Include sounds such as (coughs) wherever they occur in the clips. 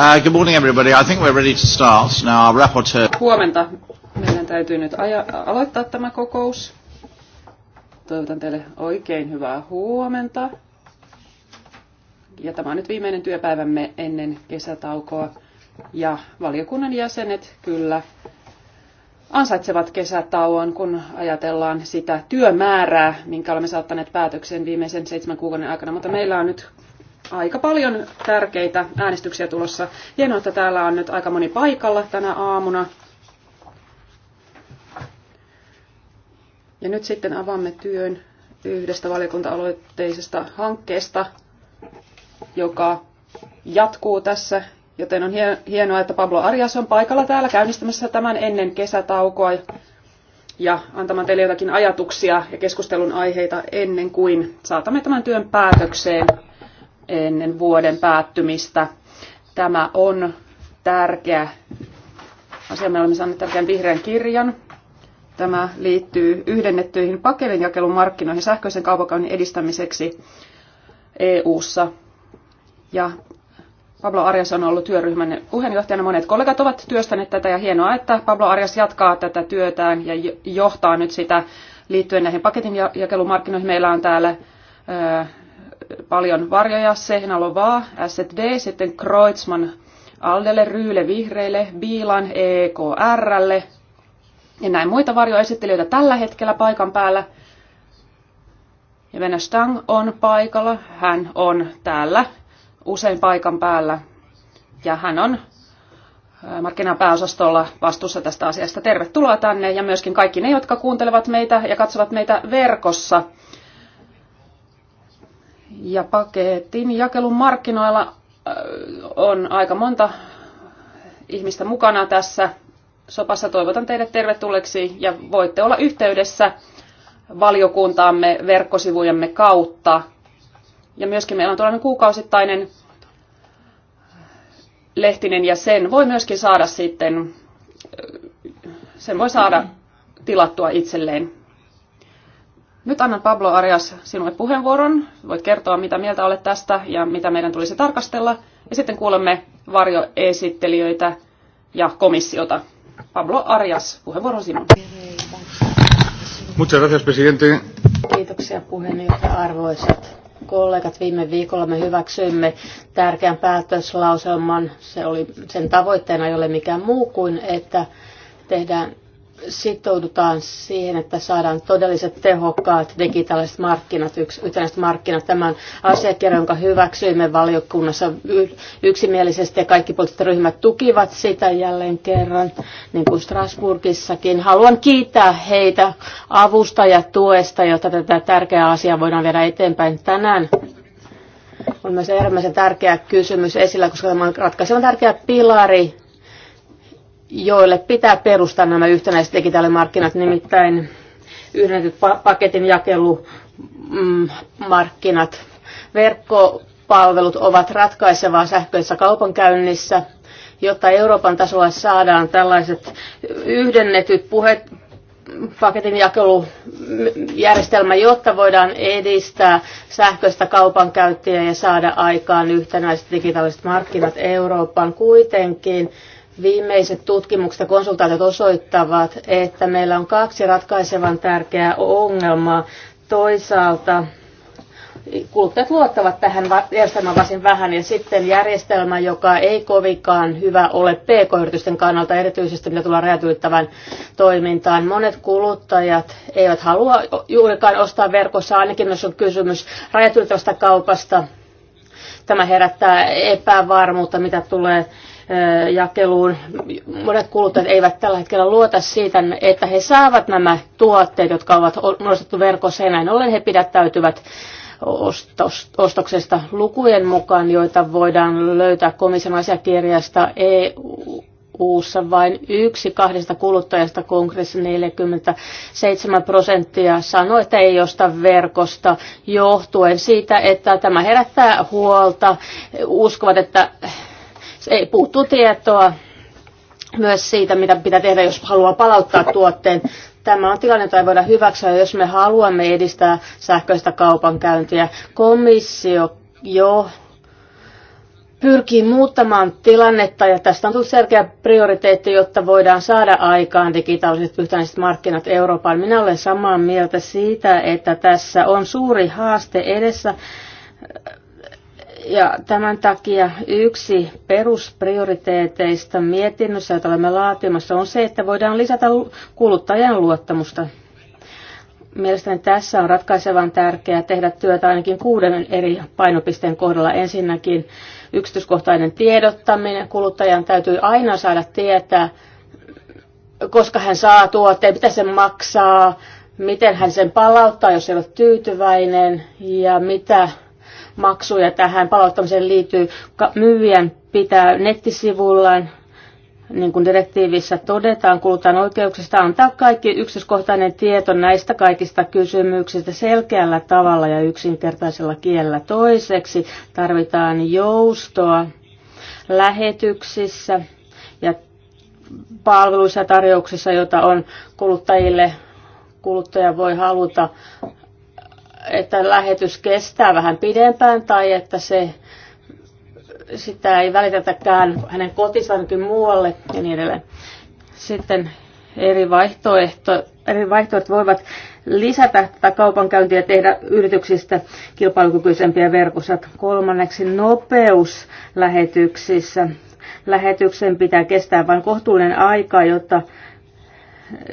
Uh, good morning everybody. I think we're ready to start. Now our rapporteur... Huomenta. Meidän täytyy nyt aja- aloittaa tämä kokous. Toivotan teille oikein hyvää huomenta. Ja tämä on nyt viimeinen työpäivämme ennen kesätaukoa. Ja valiokunnan jäsenet kyllä ansaitsevat kesätauon, kun ajatellaan sitä työmäärää, minkä olemme saattaneet päätökseen viimeisen seitsemän kuukauden aikana. Mutta meillä on nyt aika paljon tärkeitä äänestyksiä tulossa. Hienoa, että täällä on nyt aika moni paikalla tänä aamuna. Ja nyt sitten avaamme työn yhdestä valiokunta-aloitteisesta hankkeesta, joka jatkuu tässä. Joten on hienoa, että Pablo Arias on paikalla täällä käynnistämässä tämän ennen kesätaukoa ja antamaan teille jotakin ajatuksia ja keskustelun aiheita ennen kuin saatamme tämän työn päätökseen ennen vuoden päättymistä. Tämä on tärkeä asia. Me olemme saaneet tärkeän vihreän kirjan. Tämä liittyy yhdennettyihin pakelinjakelun markkinoihin sähköisen kaupankäynnin edistämiseksi EU-ssa. Ja Pablo Arias on ollut työryhmän puheenjohtajana. Monet kollegat ovat työstäneet tätä ja hienoa, että Pablo Arias jatkaa tätä työtään ja johtaa nyt sitä liittyen näihin paketinjakelumarkkinoihin. Meillä on täällä paljon varjoja, Sehnalovaa, SD, sitten Kreutzmann Aldelle, Ryyle Vihreille, Biilan EKRlle ja näin muita varjoesittelijöitä tällä hetkellä paikan päällä. Ja Venä Stang on paikalla, hän on täällä usein paikan päällä ja hän on markkinapääosastolla vastuussa tästä asiasta. Tervetuloa tänne ja myöskin kaikki ne, jotka kuuntelevat meitä ja katsovat meitä verkossa. Ja paketin jakelun markkinoilla äh, on aika monta ihmistä mukana tässä sopassa. Toivotan teidät tervetulleeksi ja voitte olla yhteydessä valiokuntaamme verkkosivujemme kautta. Ja myöskin meillä on tuollainen kuukausittainen lehtinen ja sen voi myöskin saada sitten, äh, sen voi saada tilattua itselleen nyt annan Pablo Arias sinulle puheenvuoron. Voit kertoa, mitä mieltä olet tästä ja mitä meidän tulisi tarkastella. Ja sitten kuulemme varjoesittelijöitä ja komissiota. Pablo Arias, puheenvuoro sinun. Muchas gracias, presidente. Kiitoksia puheenjohtaja arvoisat kollegat. Viime viikolla me hyväksyimme tärkeän päätöslauselman. Se oli, sen tavoitteena ei ole mikään muu kuin, että tehdään sitoudutaan siihen, että saadaan todelliset tehokkaat digitaaliset markkinat, yhtenäiset markkinat. Tämän asiakirjan, jonka hyväksyimme valiokunnassa yksimielisesti ja kaikki poliittiset ryhmät tukivat sitä jälleen kerran, niin kuin Strasburgissakin. Haluan kiittää heitä avusta ja tuesta, jotta tätä tärkeää asiaa voidaan viedä eteenpäin tänään on myös äärimmäisen tärkeä kysymys esillä, koska tämä on ratkaisevan tärkeä pilari joille pitää perustaa nämä yhtenäiset digitaalimarkkinat, nimittäin yhdennetyt paketin jakelumarkkinat. Mm, Verkkopalvelut ovat ratkaisevaa sähköisessä kaupankäynnissä, jotta Euroopan tasolla saadaan tällaiset yhdennetyt puhet, paketin jakelujärjestelmä, mm, jotta voidaan edistää sähköistä kaupankäyttöä ja saada aikaan yhtenäiset digitaaliset markkinat Euroopan kuitenkin Viimeiset tutkimukset ja konsultaatiot osoittavat, että meillä on kaksi ratkaisevan tärkeää ongelmaa. Toisaalta kuluttajat luottavat tähän järjestelmään varsin vähän ja sitten järjestelmä, joka ei kovinkaan hyvä ole pk-yritysten kannalta, erityisesti mitä tulee räätyyttävän toimintaan. Monet kuluttajat eivät halua juurikaan ostaa verkossa, ainakin jos on kysymys räätyyttävästä kaupasta. Tämä herättää epävarmuutta, mitä tulee jakeluun. Monet kuluttajat eivät tällä hetkellä luota siitä, että he saavat nämä tuotteet, jotka ovat nostettu verkossa ja näin ollen he pidättäytyvät ostoksesta lukujen mukaan, joita voidaan löytää komission asiakirjasta EU ssa vain yksi kahdesta kuluttajasta kongressi 47 prosenttia sanoi, että ei osta verkosta johtuen siitä, että tämä herättää huolta. Uskovat, että se puuttuu tietoa myös siitä, mitä pitää tehdä, jos haluaa palauttaa tuotteen. Tämä on tilanne, jota ei voida hyväksyä, jos me haluamme edistää sähköistä kaupankäyntiä. Komissio jo pyrkii muuttamaan tilannetta ja tästä on tullut selkeä prioriteetti, jotta voidaan saada aikaan digitaaliset yhtenäiset markkinat Euroopan. Minä olen samaa mieltä siitä, että tässä on suuri haaste edessä ja tämän takia yksi perusprioriteeteista mietinnössä, jota olemme laatimassa, on se, että voidaan lisätä kuluttajan luottamusta. Mielestäni tässä on ratkaisevan tärkeää tehdä työtä ainakin kuuden eri painopisteen kohdalla. Ensinnäkin yksityiskohtainen tiedottaminen. Kuluttajan täytyy aina saada tietää, koska hän saa tuotteen, mitä se maksaa, miten hän sen palauttaa, jos ei ole tyytyväinen ja mitä maksuja tähän palauttamiseen liittyy. Myyjän pitää nettisivullaan niin kuin direktiivissä todetaan, kuluttajan oikeuksista antaa kaikki yksityiskohtainen tieto näistä kaikista kysymyksistä selkeällä tavalla ja yksinkertaisella kielellä. Toiseksi tarvitaan joustoa lähetyksissä ja palveluissa ja tarjouksissa, joita on kuluttajille. Kuluttaja voi haluta että lähetys kestää vähän pidempään tai että se, sitä ei välitetäkään hänen kotisankin muualle ja niin edelleen. Sitten eri, vaihtoehto, eri vaihtoehdot voivat lisätä tätä kaupankäyntiä ja tehdä yrityksistä kilpailukykyisempiä verkossa. Kolmanneksi nopeus lähetyksissä. Lähetyksen pitää kestää vain kohtuullinen aika, jotta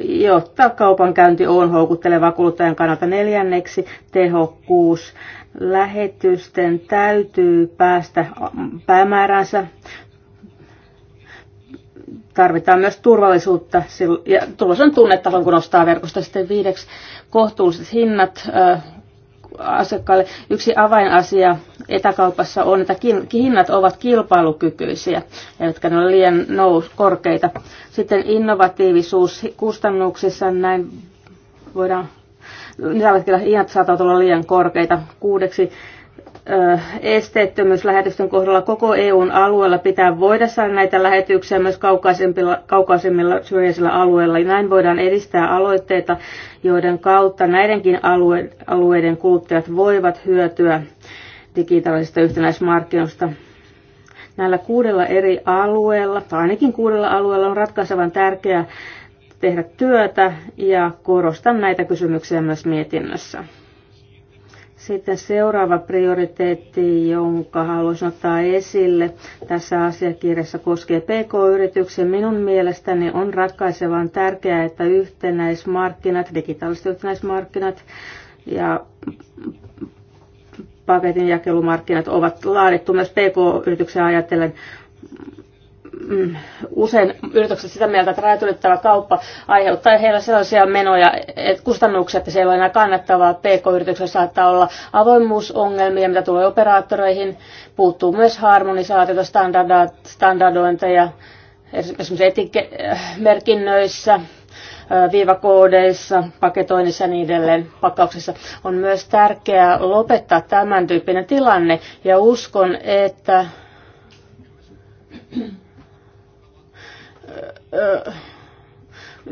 jotta kaupankäynti on houkutteleva kuluttajan kannalta neljänneksi tehokkuus. Lähetysten täytyy päästä päämääränsä. Tarvitaan myös turvallisuutta ja on tunnetta, kun ostaa verkosta sitten viideksi kohtuulliset hinnat asiakkaalle. Yksi avainasia etäkaupassa on, että hinnat ovat kilpailukykyisiä, jotka ne ovat liian nous, korkeita. Sitten innovatiivisuus kustannuksissa, näin voidaan, tällä hetkellä hinnat saattavat olla liian korkeita. Kuudeksi esteettömyyslähetysten kohdalla koko EUn alueella pitää voida saada näitä lähetyksiä myös kaukaisemmilla, kaukaisemmilla syrjäisillä alueilla. Näin voidaan edistää aloitteita, joiden kautta näidenkin alueiden kuluttajat voivat hyötyä digitaalisesta yhtenäismarkkinoista. Näillä kuudella eri alueella, tai ainakin kuudella alueella, on ratkaisevan tärkeää tehdä työtä ja korostan näitä kysymyksiä myös mietinnössä. Sitten seuraava prioriteetti, jonka haluaisin ottaa esille tässä asiakirjassa koskee PK-yrityksiä. Minun mielestäni on ratkaisevan tärkeää, että yhtenäismarkkinat, digitaaliset yhtenäismarkkinat ja paketin jakelumarkkinat ovat laadittu myös pk yrityksen ajatellen Mm, usein yritykset sitä mieltä, että rajatulittava kauppa aiheuttaa heillä sellaisia menoja, että kustannuksia, että se ei ole enää kannattavaa. PK-yrityksellä saattaa olla avoimuusongelmia, mitä tulee operaattoreihin. Puuttuu myös harmonisaatiota, standardointeja, esimerkiksi etikemerkinnöissä, viivakoodeissa, paketoinnissa ja niin edelleen pakkauksissa. On myös tärkeää lopettaa tämän tyyppinen tilanne ja uskon, että ö,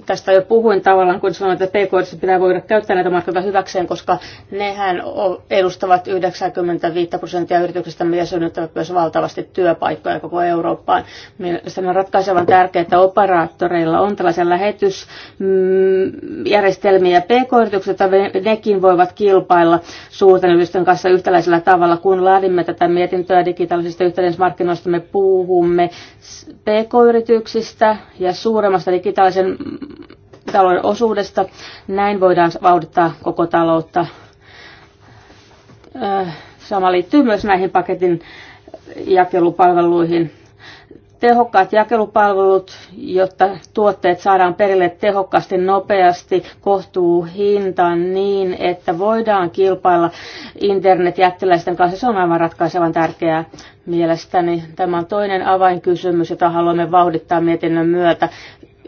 tästä jo puhuin tavallaan, kun sanoin, että pk pitää voida käyttää näitä markkinoita hyväkseen, koska nehän edustavat 95 prosenttia yrityksistä, mitä synnyttävät myös valtavasti työpaikkoja koko Eurooppaan. Mielestäni on ratkaisevan tärkeää, että operaattoreilla on tällaisia lähetysjärjestelmiä pk-yritykset, nekin voivat kilpailla suurten yritysten kanssa yhtäläisellä tavalla. Kun laadimme tätä mietintöä digitaalisista yhteydessä me puhumme pk-yrityksistä ja suuremmasta digitaalisen talouden osuudesta. Näin voidaan vauhdittaa koko taloutta. Sama liittyy myös näihin paketin jakelupalveluihin. Tehokkaat jakelupalvelut, jotta tuotteet saadaan perille tehokkaasti, nopeasti, kohtuu hintaan niin, että voidaan kilpailla internetjättiläisten kanssa. Se on aivan ratkaisevan tärkeää mielestäni. Tämä on toinen avainkysymys, jota haluamme vauhdittaa mietinnön myötä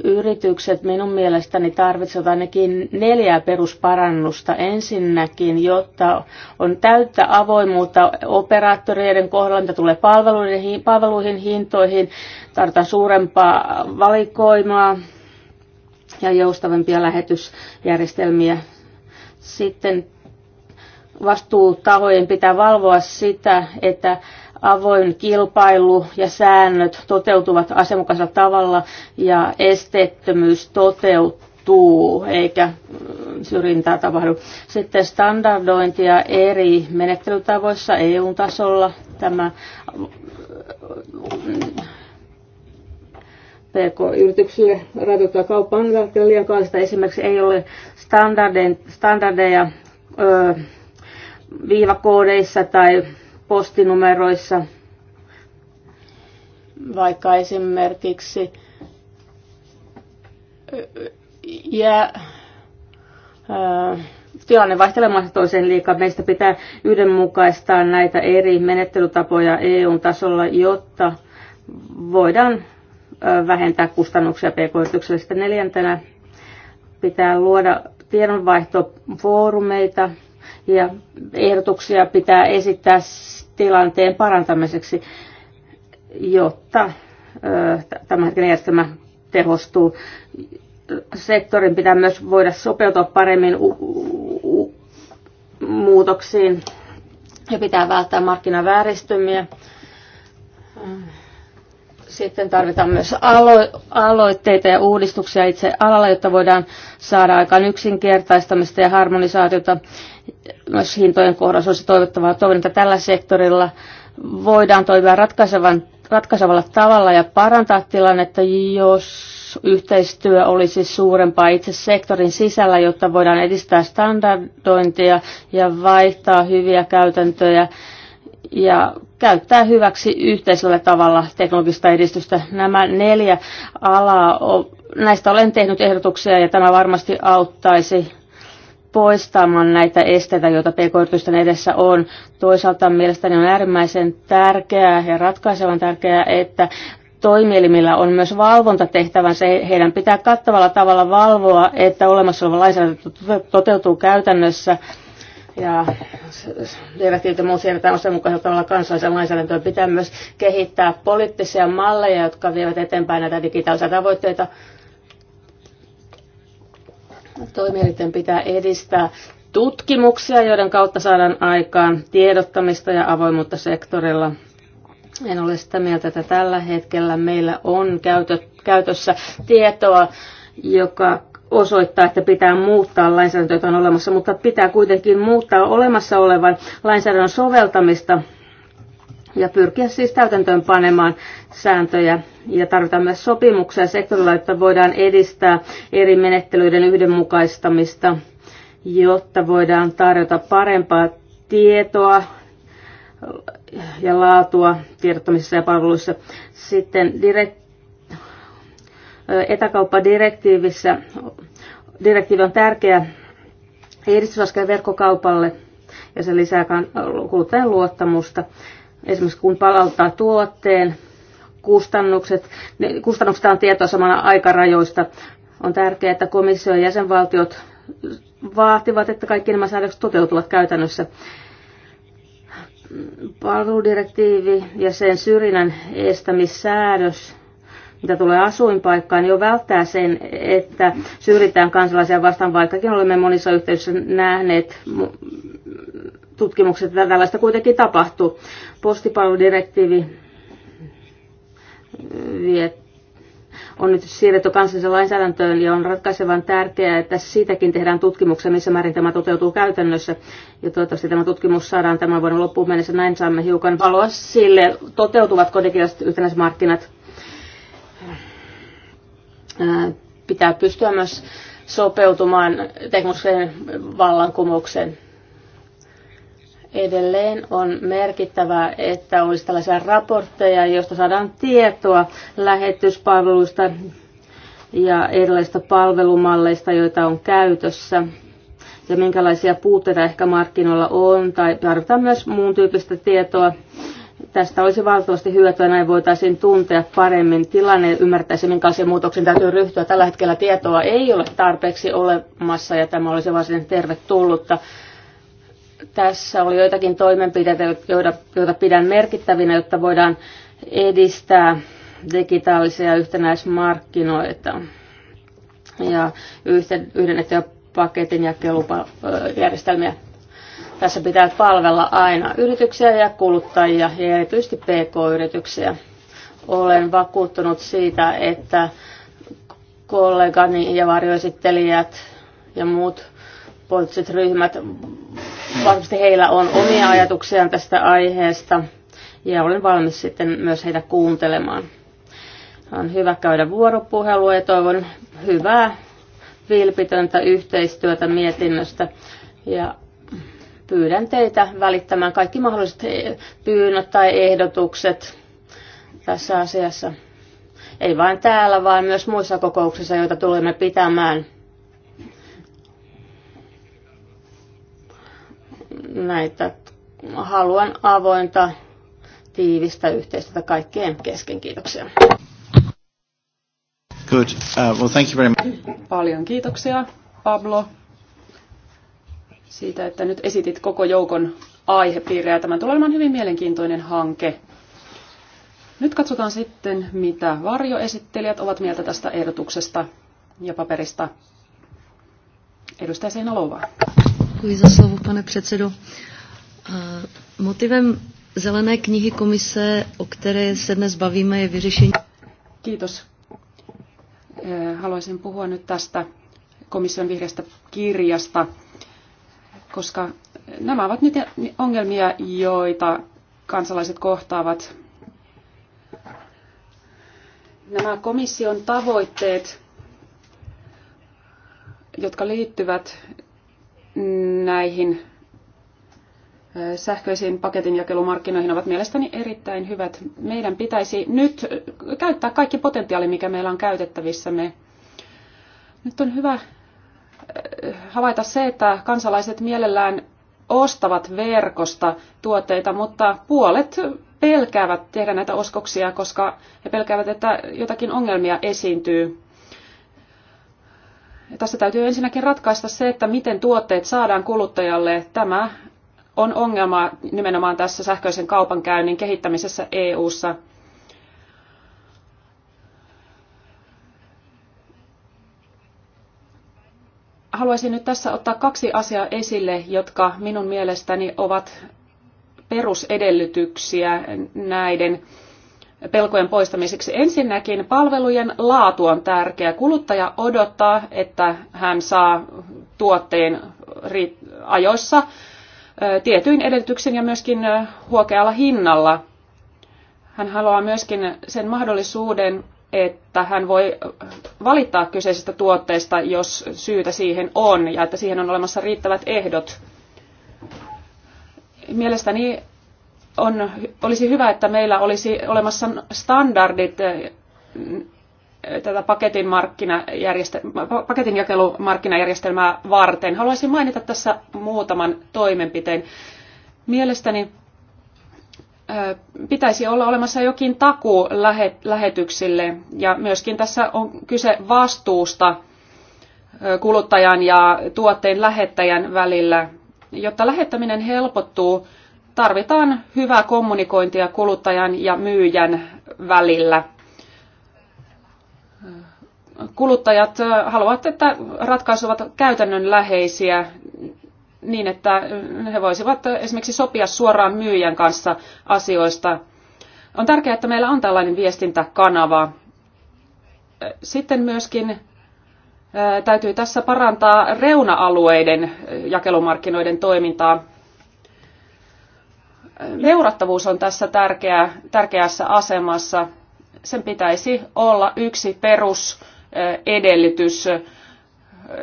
Yritykset minun mielestäni tarvitsevat ainakin neljää perusparannusta. Ensinnäkin, jotta on täyttä avoimuutta operaattoreiden kohdalla, mitä tulee palveluihin, palveluihin hintoihin, tarvitaan suurempaa valikoimaa ja joustavampia lähetysjärjestelmiä. Sitten vastuutahojen pitää valvoa sitä, että avoin kilpailu ja säännöt toteutuvat asianmukaisella tavalla ja esteettömyys toteutuu eikä mm, syrjintää tapahdu. Sitten standardointia eri menettelytavoissa EU-tasolla. Tämä mm, PK-yrityksille rajoittaa kaupan välttämättä liian kallista. Esimerkiksi ei ole standardeja viivakoodeissa tai postinumeroissa, vaikka esimerkiksi ja, ää, tilanne vaihtelemassa toiseen liikaa. Meistä pitää yhdenmukaistaa näitä eri menettelytapoja EU-tasolla, jotta voidaan vähentää kustannuksia pk-yritykselle. neljäntenä pitää luoda tiedonvaihtofoorumeita ja ehdotuksia pitää esittää tilanteen parantamiseksi, jotta tämänhetkinen järjestelmä tehostuu. Sektorin pitää myös voida sopeutua paremmin muutoksiin ja pitää välttää markkinavääristymiä. Sitten tarvitaan myös alo- aloitteita ja uudistuksia itse alalla, jotta voidaan saada aikaan yksinkertaistamista ja harmonisaatiota. Myös hintojen kohdassa olisi toivottavaa. Toivon, että tällä sektorilla voidaan toimia ratkaisevan, ratkaisevalla tavalla ja parantaa tilannetta, jos yhteistyö olisi suurempaa itse sektorin sisällä, jotta voidaan edistää standardointia ja vaihtaa hyviä käytäntöjä ja käyttää hyväksi yhteisellä tavalla teknologista edistystä. Nämä neljä alaa, näistä olen tehnyt ehdotuksia ja tämä varmasti auttaisi poistamaan näitä esteitä, joita pk-yritysten edessä on. Toisaalta mielestäni on äärimmäisen tärkeää ja ratkaisevan tärkeää, että toimielimillä on myös valvontatehtävänsä. Heidän pitää kattavalla tavalla valvoa, että olemassa oleva lainsäädäntö toteutuu käytännössä ja direktiivit ja muut siirretään osanmukaisella tavalla kansallisen lainsäädäntöön. Pitää myös kehittää poliittisia malleja, jotka vievät eteenpäin näitä digitaalisia tavoitteita. Toimielinten pitää edistää tutkimuksia, joiden kautta saadaan aikaan tiedottamista ja avoimuutta sektorilla. En ole sitä mieltä, että tällä hetkellä meillä on käytössä tietoa, joka osoittaa, että pitää muuttaa lainsäädäntöä, on olemassa, mutta pitää kuitenkin muuttaa olemassa olevan lainsäädännön soveltamista ja pyrkiä siis täytäntöön panemaan sääntöjä. Ja tarvitaan myös sopimuksia sektorilla, että voidaan edistää eri menettelyiden yhdenmukaistamista, jotta voidaan tarjota parempaa tietoa ja laatua tiedottamisessa ja palveluissa. Sitten direkt etäkauppadirektiivissä. Direktiivi on tärkeä edistysaskel verkkokaupalle ja se lisää kuluttajan luottamusta. Esimerkiksi kun palauttaa tuotteen, kustannukset, ne, kustannuksista on tietoa samana aikarajoista. On tärkeää, että komissio ja jäsenvaltiot vaativat, että kaikki nämä säädökset toteutuvat käytännössä. Palveludirektiivi ja sen syrjinnän estämissäädös mitä tulee asuinpaikkaan, niin jo välttää sen, että syrjitään kansalaisia vastaan, vaikkakin olemme monissa yhteyksissä nähneet tutkimukset, että tällaista kuitenkin tapahtuu. Postipalveludirektiivi eh, on nyt siirretty kansalliseen lainsäädäntöön ja on ratkaisevan tärkeää, että siitäkin tehdään tutkimuksia, missä määrin tämä toteutuu käytännössä. Ja toivottavasti tämä tutkimus saadaan tämän vuoden loppuun mennessä. Näin saamme hiukan valoa sille, toteutuvatko digitaaliset yhtenäismarkkinat pitää pystyä myös sopeutumaan teknologisen vallankumouksen. Edelleen on merkittävää, että olisi tällaisia raportteja, joista saadaan tietoa lähetyspalveluista ja erilaisista palvelumalleista, joita on käytössä ja minkälaisia puutteita ehkä markkinoilla on, tai tarvitaan myös muun tyyppistä tietoa Tästä olisi valtavasti hyötyä, näin voitaisiin tuntea paremmin tilanne ja ymmärtäisi, minkälaisiin muutoksiin täytyy ryhtyä. Tällä hetkellä tietoa ei ole tarpeeksi olemassa ja tämä olisi varsin tervetullutta. Tässä oli joitakin toimenpiteitä, joita, joita pidän merkittävinä, jotta voidaan edistää digitaalisia yhtenäismarkkinoita ja yhdennettyjä paketin jakelupajärjestelmiä. Tässä pitää palvella aina yrityksiä ja kuluttajia ja erityisesti PK-yrityksiä. Olen vakuuttunut siitä, että kollegani ja varjoesittelijät ja muut poliittiset ryhmät, varmasti heillä on omia ajatuksiaan tästä aiheesta ja olen valmis sitten myös heitä kuuntelemaan. On hyvä käydä vuoropuhelua ja toivon hyvää vilpitöntä yhteistyötä mietinnöstä ja pyydän teitä välittämään kaikki mahdolliset eh, pyynnöt tai ehdotukset tässä asiassa. Ei vain täällä, vaan myös muissa kokouksissa, joita tulemme pitämään. Näitä haluan avointa, tiivistä yhteistyötä kaikkien kesken. Kiitoksia. Good. Uh, well, thank you very much. Paljon kiitoksia, Pablo siitä, että nyt esitit koko joukon aihepiirejä. Tämä tulee olemaan hyvin mielenkiintoinen hanke. Nyt katsotaan sitten, mitä varjoesittelijät ovat mieltä tästä ehdotuksesta ja paperista. Edustaja Seinalovaa. Děkuji slovo, pane předsedo. Eh, motivem zelené knihy komise, o které se dnes bavíme, je vyřešení... Kiitos. Eh, haluaisin puhua nyt tästä komission vihreästä kirjasta koska nämä ovat niitä ongelmia, joita kansalaiset kohtaavat. Nämä komission tavoitteet, jotka liittyvät näihin sähköisiin paketinjakelumarkkinoihin ovat mielestäni erittäin hyvät. Meidän pitäisi nyt käyttää kaikki potentiaali, mikä meillä on käytettävissämme. Nyt on hyvä havaita se, että kansalaiset mielellään ostavat verkosta tuotteita, mutta puolet pelkäävät tehdä näitä oskoksia, koska he pelkäävät, että jotakin ongelmia esiintyy. Ja tässä täytyy ensinnäkin ratkaista se, että miten tuotteet saadaan kuluttajalle. Tämä on ongelma nimenomaan tässä sähköisen kaupankäynnin kehittämisessä EU:ssa. ssa haluaisin nyt tässä ottaa kaksi asiaa esille, jotka minun mielestäni ovat perusedellytyksiä näiden pelkojen poistamiseksi. Ensinnäkin palvelujen laatu on tärkeä. Kuluttaja odottaa, että hän saa tuotteen ajoissa tietyin edellytyksin ja myöskin huokealla hinnalla. Hän haluaa myöskin sen mahdollisuuden, että hän voi valittaa kyseisestä tuotteesta, jos syytä siihen on, ja että siihen on olemassa riittävät ehdot. Mielestäni on, olisi hyvä, että meillä olisi olemassa standardit eh, tätä paketin, paketin jakelumarkkinajärjestelmää varten. Haluaisin mainita tässä muutaman toimenpiteen. Mielestäni pitäisi olla olemassa jokin takuu lähetyksille ja myöskin tässä on kyse vastuusta kuluttajan ja tuotteen lähettäjän välillä. Jotta lähettäminen helpottuu, tarvitaan hyvää kommunikointia kuluttajan ja myyjän välillä. Kuluttajat haluavat, että ratkaisut ovat käytännönläheisiä niin, että he voisivat esimerkiksi sopia suoraan myyjän kanssa asioista. On tärkeää, että meillä on tällainen viestintäkanava. Sitten myöskin täytyy tässä parantaa reuna-alueiden jakelumarkkinoiden toimintaa. Seurattavuus on tässä tärkeä, tärkeässä asemassa. Sen pitäisi olla yksi perusedellytys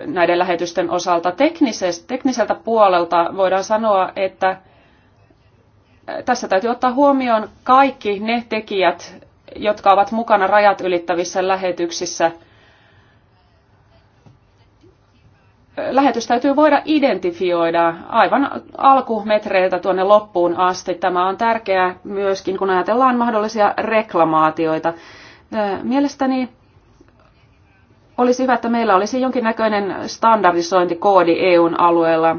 näiden lähetysten osalta. Tekniseltä puolelta voidaan sanoa, että tässä täytyy ottaa huomioon kaikki ne tekijät, jotka ovat mukana rajat ylittävissä lähetyksissä. Lähetys täytyy voida identifioida aivan alkumetreiltä tuonne loppuun asti. Tämä on tärkeää myöskin, kun ajatellaan mahdollisia reklamaatioita. Mielestäni olisi hyvä, että meillä olisi jonkinnäköinen standardisointikoodi EUn alueella.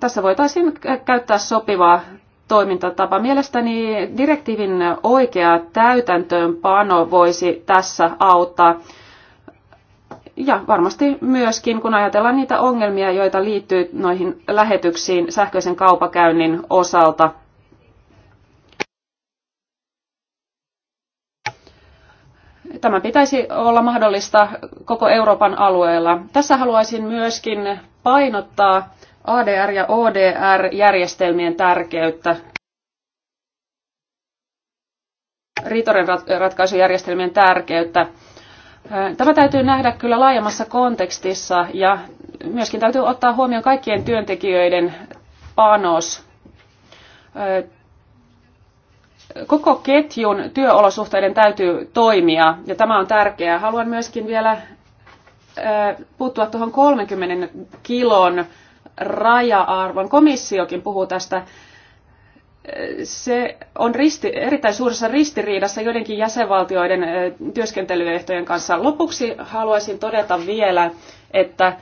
Tässä voitaisiin käyttää sopivaa toimintatapa. Mielestäni direktiivin oikea täytäntöönpano voisi tässä auttaa. Ja varmasti myöskin, kun ajatellaan niitä ongelmia, joita liittyy noihin lähetyksiin sähköisen kaupakäynnin osalta – Tämä pitäisi olla mahdollista koko Euroopan alueella. Tässä haluaisin myöskin painottaa ADR- ja ODR-järjestelmien tärkeyttä. Riitoren ratkaisujärjestelmien tärkeyttä. Tämä täytyy nähdä kyllä laajemmassa kontekstissa ja myöskin täytyy ottaa huomioon kaikkien työntekijöiden panos koko ketjun työolosuhteiden täytyy toimia, ja tämä on tärkeää. Haluan myöskin vielä puuttua tuohon 30 kilon raja-arvon. Komissiokin puhuu tästä. Se on risti, erittäin suuressa ristiriidassa joidenkin jäsenvaltioiden työskentelyehtojen kanssa. Lopuksi haluaisin todeta vielä, että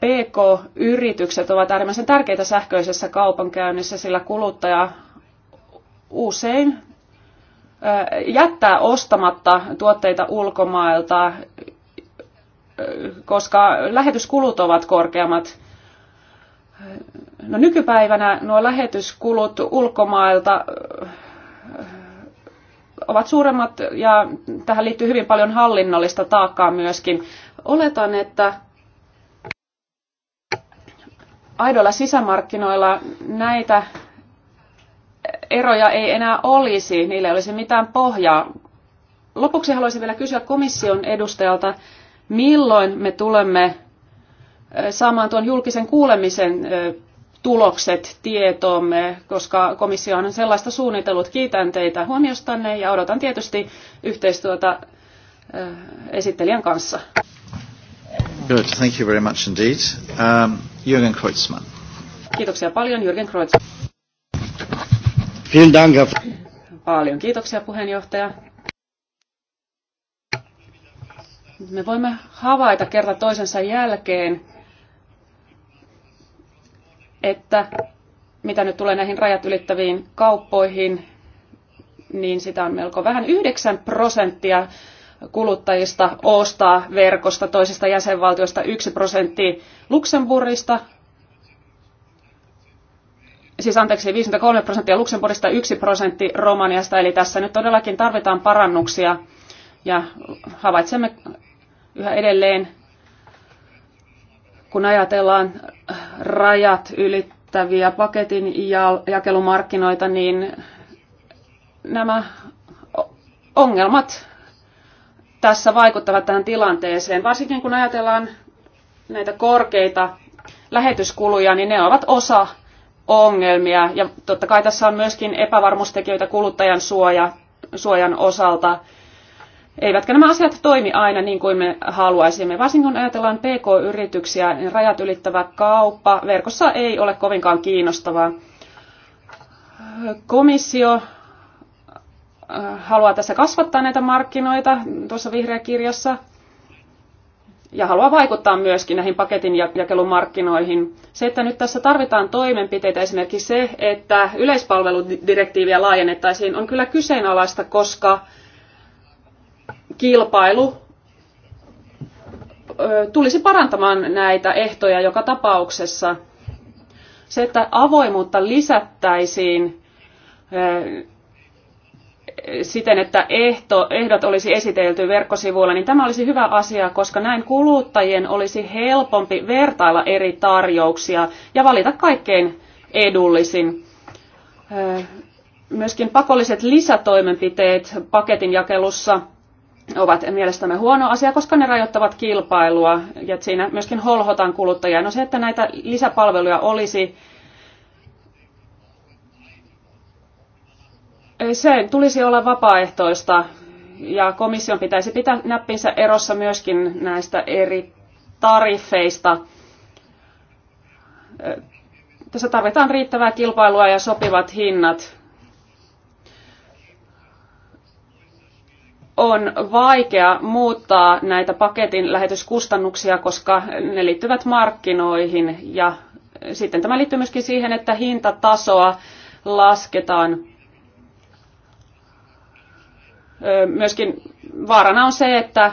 PK-yritykset ovat äärimmäisen tärkeitä sähköisessä kaupankäynnissä, sillä kuluttaja usein jättää ostamatta tuotteita ulkomailta, koska lähetyskulut ovat korkeammat. No nykypäivänä nuo lähetyskulut ulkomailta ovat suuremmat ja tähän liittyy hyvin paljon hallinnollista taakkaa myöskin. Oletan, että aidoilla sisämarkkinoilla näitä eroja ei enää olisi, niillä ei olisi mitään pohjaa. Lopuksi haluaisin vielä kysyä komission edustajalta, milloin me tulemme saamaan tuon julkisen kuulemisen tulokset tietoomme, koska komissio on sellaista suunnitellut. Kiitän teitä huomiostanne ja odotan tietysti yhteistyötä esittelijän kanssa. Good, thank you very much indeed. Um, Jürgen Kreutzmann. Kiitoksia paljon, Jürgen Kreutzmann. Vielen Dank, Herr... Paljon kiitoksia puheenjohtaja. Me voimme havaita kerta toisensa jälkeen, että mitä nyt tulee näihin rajat ylittäviin kauppoihin, niin sitä on melko vähän. 9 prosenttia kuluttajista ostaa verkosta toisesta jäsenvaltiosta, 1 prosentti Luxemburgista, siis anteeksi, 53 prosenttia Luxemburgista, 1 prosentti Romaniasta, eli tässä nyt todellakin tarvitaan parannuksia ja havaitsemme yhä edelleen, kun ajatellaan rajat ylittäviä paketin ja jakelumarkkinoita, niin nämä ongelmat tässä vaikuttavat tähän tilanteeseen, varsinkin kun ajatellaan näitä korkeita lähetyskuluja, niin ne ovat osa ongelmia. Ja totta kai tässä on myöskin epävarmuustekijöitä kuluttajan suoja, suojan osalta. Eivätkä nämä asiat toimi aina niin kuin me haluaisimme. Varsinkin kun ajatellaan PK-yrityksiä, niin rajat ylittävä kauppa verkossa ei ole kovinkaan kiinnostavaa. Komissio äh, haluaa tässä kasvattaa näitä markkinoita tuossa vihreä kirjassa ja haluaa vaikuttaa myöskin näihin paketin jakelumarkkinoihin. Se, että nyt tässä tarvitaan toimenpiteitä, esimerkiksi se, että yleispalveludirektiiviä laajennettaisiin, on kyllä kyseenalaista, koska kilpailu tulisi parantamaan näitä ehtoja joka tapauksessa. Se, että avoimuutta lisättäisiin siten, että ehto, ehdot olisi esitelty verkkosivuilla, niin tämä olisi hyvä asia, koska näin kuluttajien olisi helpompi vertailla eri tarjouksia ja valita kaikkein edullisin. Öö, myöskin pakolliset lisätoimenpiteet paketin jakelussa ovat mielestämme huono asia, koska ne rajoittavat kilpailua ja siinä myöskin holhotaan kuluttajia. No se, että näitä lisäpalveluja olisi Sen tulisi olla vapaaehtoista ja komission pitäisi pitää näppinsä erossa myöskin näistä eri tariffeista. Tässä tarvitaan riittävää kilpailua ja sopivat hinnat. On vaikea muuttaa näitä paketin lähetyskustannuksia, koska ne liittyvät markkinoihin ja sitten tämä liittyy myöskin siihen, että hintatasoa lasketaan myöskin vaarana on se, että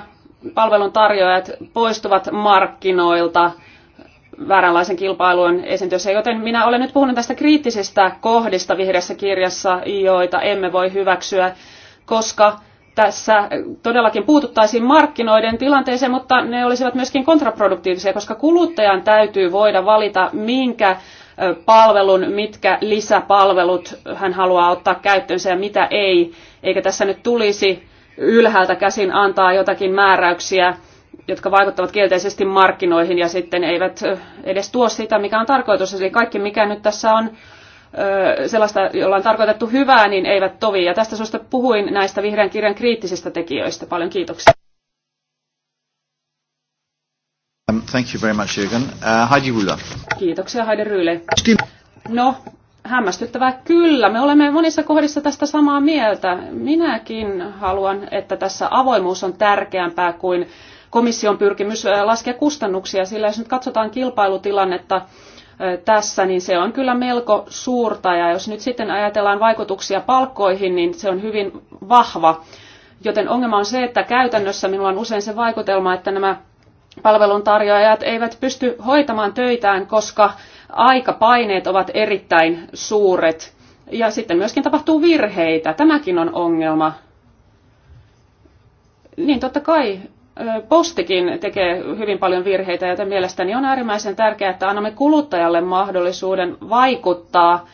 palveluntarjoajat poistuvat markkinoilta vääränlaisen kilpailun esiintyessä, joten minä olen nyt puhunut tästä kriittisistä kohdista vihreässä kirjassa, joita emme voi hyväksyä, koska tässä todellakin puututtaisiin markkinoiden tilanteeseen, mutta ne olisivat myöskin kontraproduktiivisia, koska kuluttajan täytyy voida valita, minkä palvelun, mitkä lisäpalvelut hän haluaa ottaa käyttöönsä ja mitä ei, eikä tässä nyt tulisi ylhäältä käsin antaa jotakin määräyksiä, jotka vaikuttavat kielteisesti markkinoihin ja sitten eivät edes tuo sitä, mikä on tarkoitus. Eli kaikki, mikä nyt tässä on sellaista, jolla on tarkoitettu hyvää, niin eivät tovi. Ja tästä sinusta puhuin näistä vihreän kirjan kriittisistä tekijöistä. Paljon kiitoksia. Um, thank you very much, Jürgen. Uh, Heidi Rühle. Kiitoksia, Heidi Rühle. No, hämmästyttävää kyllä. Me olemme monissa kohdissa tästä samaa mieltä. Minäkin haluan, että tässä avoimuus on tärkeämpää kuin komission pyrkimys äh, laskea kustannuksia, sillä jos nyt katsotaan kilpailutilannetta äh, tässä, niin se on kyllä melko suurta. Ja jos nyt sitten ajatellaan vaikutuksia palkkoihin, niin se on hyvin vahva. Joten ongelma on se, että käytännössä minulla on usein se vaikutelma, että nämä palveluntarjoajat eivät pysty hoitamaan töitään, koska aikapaineet ovat erittäin suuret. Ja sitten myöskin tapahtuu virheitä. Tämäkin on ongelma. Niin totta kai postikin tekee hyvin paljon virheitä, joten mielestäni on äärimmäisen tärkeää, että annamme kuluttajalle mahdollisuuden vaikuttaa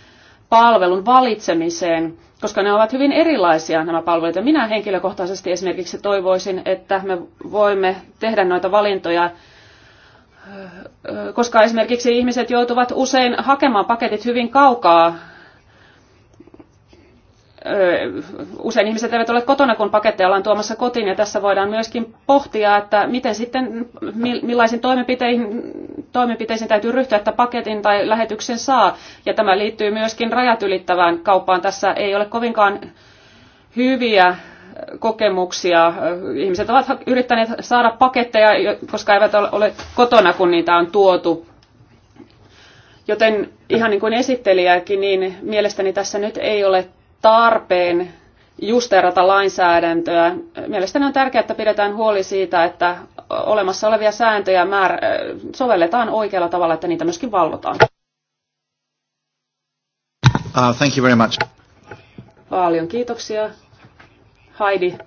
palvelun valitsemiseen koska ne ovat hyvin erilaisia nämä palvelut. Ja minä henkilökohtaisesti esimerkiksi toivoisin, että me voimme tehdä noita valintoja, koska esimerkiksi ihmiset joutuvat usein hakemaan paketit hyvin kaukaa usein ihmiset eivät ole kotona, kun paketteja ollaan tuomassa kotiin, ja tässä voidaan myöskin pohtia, että miten sitten, millaisiin toimenpiteihin, toimenpiteisiin täytyy ryhtyä, että paketin tai lähetyksen saa. Ja tämä liittyy myöskin rajat ylittävään kauppaan. Tässä ei ole kovinkaan hyviä kokemuksia. Ihmiset ovat yrittäneet saada paketteja, koska eivät ole kotona, kun niitä on tuotu. Joten ihan niin kuin esittelijäkin, niin mielestäni tässä nyt ei ole tarpeen justerata lainsäädäntöä. Mielestäni on tärkeää, että pidetään huoli siitä, että olemassa olevia sääntöjä määr- sovelletaan oikealla tavalla, että niitä myöskin valvotaan. Uh, thank you very much. Paljon kiitoksia. Heidi,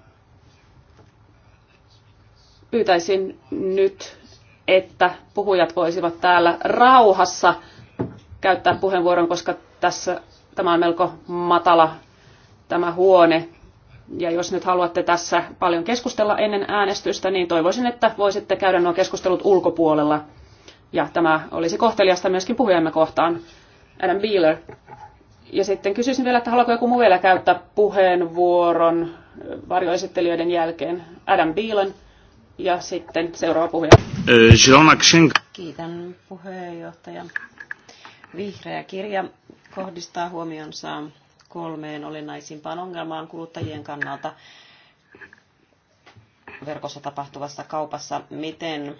pyytäisin nyt, että puhujat voisivat täällä rauhassa käyttää puheenvuoron, koska tässä tämä on melko matala tämä huone. Ja jos nyt haluatte tässä paljon keskustella ennen äänestystä, niin toivoisin, että voisitte käydä nuo keskustelut ulkopuolella. Ja tämä olisi kohteliasta myöskin puhujamme kohtaan. Adam Beeler. Ja sitten kysyisin vielä, että haluaako joku muu vielä käyttää puheenvuoron varjoesittelijöiden jälkeen. Adam Beelen ja sitten seuraava puhuja. Kiitän puheenjohtaja. Vihreä kirja kohdistaa huomionsa kolmeen olennaisimpaan ongelmaan kuluttajien kannalta verkossa tapahtuvassa kaupassa, miten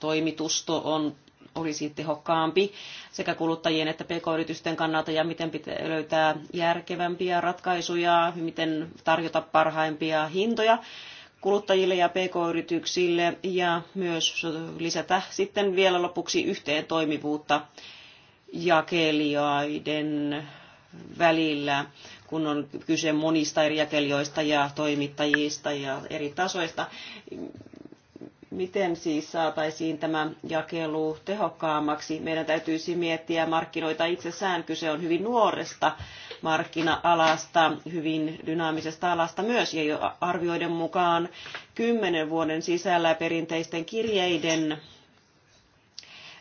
toimitusto on, olisi tehokkaampi sekä kuluttajien että pk-yritysten kannalta ja miten pitää löytää järkevämpiä ratkaisuja, miten tarjota parhaimpia hintoja kuluttajille ja pk-yrityksille ja myös lisätä sitten vielä lopuksi yhteen toimivuutta jakelijoiden välillä, kun on kyse monista eri jakelijoista ja toimittajista ja eri tasoista. Miten siis saataisiin tämä jakelu tehokkaammaksi? Meidän täytyisi miettiä markkinoita itsessään. Kyse on hyvin nuoresta markkina-alasta, hyvin dynaamisesta alasta myös, ja jo arvioiden mukaan kymmenen vuoden sisällä perinteisten kirjeiden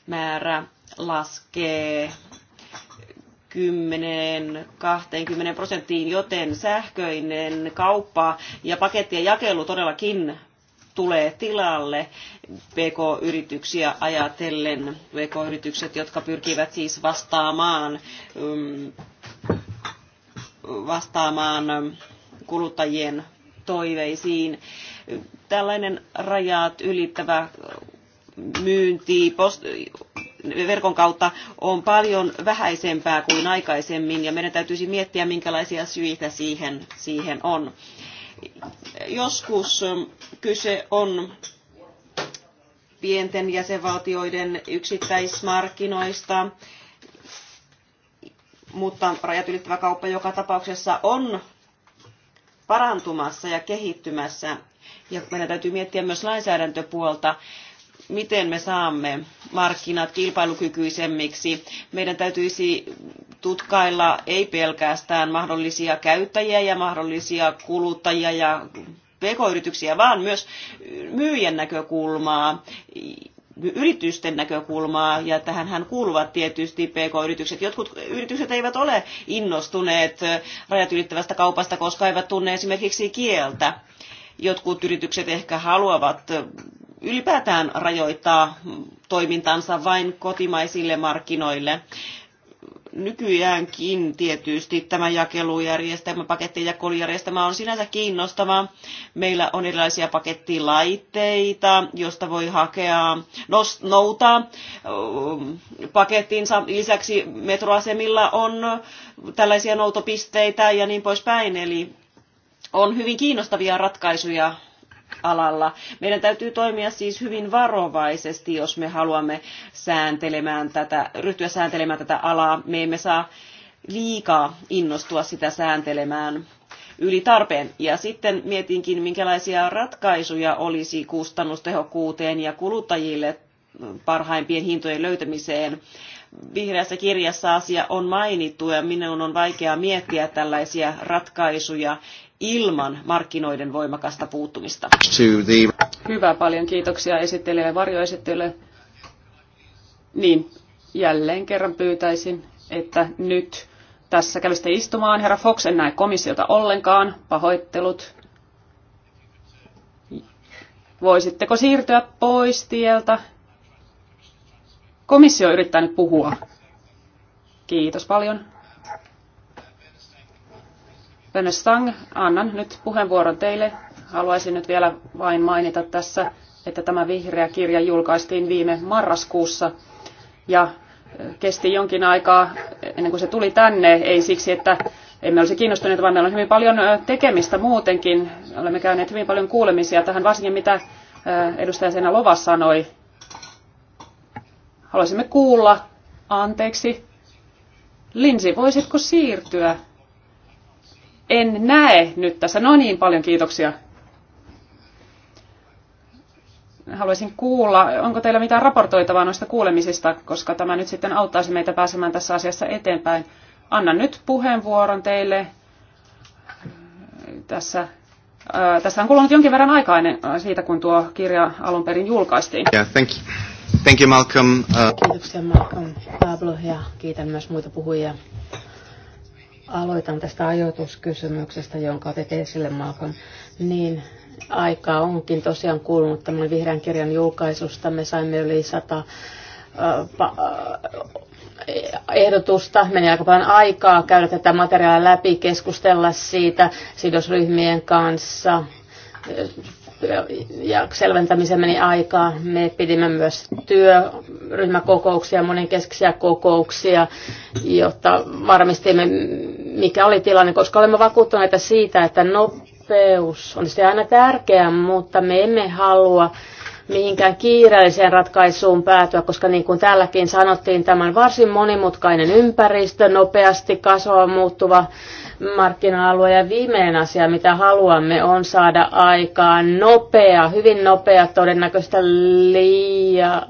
määrä laskee 10-20 prosenttiin, joten sähköinen kauppa ja pakettien jakelu todellakin tulee tilalle PK-yrityksiä ajatellen. PK-yritykset, jotka pyrkivät siis vastaamaan, mm, vastaamaan mm, kuluttajien toiveisiin. Tällainen rajat ylittävä myynti, post, verkon kautta on paljon vähäisempää kuin aikaisemmin ja meidän täytyisi miettiä, minkälaisia syitä siihen, siihen on. Joskus kyse on pienten jäsenvaltioiden yksittäismarkkinoista, mutta rajat ylittävä kauppa joka tapauksessa on parantumassa ja kehittymässä. Ja meidän täytyy miettiä myös lainsäädäntöpuolta miten me saamme markkinat kilpailukykyisemmiksi. Meidän täytyisi tutkailla ei pelkästään mahdollisia käyttäjiä ja mahdollisia kuluttajia ja pk-yrityksiä, vaan myös myyjän näkökulmaa yritysten näkökulmaa, ja tähän kuuluvat tietysti PK-yritykset. Jotkut yritykset eivät ole innostuneet rajat ylittävästä kaupasta, koska eivät tunne esimerkiksi kieltä. Jotkut yritykset ehkä haluavat ylipäätään rajoittaa toimintansa vain kotimaisille markkinoille. Nykyäänkin tietysti tämä jakelujärjestelmä, pakettijakelujärjestelmä on sinänsä kiinnostava. Meillä on erilaisia pakettilaitteita, josta voi hakea, nost, noutaa um, pakettinsa. Lisäksi metroasemilla on tällaisia noutopisteitä ja niin poispäin. Eli on hyvin kiinnostavia ratkaisuja alalla. Meidän täytyy toimia siis hyvin varovaisesti, jos me haluamme sääntelemään tätä, ryhtyä sääntelemään tätä alaa. Me emme saa liikaa innostua sitä sääntelemään yli tarpeen. Ja sitten mietinkin, minkälaisia ratkaisuja olisi kustannustehokkuuteen ja kuluttajille parhaimpien hintojen löytämiseen. Vihreässä kirjassa asia on mainittu ja minun on vaikea miettiä tällaisia ratkaisuja ilman markkinoiden voimakasta puuttumista. Hyvä, paljon kiitoksia esittelijä ja varjoesittelijä. Niin, jälleen kerran pyytäisin, että nyt tässä kävisitte istumaan. Herra Fox, en näe komissiota ollenkaan. Pahoittelut. Voisitteko siirtyä pois tieltä? Komissio yrittää nyt puhua. Kiitos paljon. Stang annan nyt puheenvuoron teille. Haluaisin nyt vielä vain mainita tässä, että tämä vihreä kirja julkaistiin viime marraskuussa ja kesti jonkin aikaa ennen kuin se tuli tänne, ei siksi, että emme olisi kiinnostuneita, vaan meillä on hyvin paljon tekemistä muutenkin. Olemme käyneet hyvin paljon kuulemisia tähän, varsinkin mitä edustaja Sena Lova sanoi. Haluaisimme kuulla, anteeksi, Linsi, voisitko siirtyä en näe nyt tässä. No niin, paljon kiitoksia. Haluaisin kuulla, onko teillä mitään raportoitavaa noista kuulemisista, koska tämä nyt sitten auttaisi meitä pääsemään tässä asiassa eteenpäin. Annan nyt puheenvuoron teille. Tässä, ää, äh, tässä on kulunut jonkin verran aikaa ennen, äh, siitä, kun tuo kirja alun perin julkaistiin. Yeah, thank you. Thank you, Malcolm. Uh... Kiitoksia Malcolm, Pablo ja kiitän myös muita puhujia Aloitan tästä ajoituskysymyksestä, jonka otit esille, Malcolm. Niin, aikaa onkin tosiaan kulunut tämän vihreän kirjan julkaisusta. Me saimme yli sata äh, äh, ehdotusta. Meni aika paljon aikaa käydä tätä materiaalia läpi, keskustella siitä sidosryhmien kanssa, ja selventämiseen meni aikaa. Me pidimme myös työryhmäkokouksia, monenkeskisiä kokouksia, jotta varmistimme, mikä oli tilanne, koska olemme vakuuttuneita siitä, että nopeus on se aina tärkeää, mutta me emme halua mihinkään kiireelliseen ratkaisuun päätyä, koska niin kuin täälläkin sanottiin, tämän varsin monimutkainen ympäristö, nopeasti kasvava muuttuva markkina-alue ja viimeinen asia, mitä haluamme, on saada aikaan nopea, hyvin nopea, todennäköistä liian,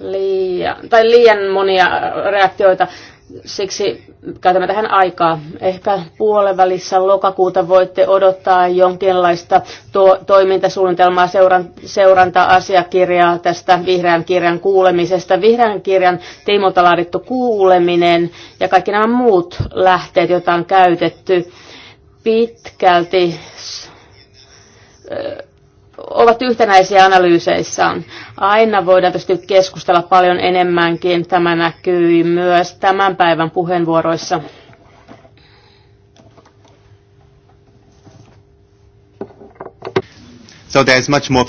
liian, tai liian monia reaktioita Siksi käytämme tähän aikaa. Ehkä välissä lokakuuta voitte odottaa jonkinlaista to- toimintasuunnitelmaa, seuran- seuranta-asiakirjaa tästä vihreän kirjan kuulemisesta. Vihreän kirjan tiimolta laadittu kuuleminen ja kaikki nämä muut lähteet, joita on käytetty pitkälti ovat yhtenäisiä analyyseissaan. Aina voidaan tietysti keskustella paljon enemmänkin. Tämä näkyy myös tämän päivän puheenvuoroissa. So there is much more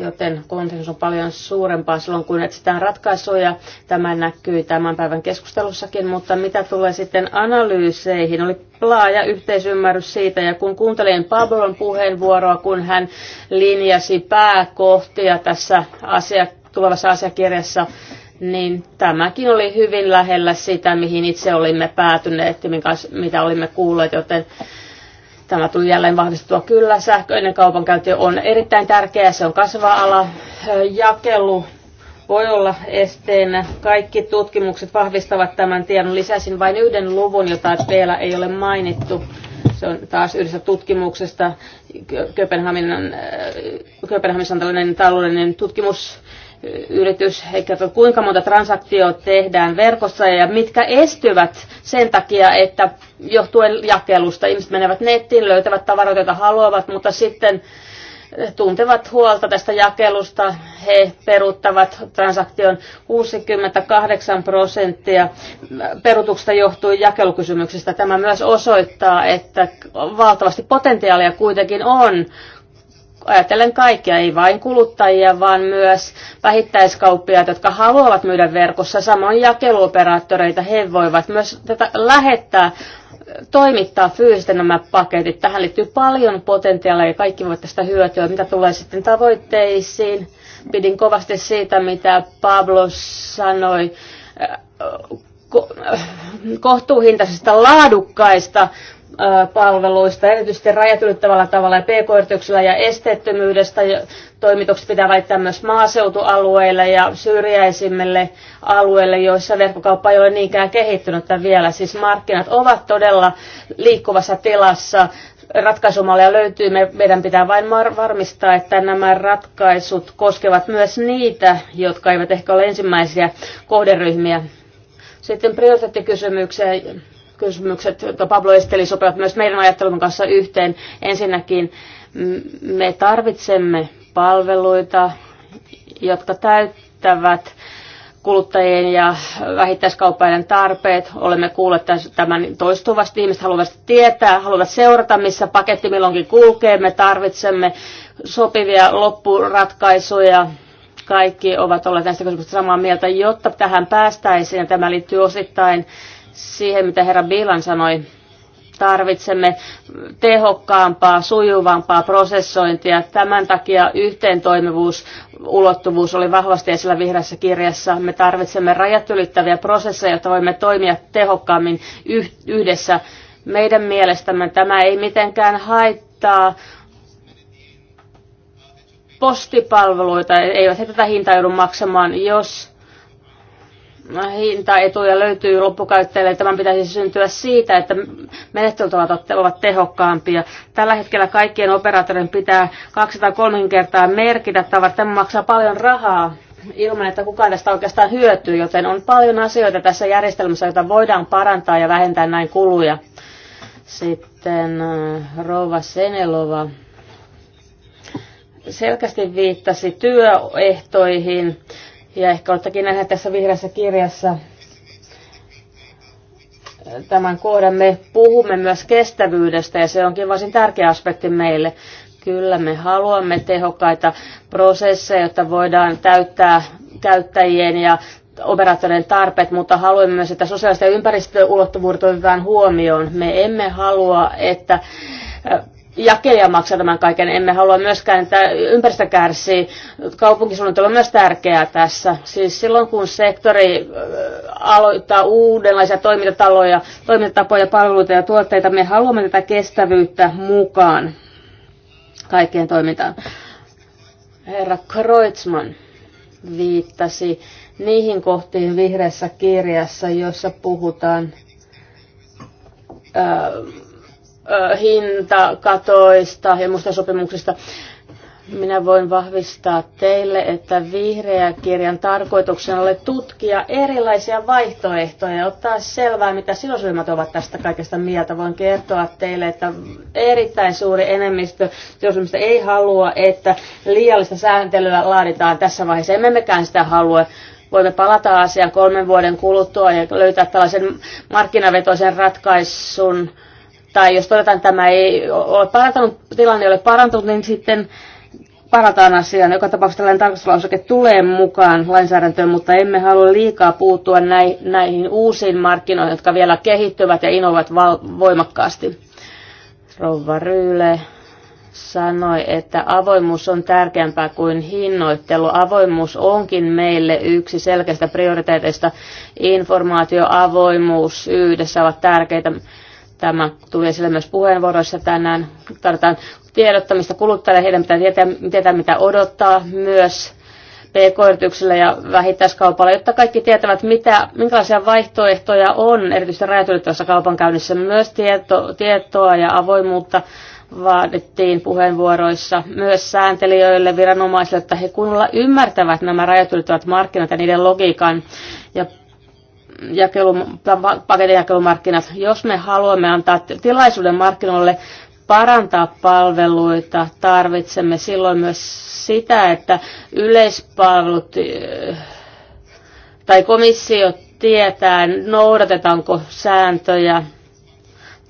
joten konsensus on paljon suurempaa silloin, kun etsitään ratkaisuja. Tämä näkyy tämän päivän keskustelussakin, mutta mitä tulee sitten analyyseihin, oli laaja yhteisymmärrys siitä, ja kun kuuntelin Pablon puheenvuoroa, kun hän linjasi pääkohtia tässä asia, tulevassa asiakirjassa, niin tämäkin oli hyvin lähellä sitä, mihin itse olimme päätyneet ja mitä olimme kuulleet, joten Tämä tuli jälleen vahvistettua. Kyllä, sähköinen kaupankäynti on erittäin tärkeä, se on kasvava ala. Jakelu voi olla esteenä. Kaikki tutkimukset vahvistavat tämän tiedon. Lisäsin vain yhden luvun, jota vielä ei ole mainittu. Se on taas yhdessä tutkimuksesta. Kööpenhaminan, Kööpenhaminan tällainen taloudellinen tutkimus yritys, eikä kuinka monta transaktiota tehdään verkossa ja mitkä estyvät sen takia, että johtuen jakelusta ihmiset menevät nettiin, löytävät tavaroita, joita haluavat, mutta sitten eh, tuntevat huolta tästä jakelusta. He peruuttavat transaktion 68 prosenttia. Perutuksesta johtui jakelukysymyksistä. Tämä myös osoittaa, että valtavasti potentiaalia kuitenkin on, ajatellen kaikkia, ei vain kuluttajia, vaan myös vähittäiskauppia, jotka haluavat myydä verkossa, samoin jakeluoperaattoreita, he voivat myös tätä lähettää toimittaa fyysisesti nämä paketit. Tähän liittyy paljon potentiaalia ja kaikki voivat tästä hyötyä. Mitä tulee sitten tavoitteisiin, pidin kovasti siitä, mitä Pablo sanoi äh, äh, kohtuuhintaisista laadukkaista palveluista, erityisesti rajat ylittävällä tavalla ja pk-yrityksillä ja esteettömyydestä. Toimitukset pitää väittää myös maaseutualueille ja syrjäisimmille alueille, joissa verkkokauppa ei ole niinkään kehittynyttä vielä. Siis markkinat ovat todella liikkuvassa tilassa. Ratkaisumalleja löytyy, meidän pitää vain varmistaa, että nämä ratkaisut koskevat myös niitä, jotka eivät ehkä ole ensimmäisiä kohderyhmiä. Sitten prioriteettikysymykseen kysymykset, joita Pablo esitteli, sopivat myös meidän ajattelun kanssa yhteen. Ensinnäkin me tarvitsemme palveluita, jotka täyttävät kuluttajien ja vähittäiskauppaiden tarpeet. Olemme kuulleet tämän toistuvasti. Ihmiset haluavat tietää, haluavat seurata, missä paketti milloinkin kulkee. Me tarvitsemme sopivia loppuratkaisuja. Kaikki ovat olleet näistä kysymyksistä samaa mieltä, jotta tähän päästäisiin. Tämä liittyy osittain siihen, mitä herra Bilan sanoi. Tarvitsemme tehokkaampaa, sujuvampaa prosessointia. Tämän takia toimivuus ulottuvuus oli vahvasti esillä vihreässä kirjassa. Me tarvitsemme rajat ylittäviä prosesseja, jotta voimme toimia tehokkaammin yhdessä. Meidän mielestämme tämä ei mitenkään haittaa postipalveluita, eivät he tätä hintaa joudu maksamaan, jos hintaetuja löytyy loppukäyttäjille. Tämän pitäisi syntyä siitä, että menettelytavat ovat tehokkaampia. Tällä hetkellä kaikkien operaattorien pitää 230 kertaa merkitä tavarat. Tämä maksaa paljon rahaa ilman, että kukaan tästä oikeastaan hyötyy, joten on paljon asioita tässä järjestelmässä, joita voidaan parantaa ja vähentää näin kuluja. Sitten äh, Rouva Senelova selkeästi viittasi työehtoihin ja ehkä olettekin nähneet tässä vihreässä kirjassa tämän kohdan. Me puhumme myös kestävyydestä ja se onkin varsin tärkeä aspekti meille. Kyllä me haluamme tehokkaita prosesseja, jotta voidaan täyttää käyttäjien ja operaattoreiden tarpeet, mutta haluamme myös, että sosiaalista ja ympäristöulottuvuudet otetaan huomioon. Me emme halua, että jakelija maksaa tämän kaiken. Emme halua myöskään, että ympäristö kärsii. Kaupunkisuunnittelu on myös tärkeää tässä. Siis silloin kun sektori aloittaa uudenlaisia toimintataloja, toimintatapoja, palveluita ja tuotteita, me haluamme tätä kestävyyttä mukaan kaikkeen toimintaan. Herra Kreutzmann viittasi niihin kohtiin vihreässä kirjassa, jossa puhutaan hintakatoista ja muista sopimuksista. Minä voin vahvistaa teille, että vihreä kirjan tarkoituksena oli tutkia erilaisia vaihtoehtoja ja ottaa selvää, mitä sidosryhmät ovat tästä kaikesta mieltä. Voin kertoa teille, että erittäin suuri enemmistö sidosryhmistä ei halua, että liiallista sääntelyä laaditaan tässä vaiheessa. Emme mekään sitä halua. Voimme palata asiaan kolmen vuoden kuluttua ja löytää tällaisen markkinavetoisen ratkaisun tai jos todetaan, että tämä ei ole parantanut, tilanne ei ole parantunut, niin sitten parataan asiaan. Joka tapauksessa tällainen tarkastuslauseke tulee mukaan lainsäädäntöön, mutta emme halua liikaa puuttua näihin uusiin markkinoihin, jotka vielä kehittyvät ja innoivat voimakkaasti. Rouva Ryyle sanoi, että avoimuus on tärkeämpää kuin hinnoittelu. Avoimuus onkin meille yksi selkeistä prioriteeteista. Informaatio, avoimuus yhdessä ovat tärkeitä Tämä tuli esille myös puheenvuoroissa tänään. Tarvitaan tiedottamista kuluttajille, heidän pitää tietää, tietää mitä odottaa myös pk-yrityksillä ja vähittäiskaupalla, jotta kaikki tietävät, mitä, minkälaisia vaihtoehtoja on, erityisesti rajatylittävässä kaupankäynnissä. Myös tieto, tietoa ja avoimuutta vaadittiin puheenvuoroissa myös sääntelijöille, viranomaisille, että he kunnolla ymmärtävät nämä rajatylittävät markkinat ja niiden logiikan. Ja jakelu, paketijakelumarkkinat. Jos me haluamme antaa tilaisuuden markkinoille parantaa palveluita, tarvitsemme silloin myös sitä, että yleispalvelut eh, tai komissio tietää, noudatetaanko sääntöjä,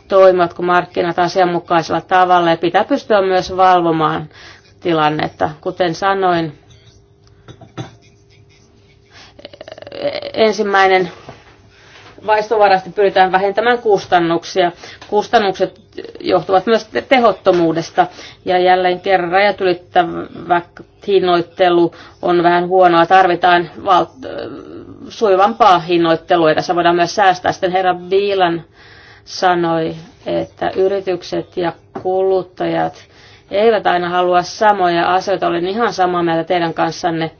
toimivatko markkinat asianmukaisella tavalla ja pitää pystyä myös valvomaan tilannetta. Kuten sanoin, eh, ensimmäinen vaistovarasti pyritään vähentämään kustannuksia. Kustannukset johtuvat myös tehottomuudesta ja jälleen kerran rajat ylittävä hinnoittelu on vähän huonoa. Tarvitaan val- suivampaa hinnoittelua ja tässä voidaan myös säästää. Sitten herra Viilan sanoi, että yritykset ja kuluttajat eivät aina halua samoja asioita. Olen ihan samaa mieltä teidän kanssanne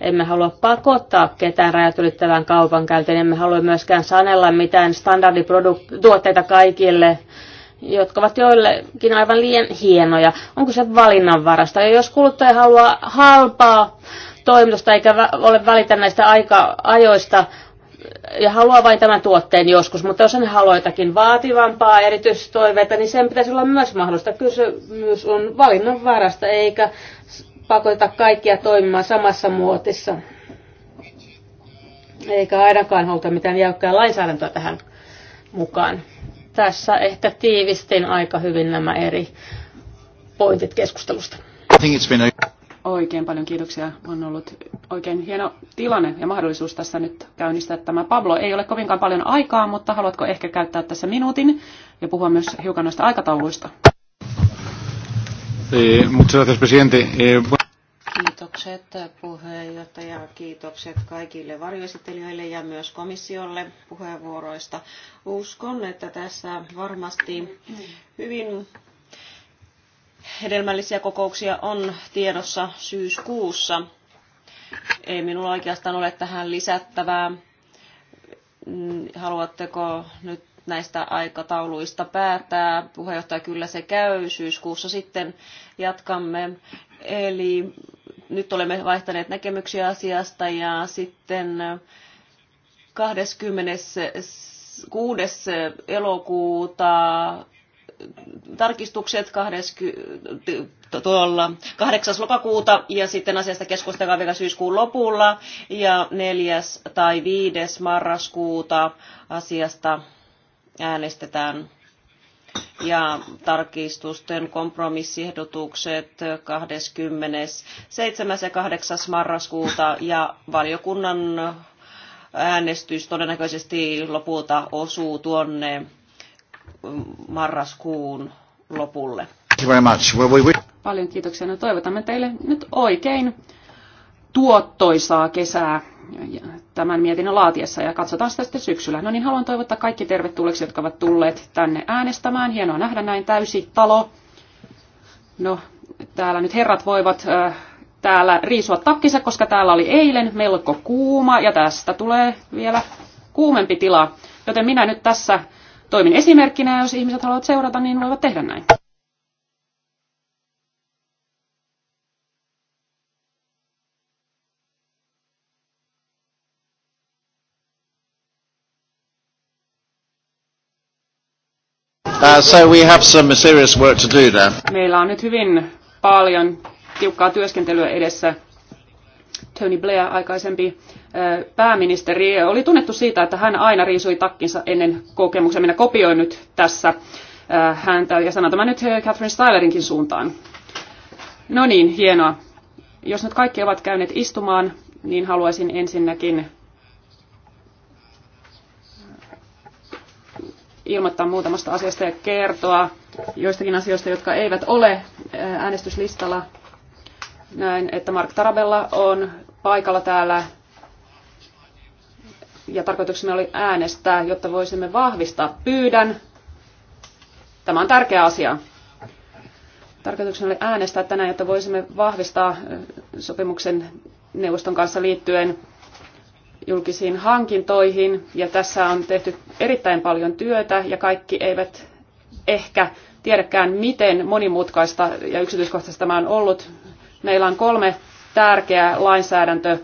emme halua pakottaa ketään rajat ylittävään kaupankäyntiin, emme halua myöskään sanella mitään standardituotteita kaikille, jotka ovat joillekin aivan liian hienoja. Onko se valinnanvarasta? Ja jos kuluttaja haluaa halpaa toimitusta eikä ole välitä näistä aika-ajoista, ja haluaa vain tämän tuotteen joskus, mutta jos hän haluaa jotakin vaativampaa erityistoiveita, niin sen pitäisi olla myös mahdollista. Kysymys on valinnanvarasta eikä pakoteta kaikkia toimimaan samassa muotissa. Eikä ainakaan haluta mitään jäykkää lainsäädäntöä tähän mukaan. Tässä ehkä tiivistin aika hyvin nämä eri pointit keskustelusta. Oikein paljon kiitoksia. On ollut oikein hieno tilanne ja mahdollisuus tässä nyt käynnistää tämä. Pablo, ei ole kovinkaan paljon aikaa, mutta haluatko ehkä käyttää tässä minuutin ja puhua myös hiukan noista aikatauluista? Eh, eh, kiitokset puheenjohtaja, kiitokset kaikille varjoesittelijöille ja myös komissiolle puheenvuoroista. Uskon, että tässä varmasti hyvin hedelmällisiä kokouksia on tiedossa syyskuussa. Ei minulla oikeastaan ole tähän lisättävää. Mm, haluatteko nyt näistä aikatauluista päättää. Puheenjohtaja kyllä se käy syyskuussa sitten jatkamme. Eli nyt olemme vaihtaneet näkemyksiä asiasta ja sitten 26. elokuuta tarkistukset 20, tuolla 8. lokakuuta ja sitten asiasta keskustellaan vielä syyskuun lopulla ja 4. tai 5. marraskuuta asiasta äänestetään. Ja tarkistusten kompromissiehdotukset 27. ja 8. marraskuuta ja valiokunnan äänestys todennäköisesti lopulta osuu tuonne marraskuun lopulle. Paljon kiitoksia. No toivotamme teille nyt oikein tuottoisaa kesää tämän mietinnön laatiessa ja katsotaan sitä sitten syksyllä. No niin, haluan toivottaa kaikki tervetulleeksi, jotka ovat tulleet tänne äänestämään. Hienoa nähdä näin täysi talo. No, täällä nyt herrat voivat äh, täällä riisua takkinsa, koska täällä oli eilen melko kuuma ja tästä tulee vielä kuumempi tila. Joten minä nyt tässä toimin esimerkkinä ja jos ihmiset haluavat seurata, niin voivat tehdä näin. Uh, so we have some serious work to do there. Meillä on nyt hyvin paljon tiukkaa työskentelyä edessä. Tony Blair, aikaisempi uh, pääministeri, oli tunnettu siitä, että hän aina riisui takkinsa ennen kokemuksia. Minä kopioin nyt tässä uh, häntä ja sanon tämä nyt Catherine Stylerinkin suuntaan. No niin, hienoa. Jos nyt kaikki ovat käyneet istumaan, niin haluaisin ensinnäkin ilmoittaa muutamasta asiasta ja kertoa joistakin asioista, jotka eivät ole äänestyslistalla. Näin, että Mark Tarabella on paikalla täällä ja tarkoituksena oli äänestää, jotta voisimme vahvistaa pyydän. Tämä on tärkeä asia. Tarkoituksena oli äänestää tänään, jotta voisimme vahvistaa sopimuksen neuvoston kanssa liittyen julkisiin hankintoihin ja tässä on tehty erittäin paljon työtä ja kaikki eivät ehkä tiedäkään, miten monimutkaista ja yksityiskohtaista tämä on ollut. Meillä on kolme tärkeää lainsäädäntö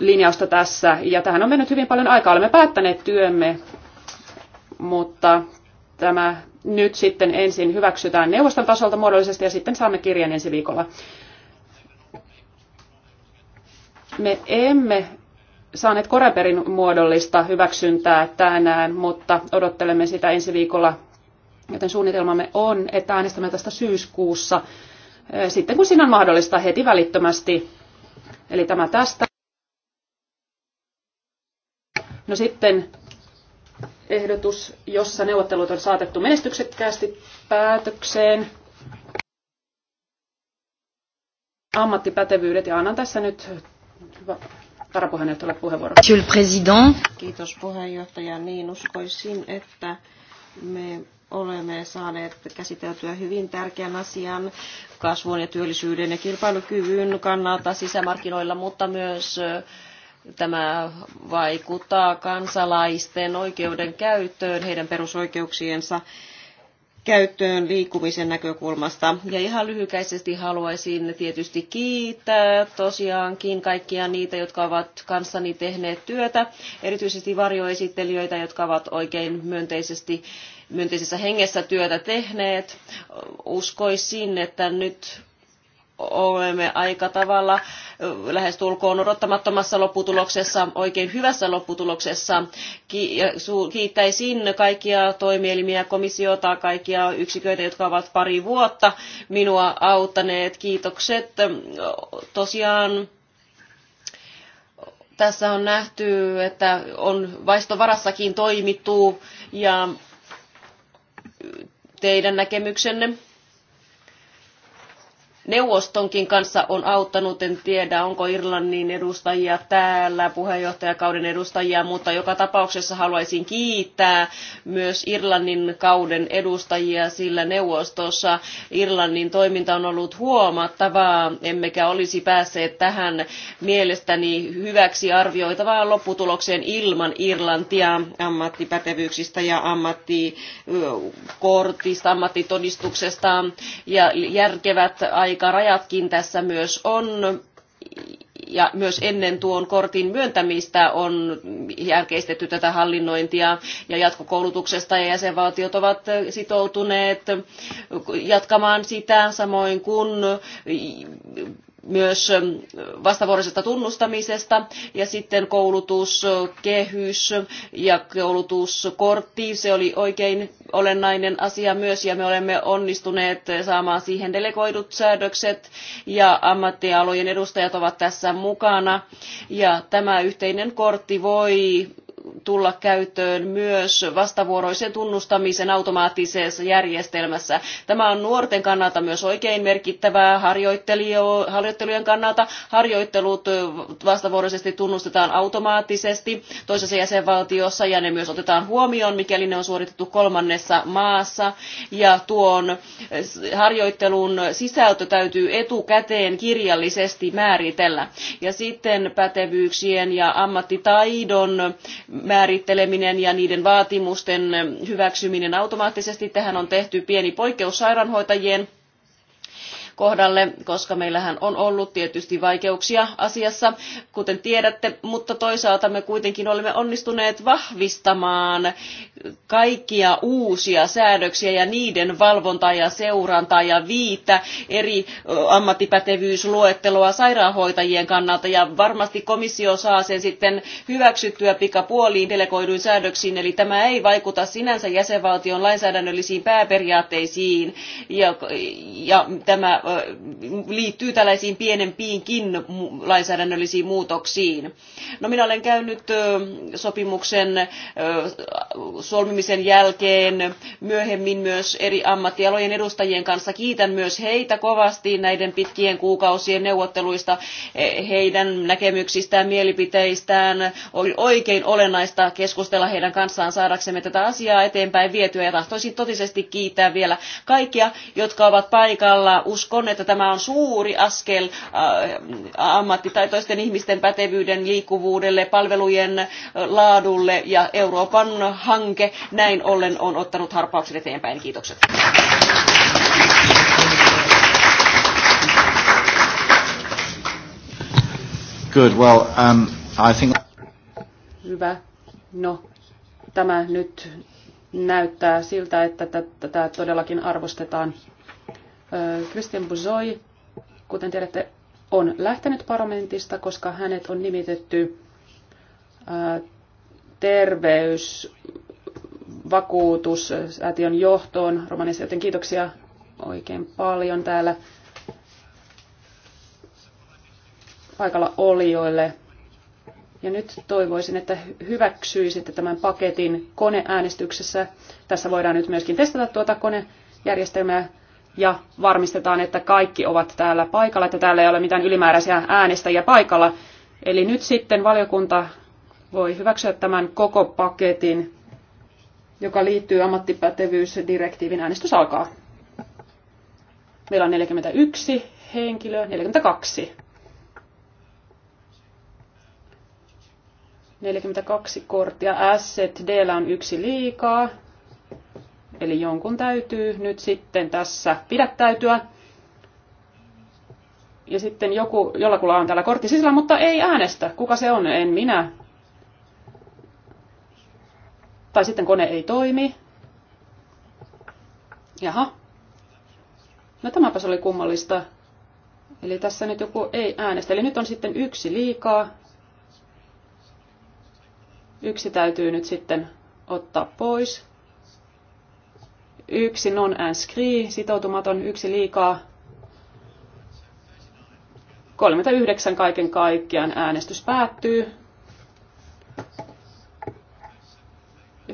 linjausta tässä, ja tähän on mennyt hyvin paljon aikaa. Olemme päättäneet työmme, mutta tämä nyt sitten ensin hyväksytään neuvoston tasolta muodollisesti, ja sitten saamme kirjan ensi viikolla. Me emme saaneet Koreperin muodollista hyväksyntää tänään, mutta odottelemme sitä ensi viikolla, joten suunnitelmamme on, että äänestämme tästä syyskuussa sitten kun siinä on mahdollista heti välittömästi. Eli tämä tästä. No sitten ehdotus, jossa neuvottelut on saatettu menestyksekkäästi päätökseen. Ammattipätevyydet, ja annan tässä nyt varapuheenjohtajalle puheenvuoro. Monsieur le Président. Kiitos puheenjohtaja. Niin uskoisin, että me olemme saaneet käsiteltyä hyvin tärkeän asian kasvun ja työllisyyden ja kilpailukyvyn kannalta sisämarkkinoilla, mutta myös tämä vaikuttaa kansalaisten oikeuden käyttöön, heidän perusoikeuksiensa käyttöön liikkumisen näkökulmasta. Ja ihan lyhykäisesti haluaisin tietysti kiittää tosiaankin kaikkia niitä, jotka ovat kanssani tehneet työtä, erityisesti varjoesittelijöitä, jotka ovat oikein myönteisesti myönteisessä hengessä työtä tehneet. Uskoisin, että nyt olemme aika tavalla lähestulkoon odottamattomassa lopputuloksessa, oikein hyvässä lopputuloksessa. Kiittäisin kaikkia toimielimiä, komissiota, kaikkia yksiköitä, jotka ovat pari vuotta minua auttaneet. Kiitokset. Tosiaan tässä on nähty, että on vaistovarassakin toimittu ja teidän näkemyksenne neuvostonkin kanssa on auttanut. En tiedä, onko Irlannin edustajia täällä, puheenjohtajakauden edustajia, mutta joka tapauksessa haluaisin kiittää myös Irlannin kauden edustajia, sillä neuvostossa Irlannin toiminta on ollut huomattavaa, emmekä olisi päässeet tähän mielestäni hyväksi arvioitavaan lopputulokseen ilman Irlantia ammattipätevyyksistä ja ammattikortista, ammattitodistuksesta ja järkevät aika aikarajatkin tässä myös on ja myös ennen tuon kortin myöntämistä on järkeistetty tätä hallinnointia ja jatkokoulutuksesta ja jäsenvaltiot ovat sitoutuneet jatkamaan sitä samoin kuin myös ähm, vastavuoroisesta tunnustamisesta ja sitten koulutuskehys ja koulutuskortti. Se oli oikein olennainen asia myös ja me olemme onnistuneet saamaan siihen delegoidut säädökset ja ammattialojen edustajat ovat tässä mukana ja tämä yhteinen kortti voi tulla käyttöön myös vastavuoroisen tunnustamisen automaattisessa järjestelmässä. Tämä on nuorten kannalta myös oikein merkittävää harjoittelujen kannalta. Harjoittelut vastavuoroisesti tunnustetaan automaattisesti toisessa jäsenvaltiossa ja ne myös otetaan huomioon, mikäli ne on suoritettu kolmannessa maassa. Ja tuon harjoittelun sisältö täytyy etukäteen kirjallisesti määritellä. Ja sitten pätevyyksien ja ammattitaidon määritteleminen ja niiden vaatimusten hyväksyminen automaattisesti. Tähän on tehty pieni poikkeus sairaanhoitajien kohdalle, koska meillähän on ollut tietysti vaikeuksia asiassa, kuten tiedätte, mutta toisaalta me kuitenkin olemme onnistuneet vahvistamaan kaikkia uusia säädöksiä ja niiden valvontaa ja seurantaa ja viittä eri ammattipätevyysluetteloa sairaanhoitajien kannalta ja varmasti komissio saa sen sitten hyväksyttyä pikapuoliin delegoiduin säädöksiin, eli tämä ei vaikuta sinänsä jäsenvaltion lainsäädännöllisiin pääperiaatteisiin ja, ja tämä liittyy tällaisiin pienempiinkin lainsäädännöllisiin muutoksiin. No minä olen käynyt sopimuksen solmimisen jälkeen myöhemmin myös eri ammattialojen edustajien kanssa. Kiitän myös heitä kovasti näiden pitkien kuukausien neuvotteluista, e, heidän näkemyksistään, mielipiteistään. Oli oikein olennaista keskustella heidän kanssaan saadaksemme tätä asiaa eteenpäin vietyä ja tahtoisin totisesti kiittää vielä kaikkia, jotka ovat paikalla. Uskon uskon, että tämä on suuri askel äh, ammattitaitoisten ihmisten pätevyyden liikkuvuudelle, palvelujen äh, laadulle ja Euroopan hanke näin ollen on ottanut harppauksen eteenpäin. Kiitokset. Good. Well, um, I think... Hyvä. No, tämä nyt näyttää siltä, että tätä todellakin arvostetaan. Christian Buzoi, kuten tiedätte, on lähtenyt parlamentista, koska hänet on nimitetty terveysvakuutussäätiön johtoon Romanissa, joten kiitoksia oikein paljon täällä paikalla olijoille. Ja nyt toivoisin, että hyväksyisitte tämän paketin koneäänestyksessä. Tässä voidaan nyt myöskin testata tuota konejärjestelmää ja varmistetaan, että kaikki ovat täällä paikalla, että täällä ei ole mitään ylimääräisiä äänestäjiä paikalla. Eli nyt sitten valiokunta voi hyväksyä tämän koko paketin, joka liittyy ammattipätevyysdirektiivin. Äänestys alkaa. Meillä on 41 henkilöä, 42. 42 korttia. S, D on yksi liikaa. Eli jonkun täytyy nyt sitten tässä pidättäytyä. Ja sitten joku, jollakulla on täällä kortti sisällä, mutta ei äänestä. Kuka se on? En minä. Tai sitten kone ei toimi. Jaha. No tämäpäs oli kummallista. Eli tässä nyt joku ei äänestä. Eli nyt on sitten yksi liikaa. Yksi täytyy nyt sitten ottaa pois yksi non-anscree, sitoutumaton, yksi liikaa. 39 kaiken kaikkiaan äänestys päättyy.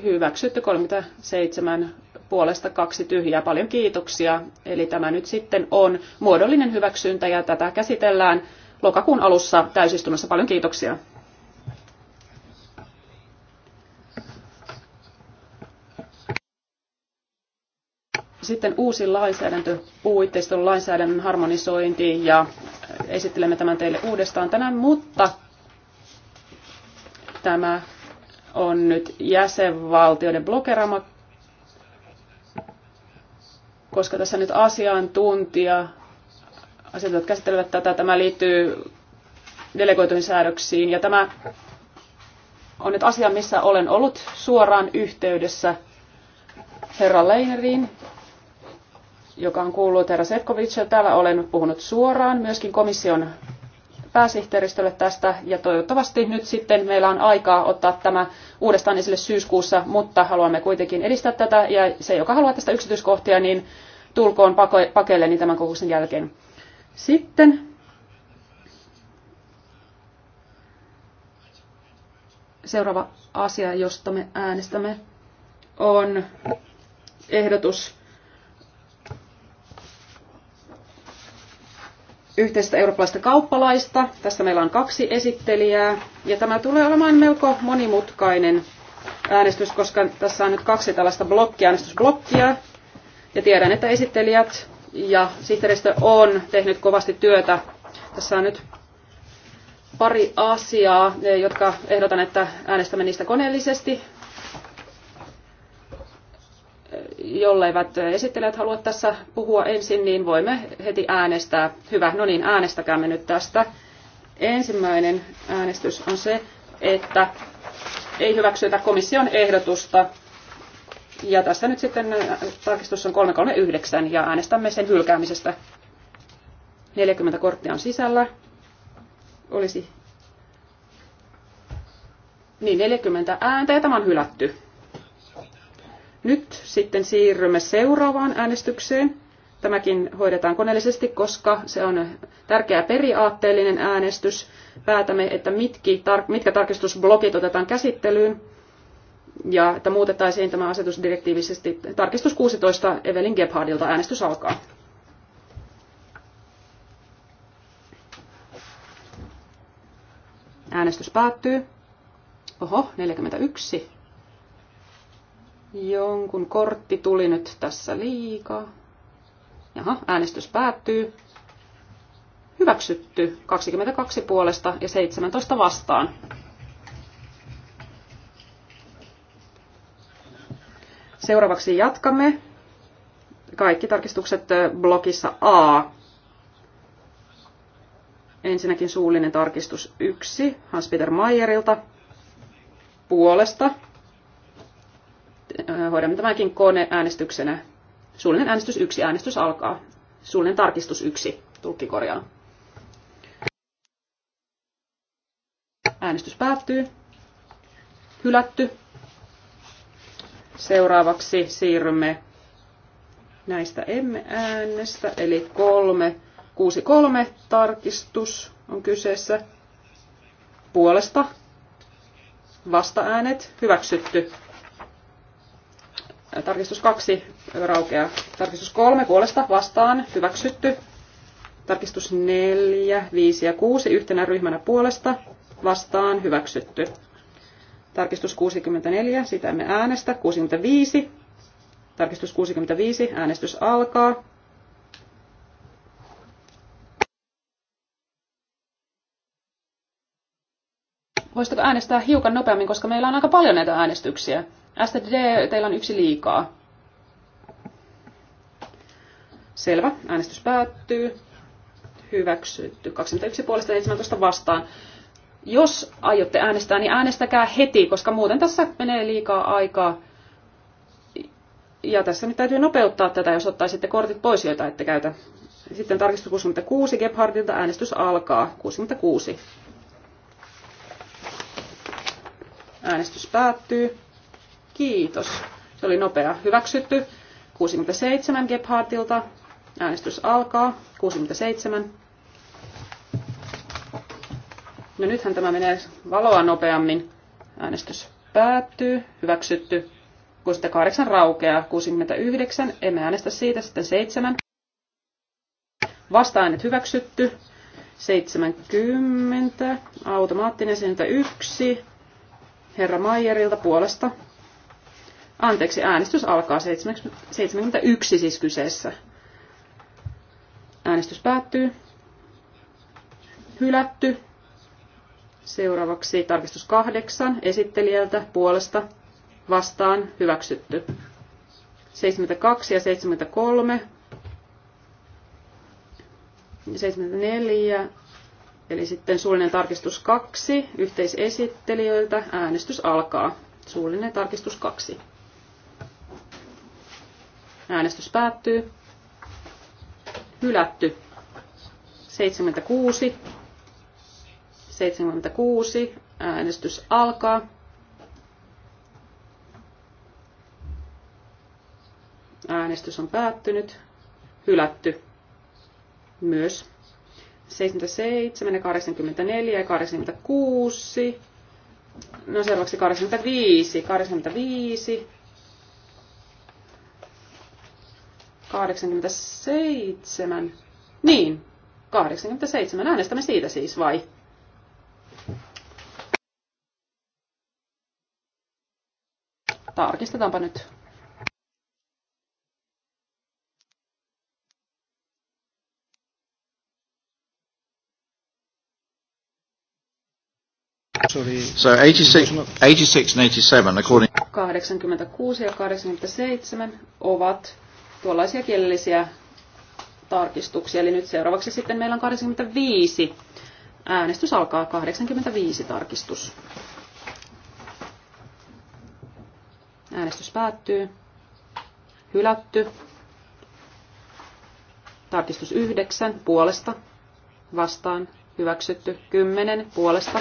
Hyväksytty 37 puolesta kaksi tyhjää. Paljon kiitoksia. Eli tämä nyt sitten on muodollinen hyväksyntä ja tätä käsitellään lokakuun alussa täysistunnossa. Paljon kiitoksia. Sitten uusi lainsäädäntö, puuitteiston lainsäädännön harmonisointi ja esittelemme tämän teille uudestaan tänään, mutta tämä on nyt jäsenvaltioiden blokerama, koska tässä nyt asiantuntija, asiantuntijat käsittelevät tätä, tämä liittyy delegoituihin säädöksiin ja tämä on nyt asia, missä olen ollut suoraan yhteydessä herra Leineriin joka on kuullut herra Setkovicilta. Täällä olen puhunut suoraan myöskin komission pääsihteeristölle tästä ja toivottavasti nyt sitten meillä on aikaa ottaa tämä uudestaan esille syyskuussa, mutta haluamme kuitenkin edistää tätä ja se, joka haluaa tästä yksityiskohtia, niin tulkoon pakelleni tämän kokouksen jälkeen. Sitten seuraava asia, josta me äänestämme, on ehdotus yhteisestä eurooppalaista kauppalaista. Tästä meillä on kaksi esittelijää. Ja tämä tulee olemaan melko monimutkainen äänestys, koska tässä on nyt kaksi tällaista blokkia, äänestysblokkia. Ja tiedän, että esittelijät ja sihteeristö on tehnyt kovasti työtä. Tässä on nyt pari asiaa, jotka ehdotan, että äänestämme niistä koneellisesti jolleivät esittelijät halua tässä puhua ensin, niin voimme heti äänestää. Hyvä, no niin, äänestäkäämme nyt tästä. Ensimmäinen äänestys on se, että ei hyväksytä komission ehdotusta. Ja tässä nyt sitten äh, tarkistus on 339 ja äänestämme sen hylkäämisestä. 40 korttia on sisällä. Olisi niin 40 ääntä ja tämä on hylätty. Nyt sitten siirrymme seuraavaan äänestykseen. Tämäkin hoidetaan koneellisesti, koska se on tärkeä periaatteellinen äänestys. Päätämme, että mitkä tarkistusblokit otetaan käsittelyyn ja että muutettaisiin tämä asetus direktiivisesti. Tarkistus 16 Evelin Gebhardilta äänestys alkaa. Äänestys päättyy. Oho, 41. Jonkun kortti tuli nyt tässä liikaa. Jaha, äänestys päättyy. Hyväksytty 22 puolesta ja 17 vastaan. Seuraavaksi jatkamme. Kaikki tarkistukset blokissa A. Ensinnäkin suullinen tarkistus 1 Hans-Peter Mayerilta puolesta hoidamme tämänkin koneäänestyksenä. Suullinen äänestys 1, äänestys alkaa. Suullinen tarkistus 1, tulkki korjaa. Äänestys päättyy. Hylätty. Seuraavaksi siirrymme, näistä emme äänestä, eli 3, 6, 3 tarkistus on kyseessä. Puolesta vastaäänet hyväksytty. Tarkistus 2 raukeaa. Tarkistus 3 puolesta vastaan hyväksytty. Tarkistus 4, 5 ja 6 yhtenä ryhmänä puolesta vastaan hyväksytty. Tarkistus 64, sitä me äänestä. 65, tarkistus 65, äänestys alkaa. voisitteko äänestää hiukan nopeammin, koska meillä on aika paljon näitä äänestyksiä. STD, teillä on yksi liikaa. Selvä, äänestys päättyy. Hyväksytty. 21 puolesta 17 vastaan. Jos aiotte äänestää, niin äänestäkää heti, koska muuten tässä menee liikaa aikaa. Ja tässä nyt täytyy nopeuttaa tätä, jos ottaisitte kortit pois, joita ette käytä. Sitten tarkistus 66 Gebhardilta äänestys alkaa. 66. Äänestys päättyy. Kiitos. Se oli nopea hyväksytty. 67 Gebhardtilta. Äänestys alkaa. 67. No nythän tämä menee valoa nopeammin. Äänestys päättyy. Hyväksytty. 68 raukeaa. 69. Emme äänestä siitä. Sitten 7. Vasta-äänet hyväksytty. 70. Automaattinen 71 herra Maijerilta puolesta. Anteeksi, äänestys alkaa 71 siis kyseessä. Äänestys päättyy. Hylätty. Seuraavaksi tarkistus kahdeksan esittelijältä puolesta vastaan hyväksytty. 72 ja 73 74 Eli sitten suullinen tarkistus 2 yhteisesittelijöiltä. Äänestys alkaa. Suullinen tarkistus 2. Äänestys päättyy. Hylätty. 76. 76. Äänestys alkaa. Äänestys on päättynyt. Hylätty. Myös 77 84 ja 86. No seuraavaksi 85. 85. 87. Niin, 87. Äänestämme siitä siis, vai? Tarkistetaanpa nyt. So 86, 86 and 87, according... 86 ja 87 ovat tuollaisia kielellisiä tarkistuksia. Eli nyt seuraavaksi sitten meillä on 85. Äänestys alkaa 85 tarkistus. Äänestys päättyy. Hylätty. Tarkistus 9 puolesta. Vastaan. Hyväksytty. 10 puolesta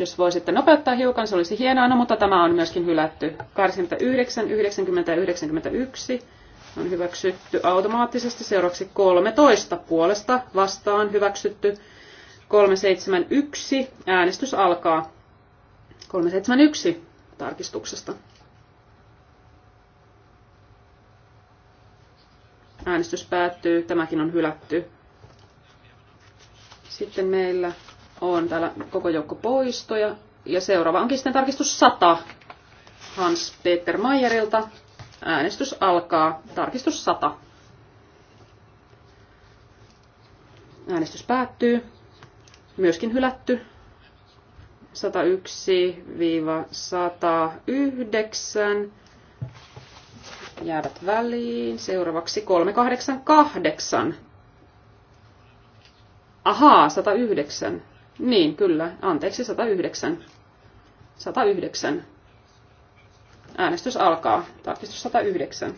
Jos voisitte nopeuttaa hiukan, se olisi hienoa, no, mutta tämä on myöskin hylätty. 9, 90 ja 91 on hyväksytty automaattisesti. Seuraavaksi 13 puolesta vastaan hyväksytty. 371 äänestys alkaa. 371 tarkistuksesta. Äänestys päättyy. Tämäkin on hylätty. Sitten meillä on täällä koko joukko poistoja. Ja seuraava onkin sitten tarkistus 100 Hans-Peter Mayerilta. Äänestys alkaa. Tarkistus 100. Äänestys päättyy. Myöskin hylätty. 101-109 jäävät väliin. Seuraavaksi 388. Ahaa, 109. Niin, kyllä. Anteeksi, 109. 109. Äänestys alkaa. Tarkistus 109.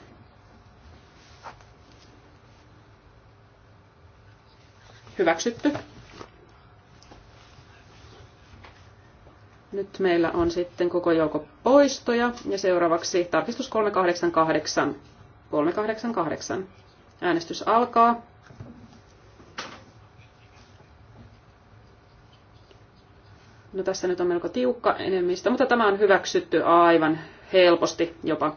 Hyväksytty. Nyt meillä on sitten koko joukko poistoja ja seuraavaksi tarkistus 388. 388. Äänestys alkaa. No tässä nyt on melko tiukka enemmistö, mutta tämä on hyväksytty aivan helposti jopa.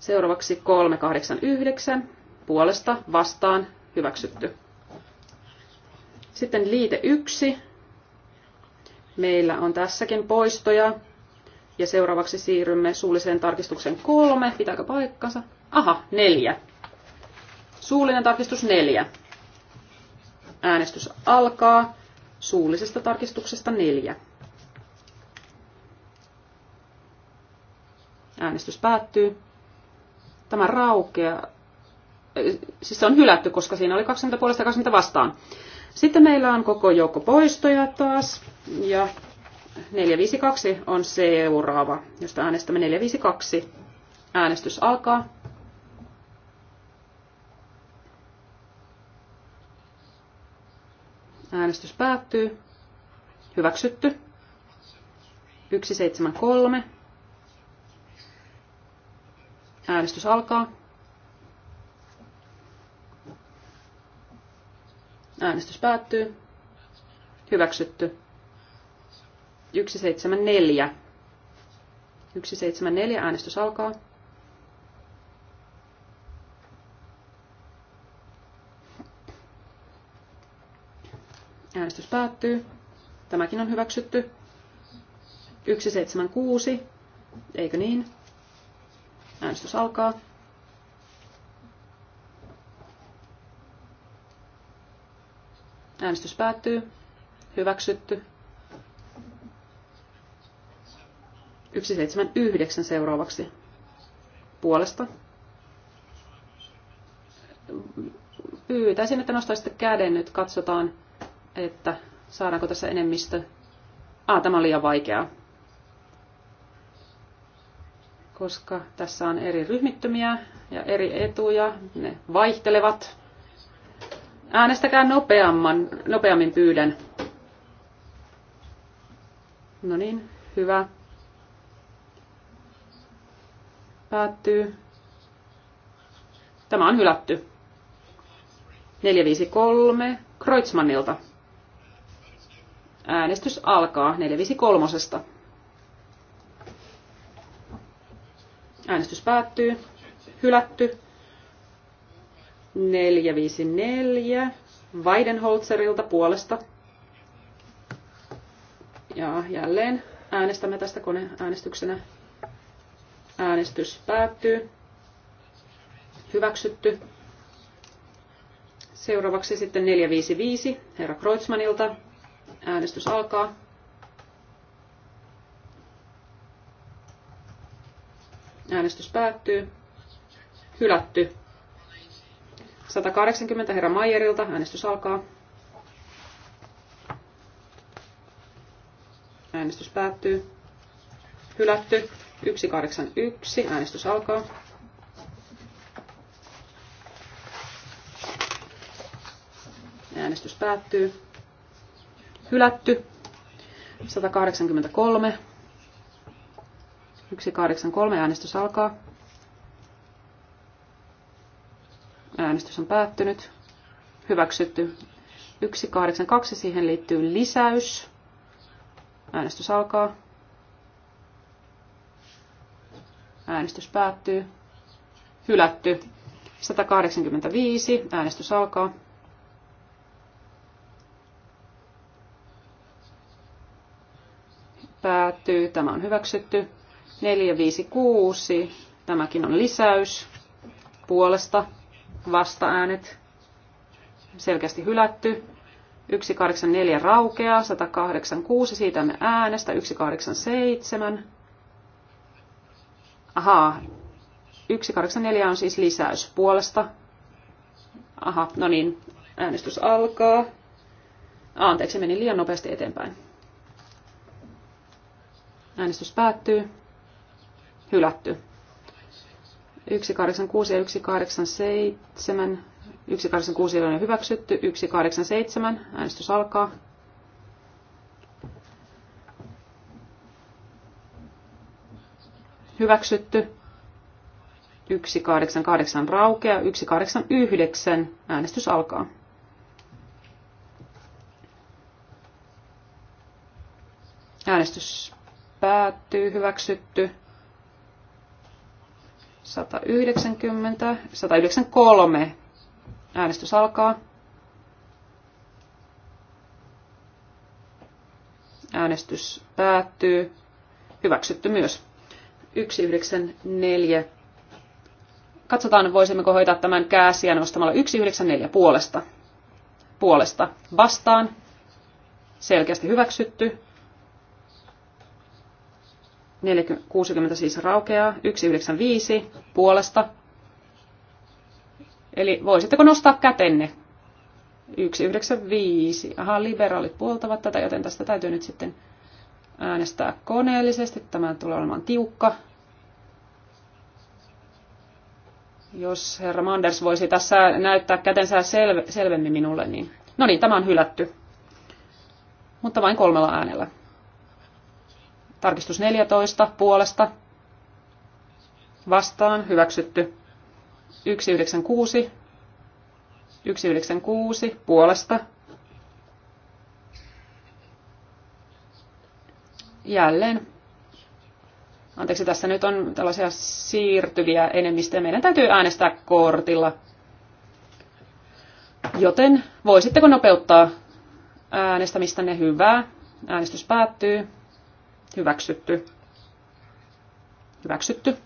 Seuraavaksi 389 puolesta vastaan hyväksytty. Sitten liite 1. Meillä on tässäkin poistoja. Ja seuraavaksi siirrymme suulliseen tarkistuksen kolme. Pitääkö paikkansa? Aha, neljä. Suullinen tarkistus neljä. Äänestys alkaa suullisesta tarkistuksesta neljä. Äänestys päättyy. Tämä raukea, siis se on hylätty, koska siinä oli 20 puolesta ja 20 vastaan. Sitten meillä on koko joukko poistoja taas, ja 452 on seuraava, josta äänestämme 452. Äänestys alkaa. Äänestys päättyy. Hyväksytty. 173 Äänestys alkaa. Äänestys päättyy. Hyväksytty. 174. 174. Äänestys alkaa. Äänestys päättyy. Tämäkin on hyväksytty. 176. Eikö niin? Äänestys alkaa. Äänestys päättyy. Hyväksytty. 179 seuraavaksi puolesta. Pyytäisin, että nostaisitte käden nyt. Katsotaan, että saadaanko tässä enemmistö. Ah, tämä on liian vaikeaa koska tässä on eri ryhmittymiä ja eri etuja, ne vaihtelevat. Äänestäkää nopeamman, nopeammin pyydän. No niin, hyvä. Päättyy. Tämä on hylätty. 453 Kreutzmannilta. Äänestys alkaa 453. Äänestys päättyy. Hylätty. 454 Weidenholzerilta puolesta. Ja jälleen äänestämme tästä koneäänestyksenä. Äänestys päättyy. Hyväksytty. Seuraavaksi sitten 455 herra Kreutzmannilta. Äänestys alkaa. Äänestys päättyy. Hylätty. 180 herra Mayerilta. Äänestys alkaa. Äänestys päättyy. Hylätty. 181. Äänestys alkaa. Äänestys päättyy. Hylätty. 183. 183 äänestys alkaa. Äänestys on päättynyt. Hyväksytty. 182 siihen liittyy lisäys. Äänestys alkaa. Äänestys päättyy. Hylätty. 185. Äänestys alkaa. Päättyy. Tämä on hyväksytty. 456. Tämäkin on lisäys. Puolesta vastaäänet selkeästi hylätty. 184 raukeaa, 186, siitä me äänestä, 187. Ahaa, 184 on siis lisäys puolesta. Aha, no niin, äänestys alkaa. Anteeksi, meni liian nopeasti eteenpäin. Äänestys päättyy hylätty. 186 ja 187, 186 on jo hyväksytty, 187, äänestys alkaa. Hyväksytty. 188 raukea, 189 äänestys alkaa. Äänestys päättyy, hyväksytty. 190, 193. Äänestys alkaa. Äänestys päättyy. Hyväksytty myös. 194. Katsotaan, voisimmeko hoitaa tämän kääsiä nostamalla 194 puolesta. Puolesta vastaan. Selkeästi hyväksytty. 60 siis raukeaa, 195 puolesta. Eli voisitteko nostaa kätenne? 195. Aha, liberaalit puoltavat tätä, joten tästä täytyy nyt sitten äänestää koneellisesti. Tämä tulee olemaan tiukka. Jos herra Manders voisi tässä näyttää kätensä selve, selvemmin minulle, niin... No niin, tämä on hylätty. Mutta vain kolmella äänellä. Tarkistus 14 puolesta vastaan hyväksytty. 196 196 puolesta. Jälleen. Anteeksi, tässä nyt on tällaisia siirtyviä enemmistöjä. Meidän täytyy äänestää kortilla. Joten voisitteko nopeuttaa ne hyvää? Äänestys päättyy. Hyväksytty. Hyväksytty.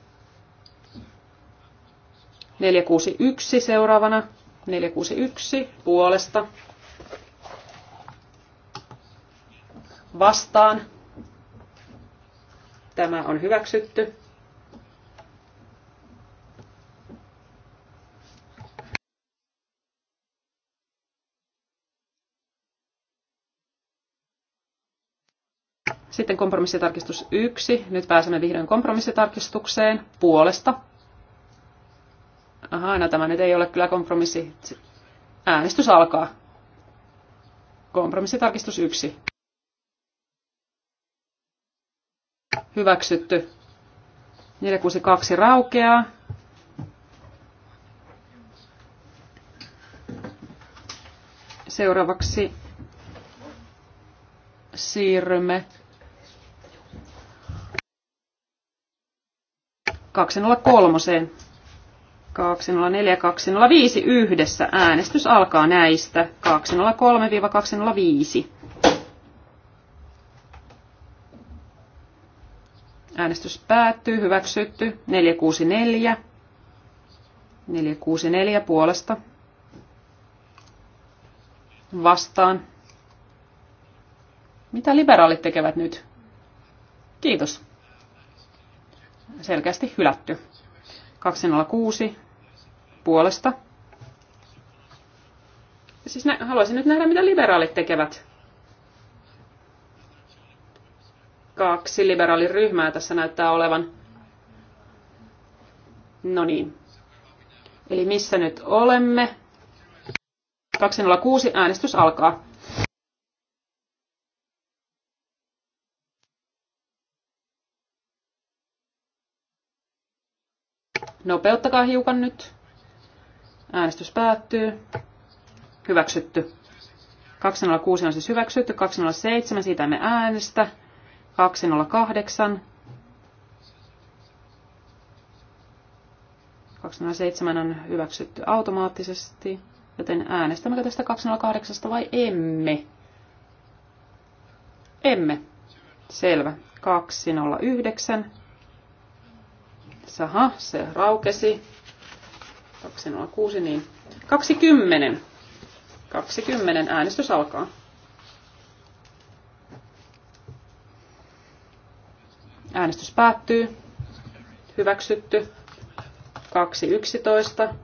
461 seuraavana. 461 puolesta. Vastaan. Tämä on hyväksytty. kompromissitarkistus 1. Nyt pääsemme vihdoin kompromissitarkistukseen puolesta. Aha, no tämä nyt ei ole kyllä kompromissi. Äänestys alkaa. Kompromissitarkistus 1. Hyväksytty. 462 raukeaa. Seuraavaksi siirrymme 203, 204 ja 205 yhdessä. Äänestys alkaa näistä 203-205. Äänestys päättyy, hyväksytty, 464, 464 puolesta, vastaan. Mitä liberaalit tekevät nyt? Kiitos selkeästi hylätty. 206 puolesta. Siis nä- haluaisin nyt nähdä, mitä liberaalit tekevät. Kaksi liberaaliryhmää tässä näyttää olevan. No niin. Eli missä nyt olemme? 206 äänestys alkaa. Nopeuttakaa hiukan nyt. Äänestys päättyy. Hyväksytty. 206 on siis hyväksytty, 207, siitä emme äänestä, 208, 207 on hyväksytty automaattisesti, joten äänestämmekö tästä 208 vai emme? Emme. Selvä. 209 Saha, se raukesi. 206, niin 20. 20 äänestys alkaa. Äänestys päättyy. Hyväksytty. 211.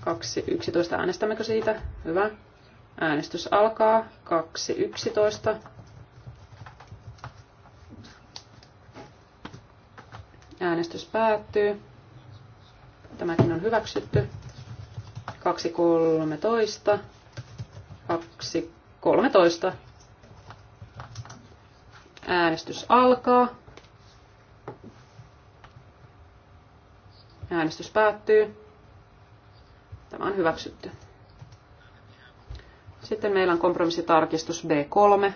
211 äänestämmekö siitä? Hyvä. Äänestys alkaa. 211. Äänestys päättyy. Tämäkin on hyväksytty. 2.13. 2.13. Äänestys alkaa. Äänestys päättyy. Tämä on hyväksytty. Sitten meillä on kompromissitarkistus B3.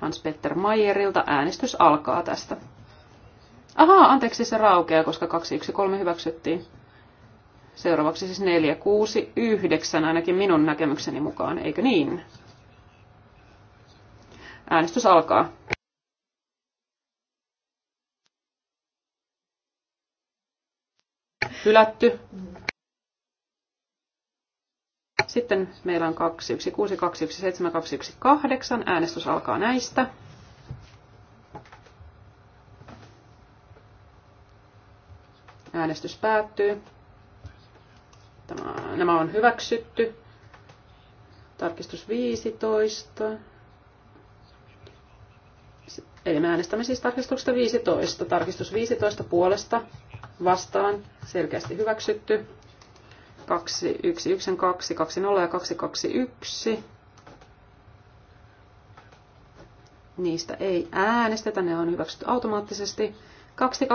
Hans-Petter Mayerilta äänestys alkaa tästä. Ahaa, anteeksi se raukeaa, koska 213 hyväksyttiin. Seuraavaksi siis 469 ainakin minun näkemykseni mukaan, eikö niin? Äänestys alkaa. Hylätty. Sitten meillä on 216, 217, 218. Äänestys alkaa näistä. Äänestys päättyy. Tämä, nämä on hyväksytty. Tarkistus 15. Eli me äänestämme siis tarkistuksesta 15. Tarkistus 15 puolesta vastaan selkeästi hyväksytty. 2, 0 ja 1. Niistä ei äänestetä, ne on hyväksytty automaattisesti. 2.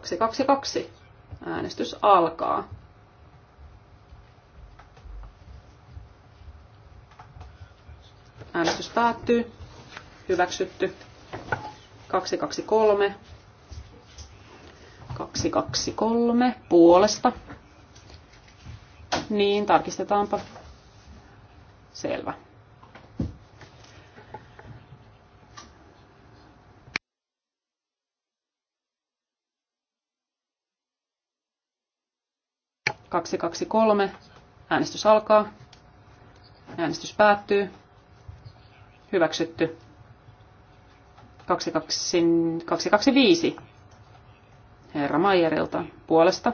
222. Äänestys alkaa. Äänestys päättyy. Hyväksytty. 223. 223 puolesta. Niin, tarkistetaanpa. Selvä. 223. Äänestys alkaa. Äänestys päättyy. Hyväksytty. 225. Herra Maijerilta puolesta.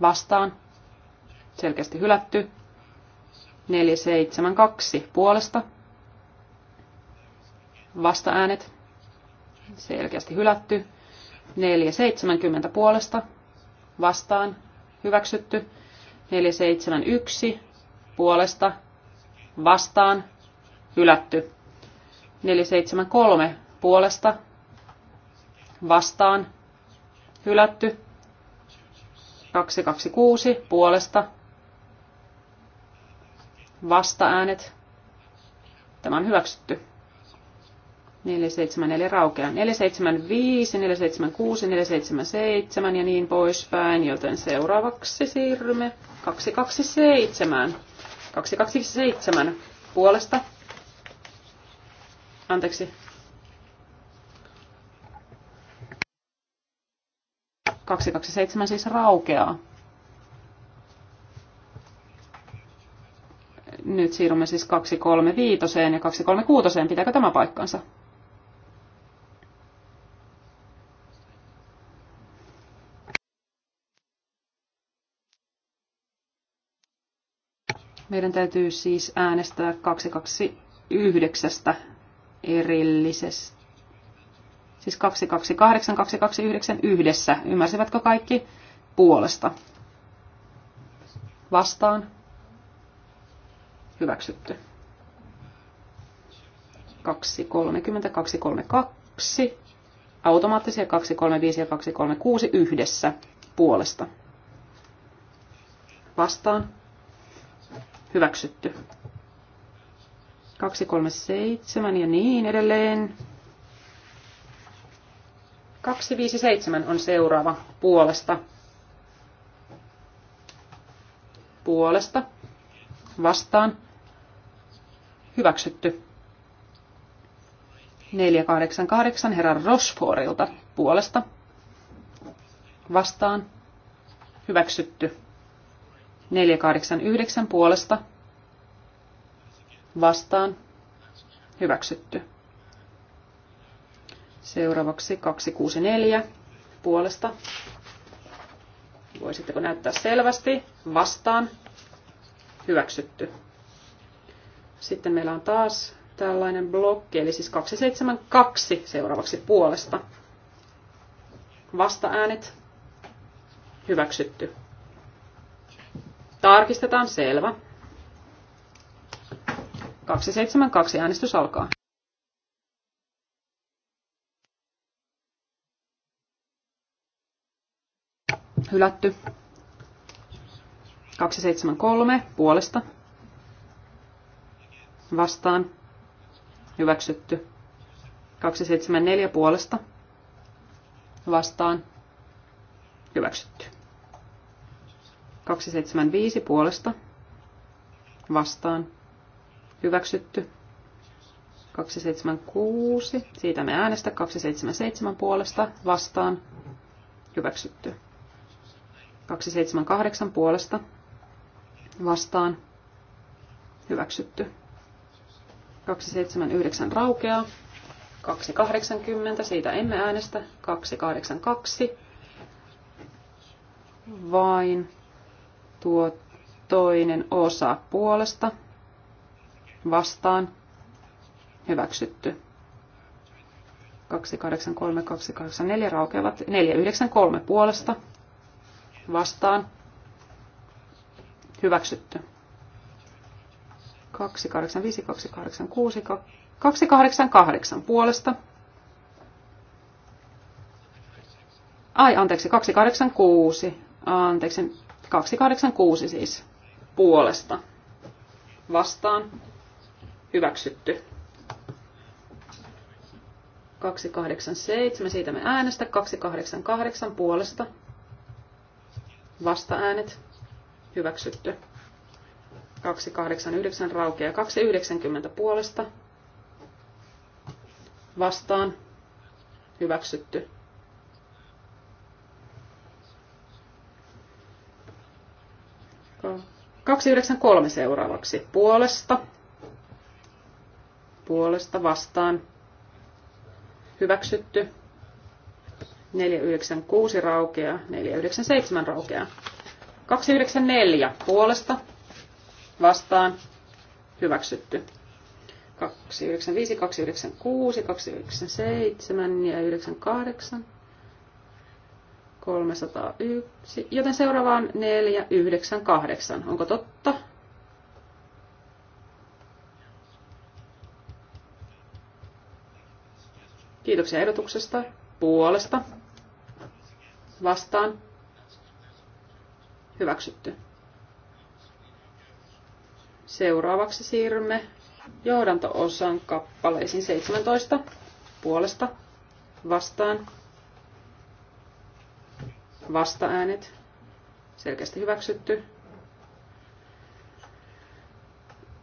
Vastaan. Selkeästi hylätty. 472 puolesta. Vastaäänet. Selkeästi hylätty. 470 puolesta. Vastaan hyväksytty. 471 puolesta vastaan hylätty. 473 puolesta vastaan hylätty. 226 puolesta vastaäänet. Tämä on hyväksytty. 474 raukeaa. 475, 476, 477 ja niin poispäin, joten seuraavaksi siirrymme 227. 227 puolesta. Anteeksi. kaksi kaksi seitsemän siis raukeaa. Nyt siirrymme siis kaksi kolme viitoseen ja kaksi kolme kuutoseen Pitääkö tämä paikkansa? Meidän täytyy siis äänestää 229 erillisestä. Siis 228, 229 yhdessä. Ymmärsivätkö kaikki? Puolesta. Vastaan. Hyväksytty. 230, 232. Automaattisia 235 ja 236 yhdessä. Puolesta. Vastaan hyväksytty. 237 ja niin edelleen. 257 on seuraava puolesta. Puolesta. Vastaan. Hyväksytty. 488 herra Rosforilta puolesta. Vastaan. Hyväksytty. 489 puolesta vastaan hyväksytty. Seuraavaksi 264 puolesta. Voisitteko näyttää selvästi? Vastaan hyväksytty. Sitten meillä on taas tällainen blokki, eli siis 272 seuraavaksi puolesta. Vastaäänet hyväksytty. Tarkistetaan, selvä. 272 äänestys alkaa. Hylätty. 273 puolesta. Vastaan. Hyväksytty. 274 puolesta. Vastaan. Hyväksytty. 275 puolesta vastaan hyväksytty. 276, siitä me äänestä 277 puolesta vastaan hyväksytty. 278 puolesta vastaan hyväksytty. 279 raukeaa. 280, siitä emme äänestä. 282. Vain Tuo toinen osa puolesta vastaan hyväksytty. 283, 284 raukeavat. 493 puolesta vastaan hyväksytty. 285, 286, 288 puolesta. Ai, anteeksi, 286. Anteeksi, 286 siis puolesta vastaan hyväksytty. 287, siitä me äänestä, 288 puolesta, vasta-äänet, hyväksytty. 289 raukea, 290 puolesta, vastaan, hyväksytty. 293 seuraavaksi. Puolesta. Puolesta vastaan. Hyväksytty. 496 raukeaa. 497 raukeaa. 294 puolesta. Vastaan. Hyväksytty. 295, 296, 297 ja 98. 301, joten seuraava on 498. Onko totta? Kiitoksia ehdotuksesta. Puolesta. Vastaan. Hyväksytty. Seuraavaksi siirrymme johdanto-osan kappaleisiin 17. Puolesta. Vastaan Vastaäänet. Selkeästi hyväksytty.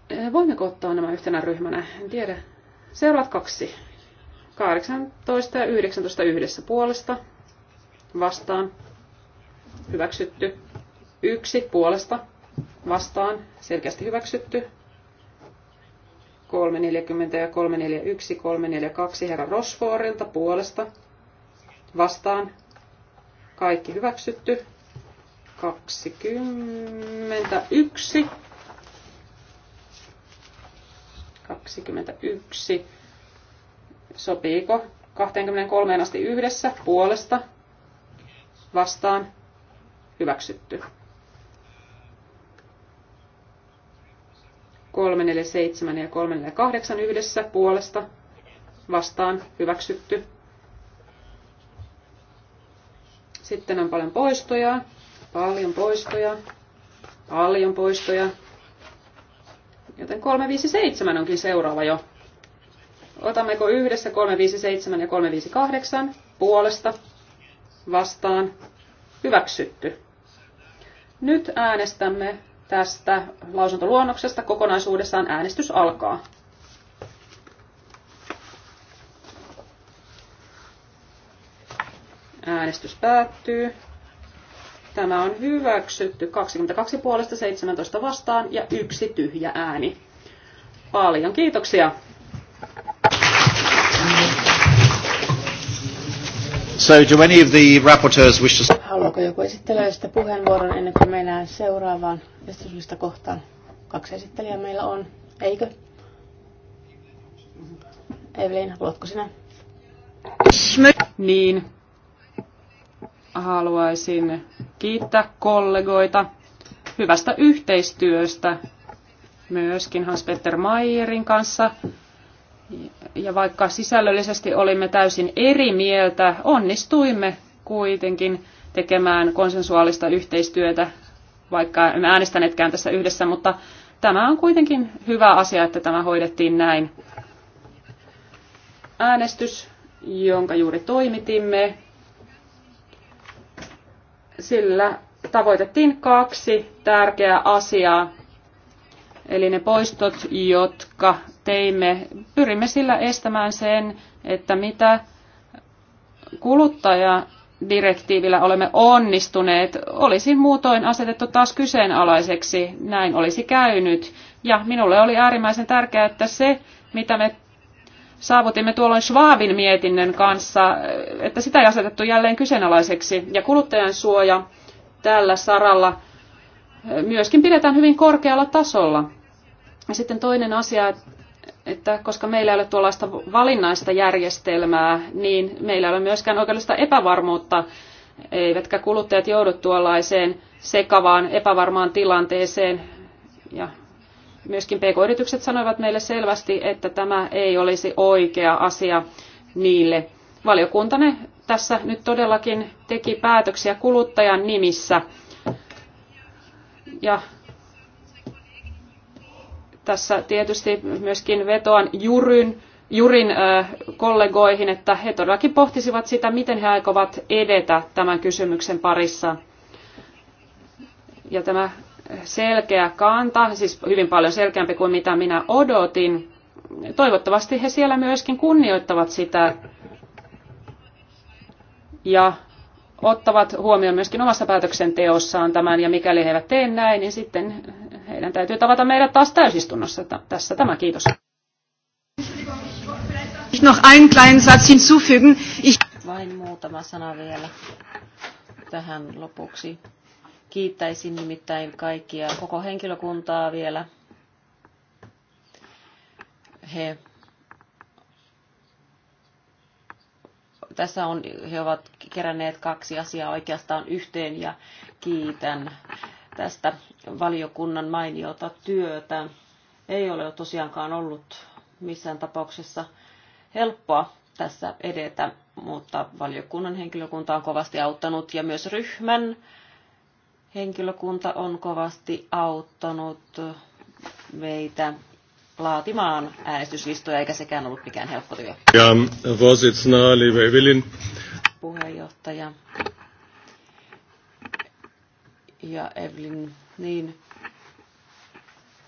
Eh, voimmeko ottaa nämä yhtenä ryhmänä? En tiedä. Seuraavat kaksi. 18 ja 19 yhdessä puolesta. Vastaan. Hyväksytty. Yksi puolesta. Vastaan. Selkeästi hyväksytty. 340 ja 341, 342 herra Rosforilta puolesta. Vastaan. Kaikki hyväksytty. 21. 21. Sopiiko 23 asti yhdessä puolesta vastaan hyväksytty. 347 ja 348 yhdessä puolesta vastaan hyväksytty. Sitten on paljon poistoja, paljon poistoja, paljon poistoja. Joten 357 onkin seuraava jo. Otammeko yhdessä 357 ja 358 puolesta vastaan hyväksytty. Nyt äänestämme tästä lausuntoluonnoksesta kokonaisuudessaan äänestys alkaa. Äänestys päättyy. Tämä on hyväksytty 22 puolesta 17 vastaan ja yksi tyhjä ääni. Paljon kiitoksia. So do any of the rapporteurs wish to... Haluaako joku sitä puheenvuoron ennen kuin mennään seuraavaan esityslista kohtaan? Kaksi esittelijää meillä on, eikö? Evelin, haluatko sinä? Niin, haluaisin kiittää kollegoita hyvästä yhteistyöstä myöskin Hans-Peter Mayerin kanssa. Ja vaikka sisällöllisesti olimme täysin eri mieltä, onnistuimme kuitenkin tekemään konsensuaalista yhteistyötä, vaikka emme äänestäneetkään tässä yhdessä, mutta tämä on kuitenkin hyvä asia, että tämä hoidettiin näin. Äänestys, jonka juuri toimitimme, sillä tavoitettiin kaksi tärkeää asiaa. Eli ne poistot, jotka teimme, pyrimme sillä estämään sen, että mitä kuluttajadirektiivillä olemme onnistuneet, olisi muutoin asetettu taas kyseenalaiseksi. Näin olisi käynyt. Ja minulle oli äärimmäisen tärkeää, että se, mitä me saavutimme tuolloin Schwabin mietinnön kanssa, että sitä ei asetettu jälleen kyseenalaiseksi. Ja kuluttajan suoja tällä saralla myöskin pidetään hyvin korkealla tasolla. Ja sitten toinen asia, että koska meillä ei ole tuollaista valinnaista järjestelmää, niin meillä ei ole myöskään oikeudellista epävarmuutta, eivätkä kuluttajat joudu tuollaiseen sekavaan, epävarmaan tilanteeseen. Ja myöskin PK-yritykset sanoivat meille selvästi, että tämä ei olisi oikea asia niille. Valiokuntanne tässä nyt todellakin teki päätöksiä kuluttajan nimissä. Ja tässä tietysti myöskin vetoan Juryn, Jurin kollegoihin, että he todellakin pohtisivat sitä, miten he aikovat edetä tämän kysymyksen parissa. Ja tämä selkeä kanta, siis hyvin paljon selkeämpi kuin mitä minä odotin. Toivottavasti he siellä myöskin kunnioittavat sitä ja ottavat huomioon myöskin omassa päätöksenteossaan tämän, ja mikäli he eivät tee näin, niin sitten heidän täytyy tavata meidät taas täysistunnossa. Tässä tämä, kiitos. Vain muutama sana vielä tähän lopuksi. Kiittäisin nimittäin kaikkia, koko henkilökuntaa vielä. He tässä on, he ovat keränneet kaksi asiaa oikeastaan yhteen ja kiitän tästä valiokunnan mainiota työtä. Ei ole tosiaankaan ollut missään tapauksessa helppoa tässä edetä, mutta valiokunnan henkilökunta on kovasti auttanut ja myös ryhmän henkilökunta on kovasti auttanut meitä laatimaan äänestyslistoja, eikä sekään ollut mikään helppo työ. Ja vuositsena oli Evelin. Puheenjohtaja. Ja Evelin, niin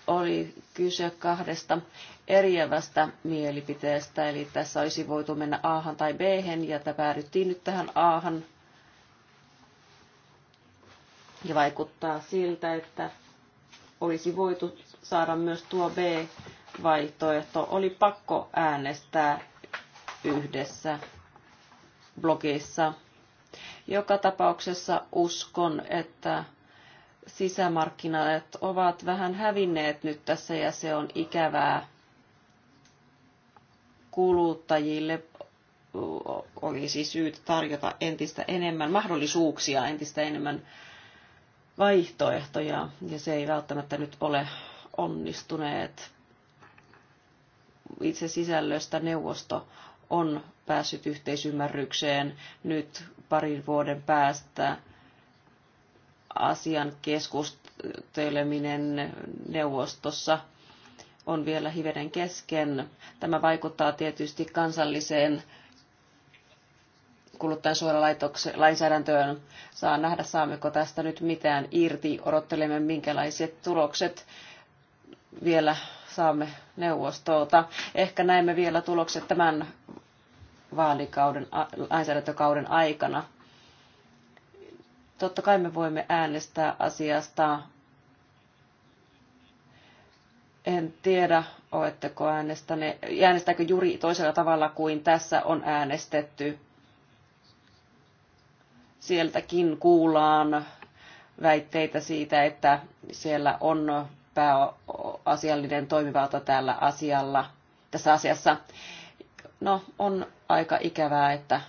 oli kyse kahdesta eriävästä mielipiteestä, eli tässä olisi voitu mennä a tai b ja päädyttiin nyt tähän A-han ja vaikuttaa siltä, että olisi voitu saada myös tuo B-vaihtoehto. Oli pakko äänestää yhdessä blogissa. Joka tapauksessa uskon, että sisämarkkinat ovat vähän hävinneet nyt tässä ja se on ikävää kuluttajille olisi syytä tarjota entistä enemmän mahdollisuuksia, entistä enemmän vaihtoehtoja, ja se ei välttämättä nyt ole onnistuneet. Itse sisällöstä neuvosto on päässyt yhteisymmärrykseen nyt parin vuoden päästä asian keskusteleminen neuvostossa on vielä hivenen kesken. Tämä vaikuttaa tietysti kansalliseen kuluttajansuojalainsäädäntöön. Saa nähdä, saammeko tästä nyt mitään irti. Odottelemme, minkälaiset tulokset vielä saamme neuvostolta. Ehkä näemme vielä tulokset tämän vaalikauden, lainsäädäntökauden aikana. Totta kai me voimme äänestää asiasta. En tiedä, oletteko äänestäneet, äänestääkö juuri toisella tavalla kuin tässä on äänestetty sieltäkin kuullaan väitteitä siitä, että siellä on pääasiallinen toimivalta tällä asialla, tässä asiassa. No, on aika ikävää, että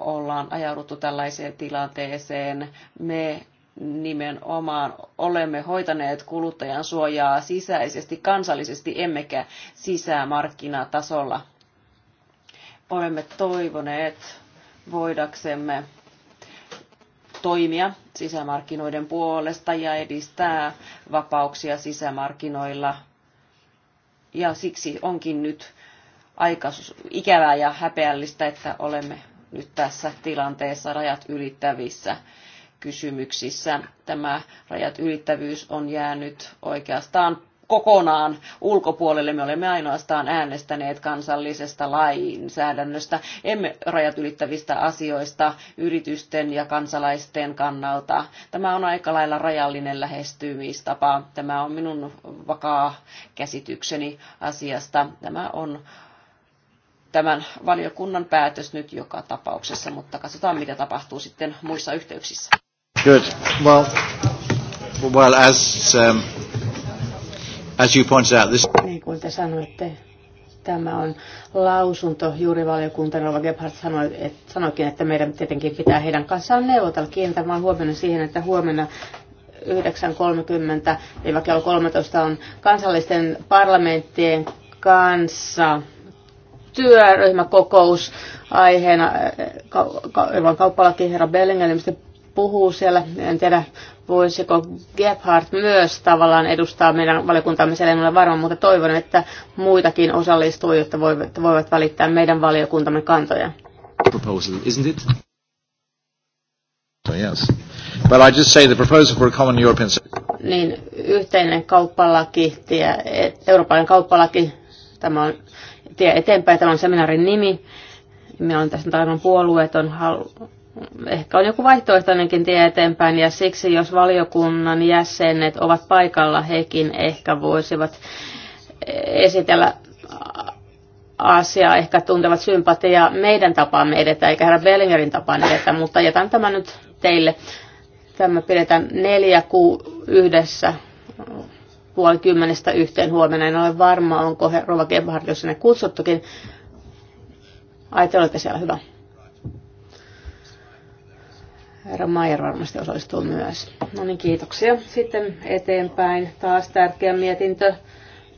ollaan ajauduttu tällaiseen tilanteeseen. Me nimenomaan olemme hoitaneet kuluttajan suojaa sisäisesti, kansallisesti, emmekä sisämarkkinatasolla. Olemme toivoneet voidaksemme toimia sisämarkkinoiden puolesta ja edistää vapauksia sisämarkkinoilla. Ja siksi onkin nyt aika ikävää ja häpeällistä, että olemme nyt tässä tilanteessa rajat ylittävissä kysymyksissä. Tämä rajat ylittävyys on jäänyt oikeastaan kokonaan ulkopuolelle. Me olemme ainoastaan äänestäneet kansallisesta lainsäädännöstä, emme rajat ylittävistä asioista yritysten ja kansalaisten kannalta. Tämä on aika lailla rajallinen lähestymistapa. Tämä on minun vakaa käsitykseni asiasta. Tämä on tämän valiokunnan päätös nyt joka tapauksessa, mutta katsotaan mitä tapahtuu sitten muissa yhteyksissä. Good. Well, well as um, As you pointed out, this... Niin kuin te sanoitte, tämä on lausunto. Juuri valiokunta Rova Gebhardt sanoi, että, sanoikin, että meidän tietenkin pitää heidän kanssaan neuvotella. Kiinnitän huomenna siihen, että huomenna 9.30 eli vaikka 13 on kansallisten parlamenttien kanssa työryhmäkokous aiheena, eh, ka- ka- kauppalaki herra Bellinger puhuu siellä, en tiedä voisiko Gebhardt myös tavallaan edustaa meidän valiokuntamme, siellä en ole varma, mutta toivon, että muitakin osallistuu, jotta voivat, voivat välittää meidän valiokuntamme kantoja. Proposal, isn't it? Yes. Well, I just say the proposal for a common European... Niin, yhteinen kauppalaki, tie, e, eurooppalainen kauppalaki, tämä on tie eteenpäin, tämä on seminaarin nimi. Meillä on tässä aivan puolueeton, halu, ehkä on joku vaihtoehtoinenkin tie eteenpäin, ja siksi jos valiokunnan jäsenet ovat paikalla, hekin ehkä voisivat eh, esitellä asiaa, ehkä tuntevat sympatiaa meidän tapaamme edetä, eikä herra Bellingerin tapaan edetä, mutta jätän tämän nyt teille. Tämä pidetään neljä kuu yhdessä puoli kymmenestä yhteen huomenna. En ole varma, onko Rova Gebhard jos sinne kutsuttukin. Ai, te olette siellä hyvä. Herra Maier varmasti osallistuu myös. No niin, kiitoksia. Sitten eteenpäin taas tärkeä mietintö,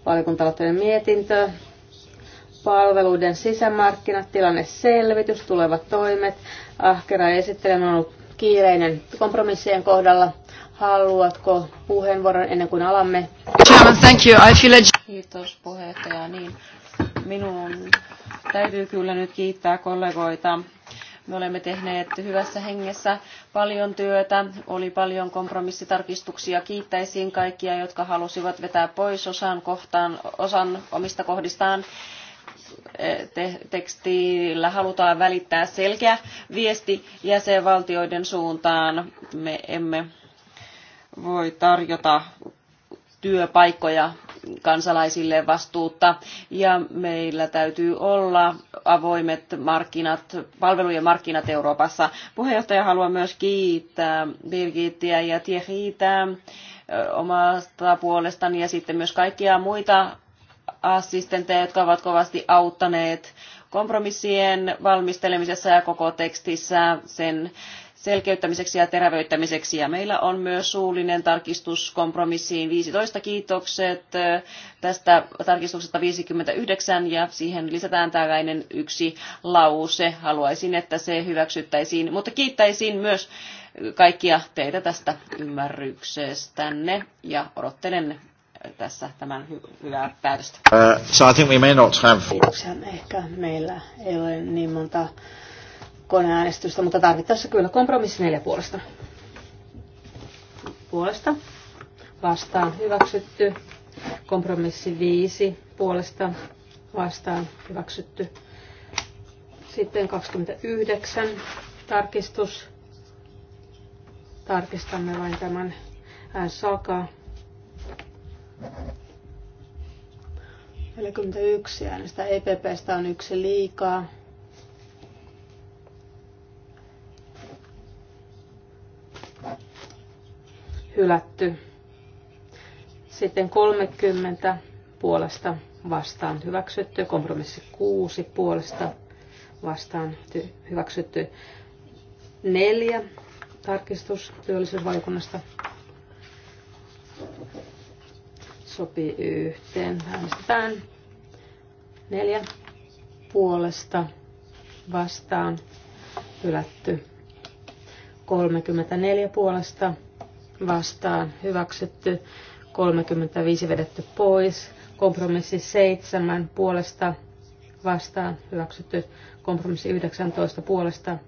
valiokuntalautojen mietintö, palveluiden sisämarkkinat, tilanneselvitys, tulevat toimet. Ahkera esittelemä on ollut kiireinen kompromissien kohdalla. Haluatko puheenvuoron ennen kuin alamme? Chairman, thank you. I feel Kiitos puheenjohtaja. Niin, minun täytyy kyllä nyt kiittää kollegoita me olemme tehneet hyvässä hengessä paljon työtä, oli paljon kompromissitarkistuksia. Kiittäisin kaikkia, jotka halusivat vetää pois osan, kohtaan, osan omista kohdistaan e, te- tekstillä halutaan välittää selkeä viesti jäsenvaltioiden suuntaan. Me emme voi tarjota työpaikkoja kansalaisille vastuutta ja meillä täytyy olla avoimet markkinat, palvelujen markkinat Euroopassa. Puheenjohtaja haluan myös kiittää Birgittiä ja Thierrytä omasta puolestani ja sitten myös kaikkia muita assistentteja, jotka ovat kovasti auttaneet kompromissien valmistelemisessa ja koko tekstissä sen selkeyttämiseksi ja terävöittämiseksi. Ja meillä on myös suullinen tarkistus kompromissiin 15. Kiitokset tästä tarkistuksesta 59 ja siihen lisätään tällainen yksi lause. Haluaisin, että se hyväksyttäisiin, mutta kiittäisin myös kaikkia teitä tästä ymmärryksestänne ja odottelen tässä tämän hy- hyvää päätöstä. Uh, so I think we may not have... Ehkä meillä ei ole niin monta koneäänestystä, mutta tarvittaessa kyllä kompromissi neljä puolesta. Puolesta. Vastaan hyväksytty. Kompromissi viisi puolesta. Vastaan hyväksytty. Sitten 29 tarkistus. Tarkistamme vain tämän saka. 41 äänestä EPPstä on yksi liikaa. hylätty. Sitten 30 puolesta vastaan hyväksytty, kompromissi 6 puolesta vastaan hyväksytty neljä tarkistus työllisyysvaliokunnasta sopii yhteen. Äänestetään neljä puolesta vastaan hylätty. 34 puolesta vastaan hyväksytty, 35 vedetty pois, kompromissi 7 puolesta vastaan hyväksytty, kompromissi 19 puolesta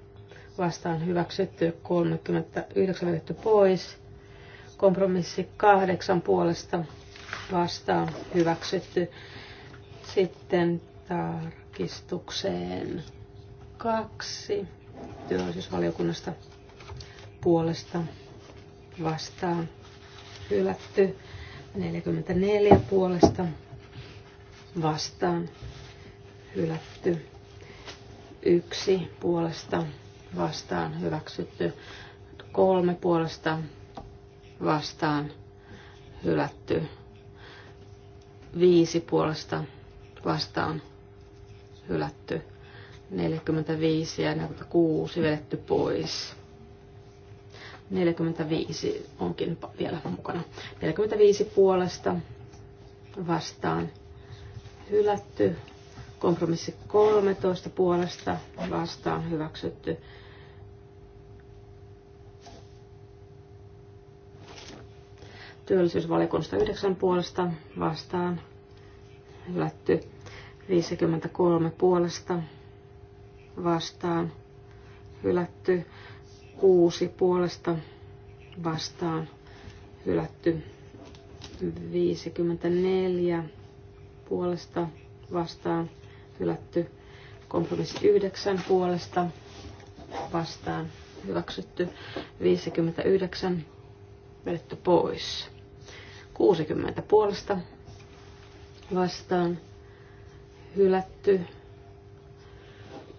vastaan hyväksytty, 39 vedetty pois, kompromissi 8 puolesta vastaan hyväksytty. Sitten tarkistukseen kaksi työllisyysvaliokunnasta puolesta vastaan hylätty. 44 puolesta vastaan hylätty. Yksi puolesta vastaan hyväksytty. Kolme puolesta vastaan hylätty. Viisi puolesta vastaan hylätty. 45 ja 46 vedetty pois. 45 onkin vielä mukana. 45 puolesta vastaan hylätty. Kompromissi 13 puolesta vastaan hyväksytty. Työllisyysvalikunnasta 9 puolesta vastaan hylätty. 53 puolesta vastaan hylätty kuusi puolesta vastaan hylätty 54 puolesta vastaan hylätty kompromissi 9 puolesta vastaan hyväksytty 59 vedetty pois 60 puolesta vastaan hylätty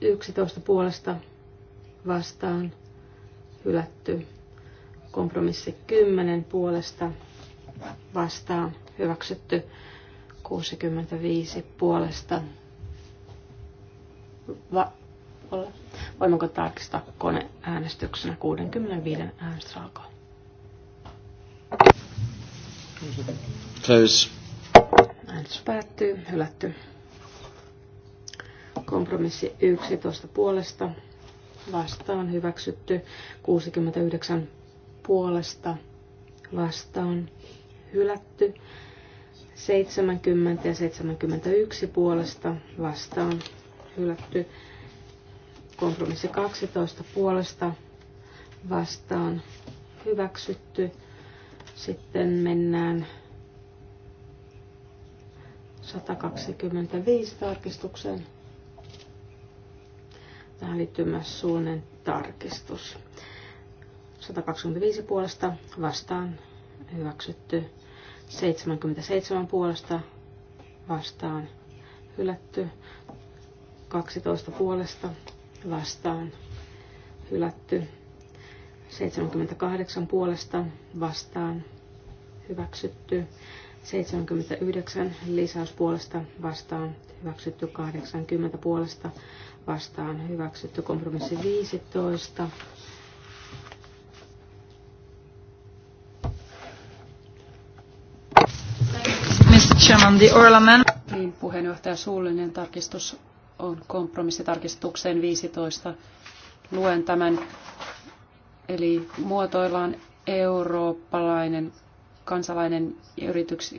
11 puolesta vastaan hylätty. Kompromissi 10 puolesta vastaan hyväksytty 65 puolesta. Va- Voimmeko tarkistaa kone äänestyksenä 65 äänestys alkaa? Close. Äänestys päättyy, hylätty. Kompromissi 11 puolesta vastaan hyväksytty, 69 puolesta vastaan hylätty, 70 ja 71 puolesta vastaan hylätty, kompromissi 12 puolesta vastaan hyväksytty. Sitten mennään 125 tarkistukseen Tähän liittyy myös suullinen tarkistus. 125 puolesta vastaan hyväksytty. 77 puolesta vastaan hylätty. 12 puolesta vastaan hylätty. 78 puolesta vastaan hyväksytty. 79 lisäyspuolesta vastaan hyväksytty 80 puolesta vastaan hyväksytty kompromissi 15. Mr. Chairman, the oral amendment. Niin, puheenjohtaja suullinen tarkistus on kompromissitarkistukseen 15. Luen tämän. Eli muotoillaan eurooppalainen kansalainen yrityks,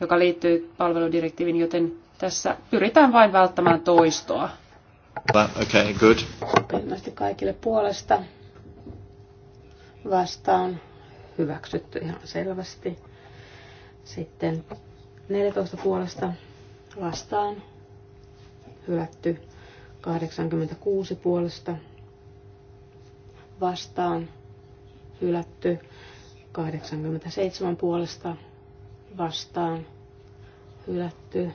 joka liittyy palveludirektiiviin, joten tässä pyritään vain välttämään toistoa. Okay, good. Ilmeisesti kaikille puolesta vastaan hyväksytty ihan selvästi. Sitten 14 puolesta vastaan hylätty. 86 puolesta vastaan hylätty. 87 puolesta vastaan hylätty.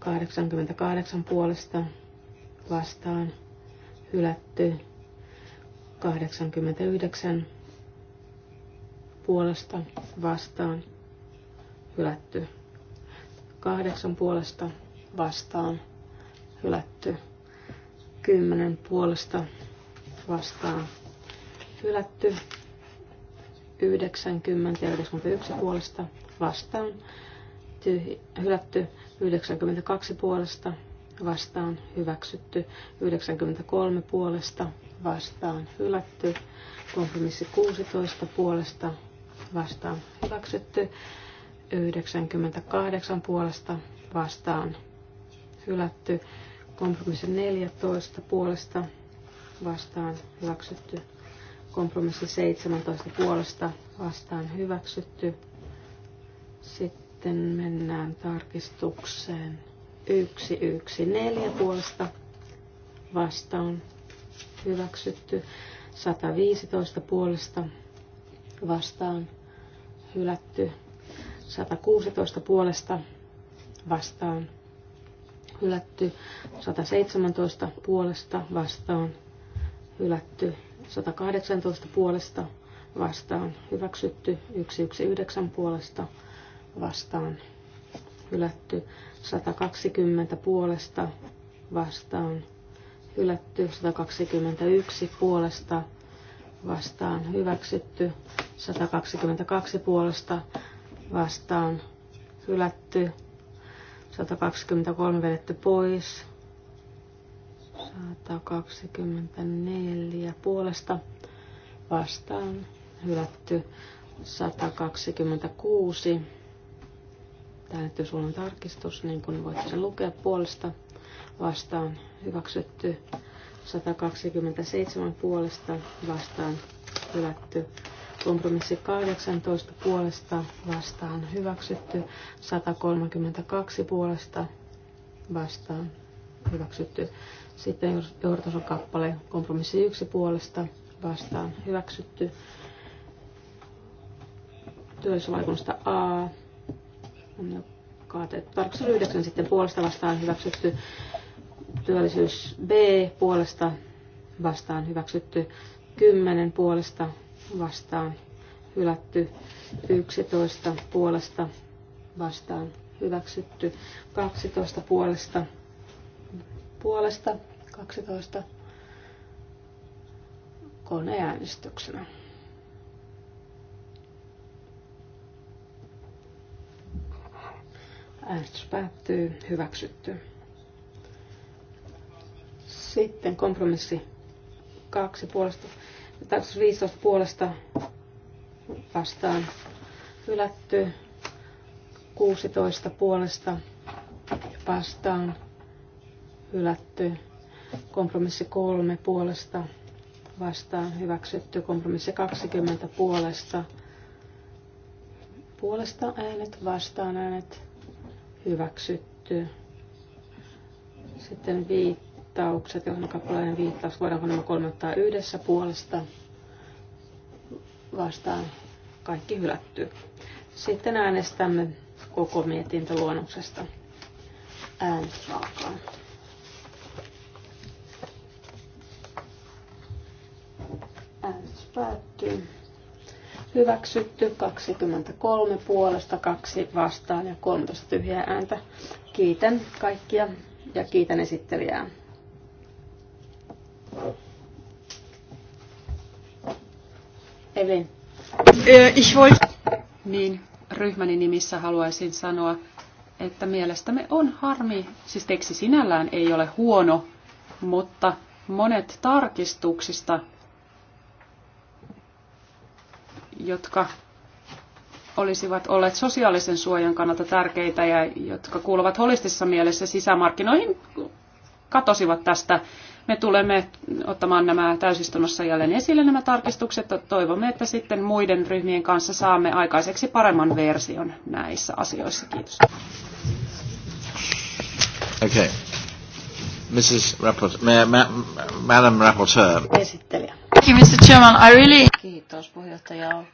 88 puolesta vastaan hylätty 89 puolesta vastaan hylätty. 8 puolesta vastaan hylätty. 10 puolesta vastaan hylätty. 90 ja 91 puolesta vastaan tyhj- hylätty. 92 puolesta vastaan hyväksytty, 93 puolesta vastaan hylätty, kompromissi 16 puolesta vastaan hyväksytty, 98 puolesta vastaan hylätty, kompromissi 14 puolesta vastaan hyväksytty, kompromissi 17 puolesta vastaan hyväksytty. Sitten mennään tarkistukseen 114 puolesta vastaan hyväksytty. 115 puolesta vastaan hylätty. 116 puolesta vastaan hylätty. 117 puolesta vastaan hylätty. 118 puolesta vastaan hyväksytty. 119 puolesta vastaan hylätty. 120 puolesta vastaan hylätty, 121 puolesta vastaan hyväksytty, 122 puolesta vastaan hylätty, 123 vedetty pois, 124 puolesta vastaan hylätty, 126 on tarkistus, niin kuin voit sen lukea puolesta vastaan hyväksytty. 127 puolesta vastaan hylätty. Kompromissi 18 puolesta vastaan hyväksytty. 132 puolesta vastaan hyväksytty. Sitten johdotason kappale kompromissi 1 puolesta vastaan hyväksytty. Työllisyysvaikutusta A on jo kaatettu. on yhdeksän niin sitten puolesta vastaan hyväksytty. Työllisyys B puolesta vastaan hyväksytty. 10 puolesta vastaan hylätty. 11 puolesta vastaan hyväksytty. 12 puolesta puolesta 12 koneäänestyksenä. Äänestys päättyy. Hyväksytty. Sitten kompromissi kaksi puolesta. Tarkoitus 15 puolesta vastaan hylätty. 16 puolesta vastaan hylätty. Kompromissi kolme puolesta vastaan hyväksytty. Kompromissi 20 puolesta puolesta äänet, vastaan äänet, hyväksytty. Sitten viittaukset, johon kappaleen viittaus, voidaanko nämä kolme ottaa yhdessä puolesta vastaan kaikki hylätty. Sitten äänestämme koko mietintöluonnoksesta. Äänestys alkaa. Äänestys päättyy. Hyväksytty 23 puolesta, kaksi vastaan ja 13 tyhjää ääntä. Kiitän kaikkia ja kiitän esittelijää. Evelin. Eh, ich wollte... Niin, ryhmäni nimissä haluaisin sanoa, että mielestämme on harmi, siis teksti sinällään ei ole huono, mutta monet tarkistuksista jotka olisivat olleet sosiaalisen suojan kannalta tärkeitä ja jotka kuuluvat holistisessa mielessä sisämarkkinoihin, katosivat tästä. Me tulemme ottamaan nämä täysistunnossa jälleen esille nämä tarkistukset. Toivomme, että sitten muiden ryhmien kanssa saamme aikaiseksi paremman version näissä asioissa. Kiitos. Okay. Mrs. Rapport, ma, ma, Madam Rapporteur. Esittelijä. Thank you, Mr. Chairman. I really... Kiitos puheenjohtaja.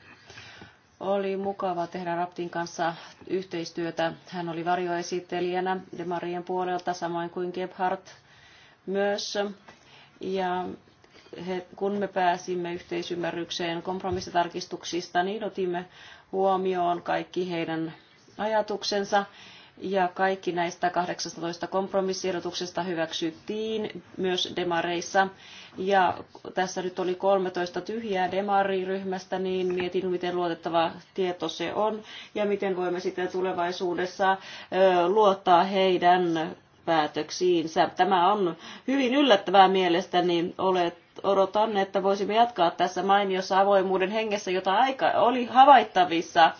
Oli mukava tehdä Raptin kanssa yhteistyötä. Hän oli varjoesittelijänä Demarien puolelta, samoin kuin Gebhardt myös. Ja he, kun me pääsimme yhteisymmärrykseen kompromissitarkistuksista, niin otimme huomioon kaikki heidän ajatuksensa ja kaikki näistä 18 kompromissiehdotuksesta hyväksyttiin myös demareissa. Ja tässä nyt oli 13 tyhjää demariryhmästä, niin mietin, miten luotettava tieto se on ja miten voimme sitten tulevaisuudessa luottaa heidän päätöksiinsä. Tämä on hyvin yllättävää mielestäni. Olet odotan, että voisimme jatkaa tässä mainiossa avoimuuden hengessä, jota aika oli havaittavissa.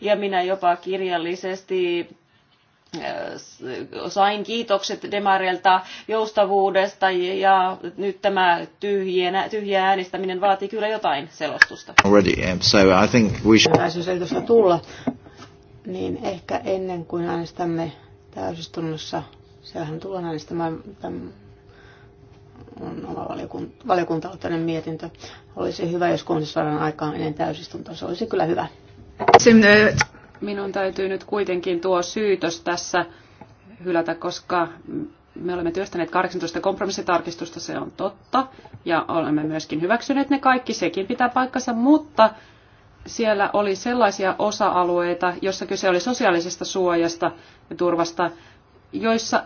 Ja minä jopa kirjallisesti Äh, sain kiitokset demareilta joustavuudesta ja nyt tämä tyhjä, tyhjä äänestäminen vaatii kyllä jotain selostusta. Already, um, so I think we should... tulla, niin ehkä ennen kuin äänestämme täysistunnossa, sehän tullaan äänestämään tämän on oma valiokunta, valiokunta mietintö. Olisi hyvä, jos kunnes saadaan aikaan ennen täysistuntoa. Se olisi kyllä hyvä. Äh, minun täytyy nyt kuitenkin tuo syytös tässä hylätä, koska me olemme työstäneet 18 kompromissitarkistusta, se on totta, ja olemme myöskin hyväksyneet ne kaikki, sekin pitää paikkansa, mutta siellä oli sellaisia osa-alueita, joissa kyse oli sosiaalisesta suojasta ja turvasta, joissa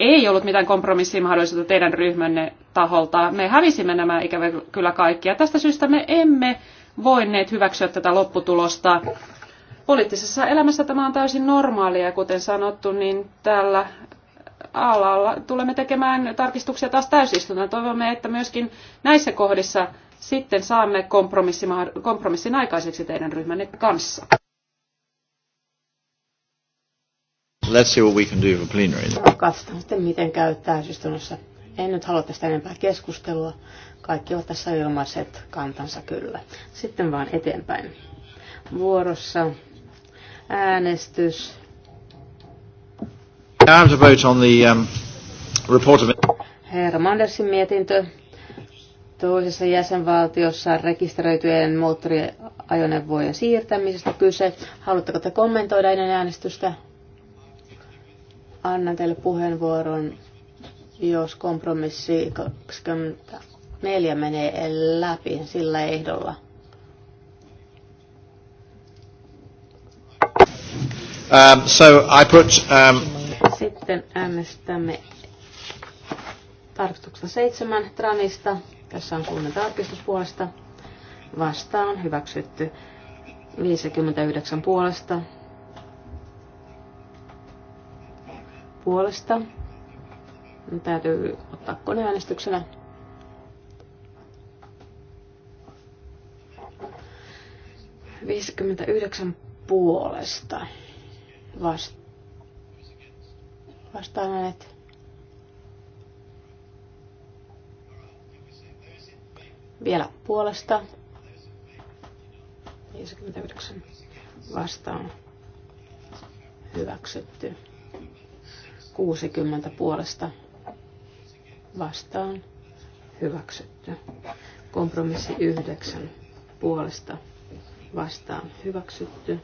ei ollut mitään kompromissimahdollisuutta teidän ryhmänne taholta. Me hävisimme nämä ikävä kyllä kaikki, ja tästä syystä me emme voineet hyväksyä tätä lopputulosta, Poliittisessa elämässä tämä on täysin normaalia, kuten sanottu, niin tällä alalla tulemme tekemään tarkistuksia taas täysistunnan. Toivomme, että myöskin näissä kohdissa sitten saamme kompromissin aikaiseksi teidän ryhmänne kanssa. Let's see what we can do for plenary. Katsotaan sitten, miten käy täysistunnossa. En nyt halua tästä enempää keskustelua. Kaikki ovat tässä ilmaiset kantansa kyllä. Sitten vaan eteenpäin. Vuorossa äänestys. Now to vote on the um, report of... Herra Mandersin mietintö toisessa jäsenvaltiossa rekisteröityjen moottoriajoneuvojen siirtämisestä kyse. Haluatteko te kommentoida ennen äänestystä? Annan teille puheenvuoron, jos kompromissi 24 menee läpi sillä ehdolla, Um, so I put, um, Sitten äänestämme tarkistuksesta seitsemän Tranista. Tässä on kolme tarkistuspuolesta. Vastaan hyväksytty 59 puolesta. Puolesta. Täytyy ottaa Viisikymmentä yhdeksän puolesta. Vast, vastaan äänet. Vielä puolesta. 59 vastaan. Hyväksytty. 60 puolesta vastaan hyväksytty. Kompromissi 9 puolesta vastaan hyväksytty.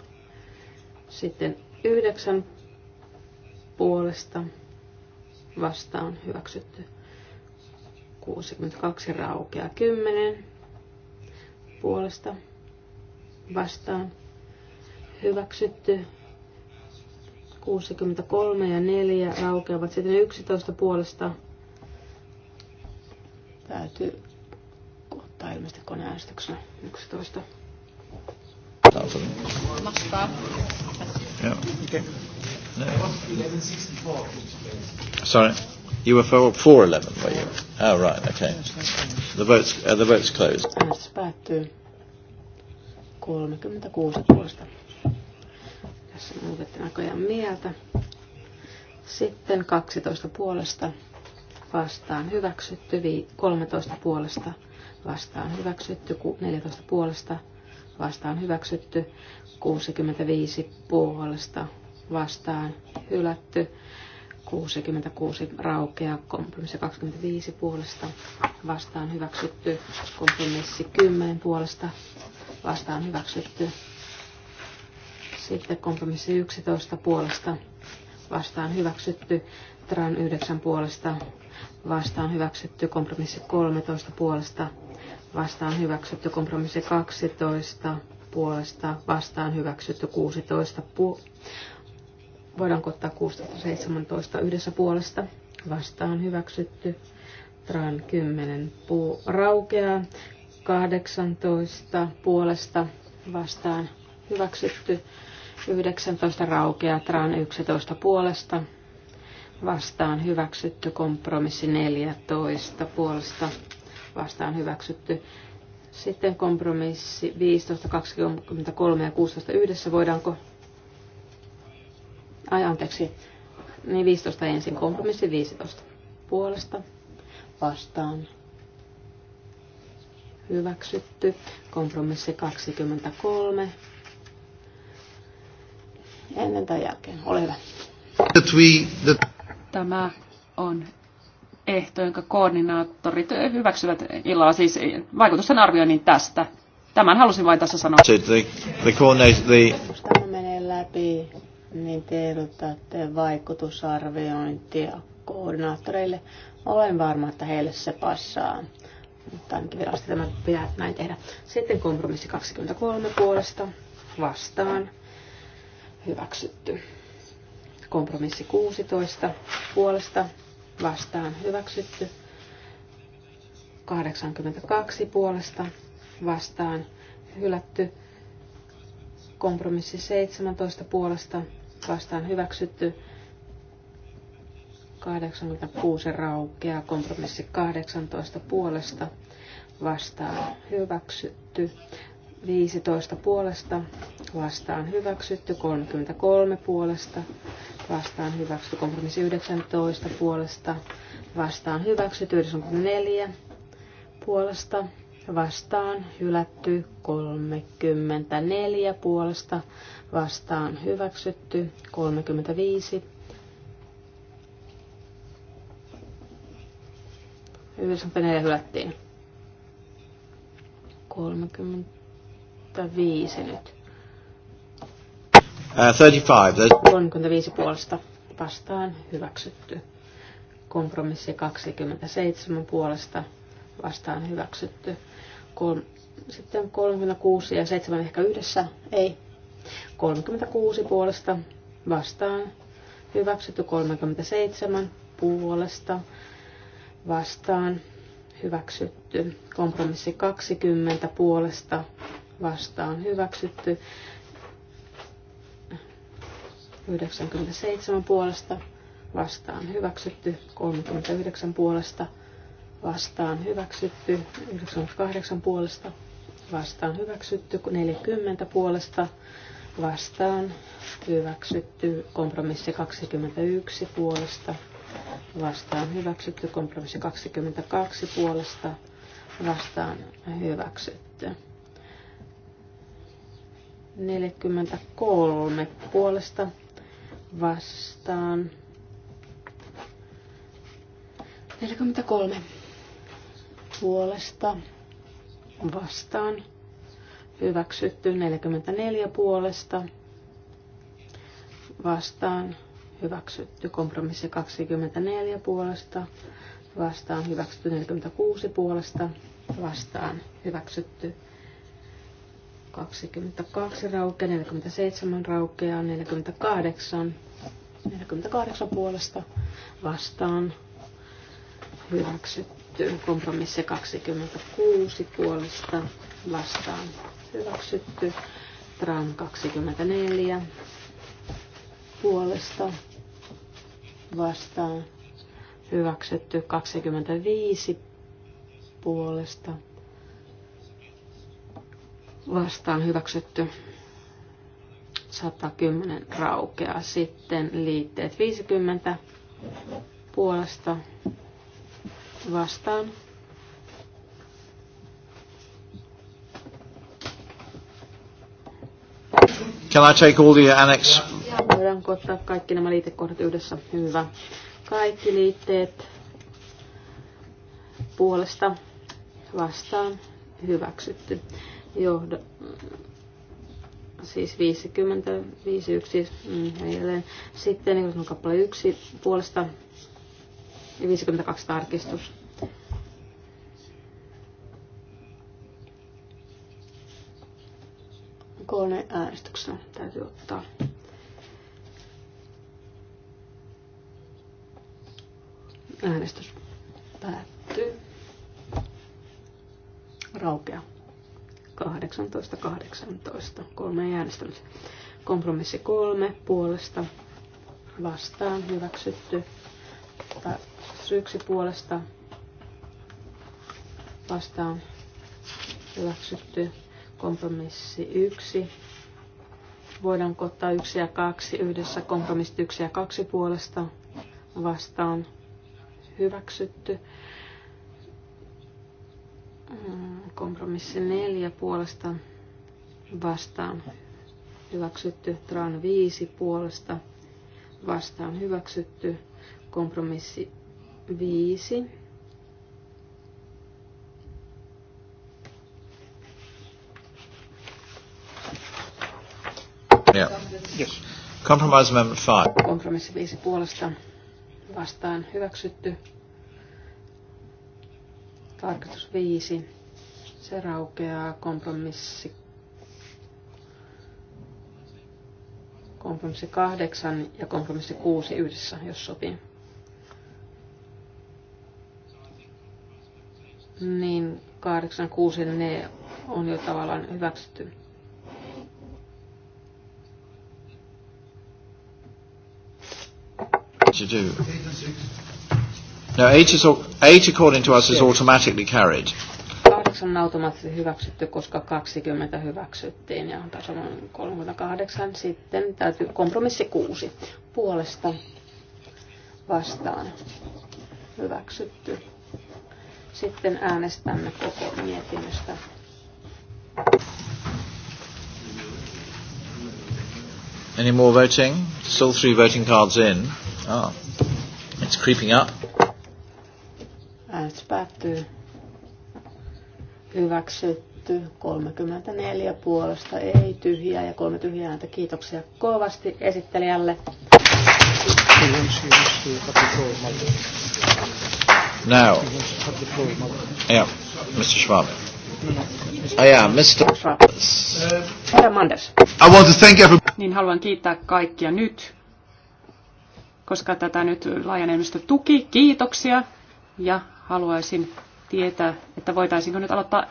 Sitten Yhdeksän puolesta vastaan hyväksytty. 62 raukea 10 puolesta vastaan hyväksytty. 63 ja 4 raukeavat sitten 11 puolesta. Täytyy ottaa ilmeisesti koneäänestyksenä 11. Vastaan. Yeah. Okay. No. Sorry. You were for 411, were you? Oh, right, okay. The vote's, uh, the vote's closed. Äänestys päättyy 36 puolesta. Tässä muutettiin näköjään mieltä. Sitten 12 puolesta vastaan hyväksytty, 13 puolesta vastaan hyväksytty, 14 puolesta vastaan hyväksytty, 65 puolesta vastaan hylätty, 66 raukea, kompromissi 25 puolesta vastaan hyväksytty, kompromissi 10 puolesta vastaan hyväksytty, sitten kompromissi 11 puolesta vastaan hyväksytty, Tran 9 puolesta vastaan hyväksytty, kompromissi 13 puolesta vastaan hyväksytty kompromissi 12 puolesta vastaan hyväksytty 16 pu- voidaanko ottaa 16 17 yhdessä puolesta vastaan hyväksytty tran 10 pu- raukeaa 18 puolesta vastaan hyväksytty 19 raukeaa tran 11 puolesta vastaan hyväksytty kompromissi 14 puolesta vastaan hyväksytty. Sitten kompromissi 15, 23 ja 16 yhdessä. Voidaanko... Ai anteeksi. Niin 15 ensin. Kompromissi 15 puolesta vastaan hyväksytty. Kompromissi 23. Ennen tai jälkeen. Ole hyvä. Tämä on ehto, jonka koordinaattorit hyväksyvät illalla, siis vaikutusten arvioinnin tästä. Tämän halusin vain tässä sanoa. So the, the the... Jos tämä menee läpi, niin te ehdotatte vaikutusarviointia koordinaattoreille. Olen varma, että heille se passaa. Mutta ainakin virallisesti tämä pitää näin tehdä. Sitten kompromissi 23 puolesta vastaan. Hyväksytty. Kompromissi 16 puolesta vastaan hyväksytty. 82 puolesta vastaan hylätty. Kompromissi 17 puolesta vastaan hyväksytty. 86 raukea. Kompromissi 18 puolesta vastaan hyväksytty. 15 puolesta vastaan hyväksytty, 33 puolesta vastaan hyväksytty, kompromissi 19 puolesta vastaan hyväksytty, 94 puolesta vastaan hylätty, 34 puolesta vastaan hyväksytty, 35 94 hylättiin. 30 35 nyt. Uh, 35. 35 puolesta vastaan hyväksytty. Kompromissi 27 puolesta vastaan hyväksytty. Kol- Sitten 36 ja 7 ehkä yhdessä. Ei. 36 puolesta vastaan hyväksytty. 37 puolesta vastaan hyväksytty. Kompromissi 20 puolesta vastaan hyväksytty. 97 puolesta vastaan hyväksytty, 39 puolesta vastaan hyväksytty, 98 puolesta vastaan hyväksytty, 40 puolesta vastaan hyväksytty, kompromissi 21 puolesta vastaan hyväksytty, kompromissi 22 puolesta vastaan hyväksytty. 43 puolesta vastaan. 43 puolesta vastaan. Hyväksytty 44 puolesta vastaan. Hyväksytty kompromissi 24 puolesta vastaan. Hyväksytty 46 puolesta vastaan. Hyväksytty 22 raukea, 47 raukeaa, 48, 48 puolesta vastaan hyväksytty. Kompromissi 26 puolesta vastaan hyväksytty. Tran 24 puolesta vastaan hyväksytty. 25 puolesta vastaan hyväksytty 110 raukeaa. Sitten liitteet 50 puolesta vastaan. Can I take all the annex? Voidaanko ottaa kaikki nämä liitekohdat yhdessä? Hyvä. Kaikki liitteet puolesta vastaan hyväksytty johda, siis 50, 51 mm, Sitten niin kuin kappale 1 puolesta ja 52 tarkistus. Kone äänestyksenä täytyy ottaa. Äänestys päättyy. Raukeaa. 18, 18, kolme ei äänestänyt. Kompromissi kolme puolesta vastaan hyväksytty. tai yksi puolesta vastaan hyväksytty. Kompromissi yksi. Voidaanko ottaa yksi ja kaksi yhdessä? Kompromissi yksi ja kaksi puolesta vastaan hyväksytty. Kompromissi neljä puolesta vastaan hyväksytty. Tran viisi puolesta vastaan hyväksytty. Kompromissi viisi Yeah. Yes. Compromise Amendment Kompromissi viisi puolesta vastaan hyväksytty. Tarkoitus 5. Se raukeaa kompromissi kompromissi kahdeksan ja kompromissi kuusi yhdessä, jos sopii. Niin kahdeksan, kuusi, ne on jo tavallaan hyväksytty. To do. Now, eight, is, eight according to us is automatically carried. Kahdeksan automaattisesti hyväksytty, koska 20 hyväksyttiin ja on tasolla 38. Sitten täytyy kompromissi 6 puolesta vastaan hyväksytty. Sitten äänestämme koko mietinnöstä. Any more voting? Still three voting cards in. Ah, oh, it's creeping up. Äänestys päättyy. Hyväksytty. 34 puolesta ei tyhjää ja kolme tyhjää ääntä. Kiitoksia kovasti esittelijälle. Now, yeah, Mr. Schwab. Oh yeah, Mr. Herra Manders. I want to thank everybody. Niin haluan kiittää kaikkia nyt, koska tätä nyt laajenemista tuki. Kiitoksia ja haluaisin tietää, että voitaisiinko nyt aloittaa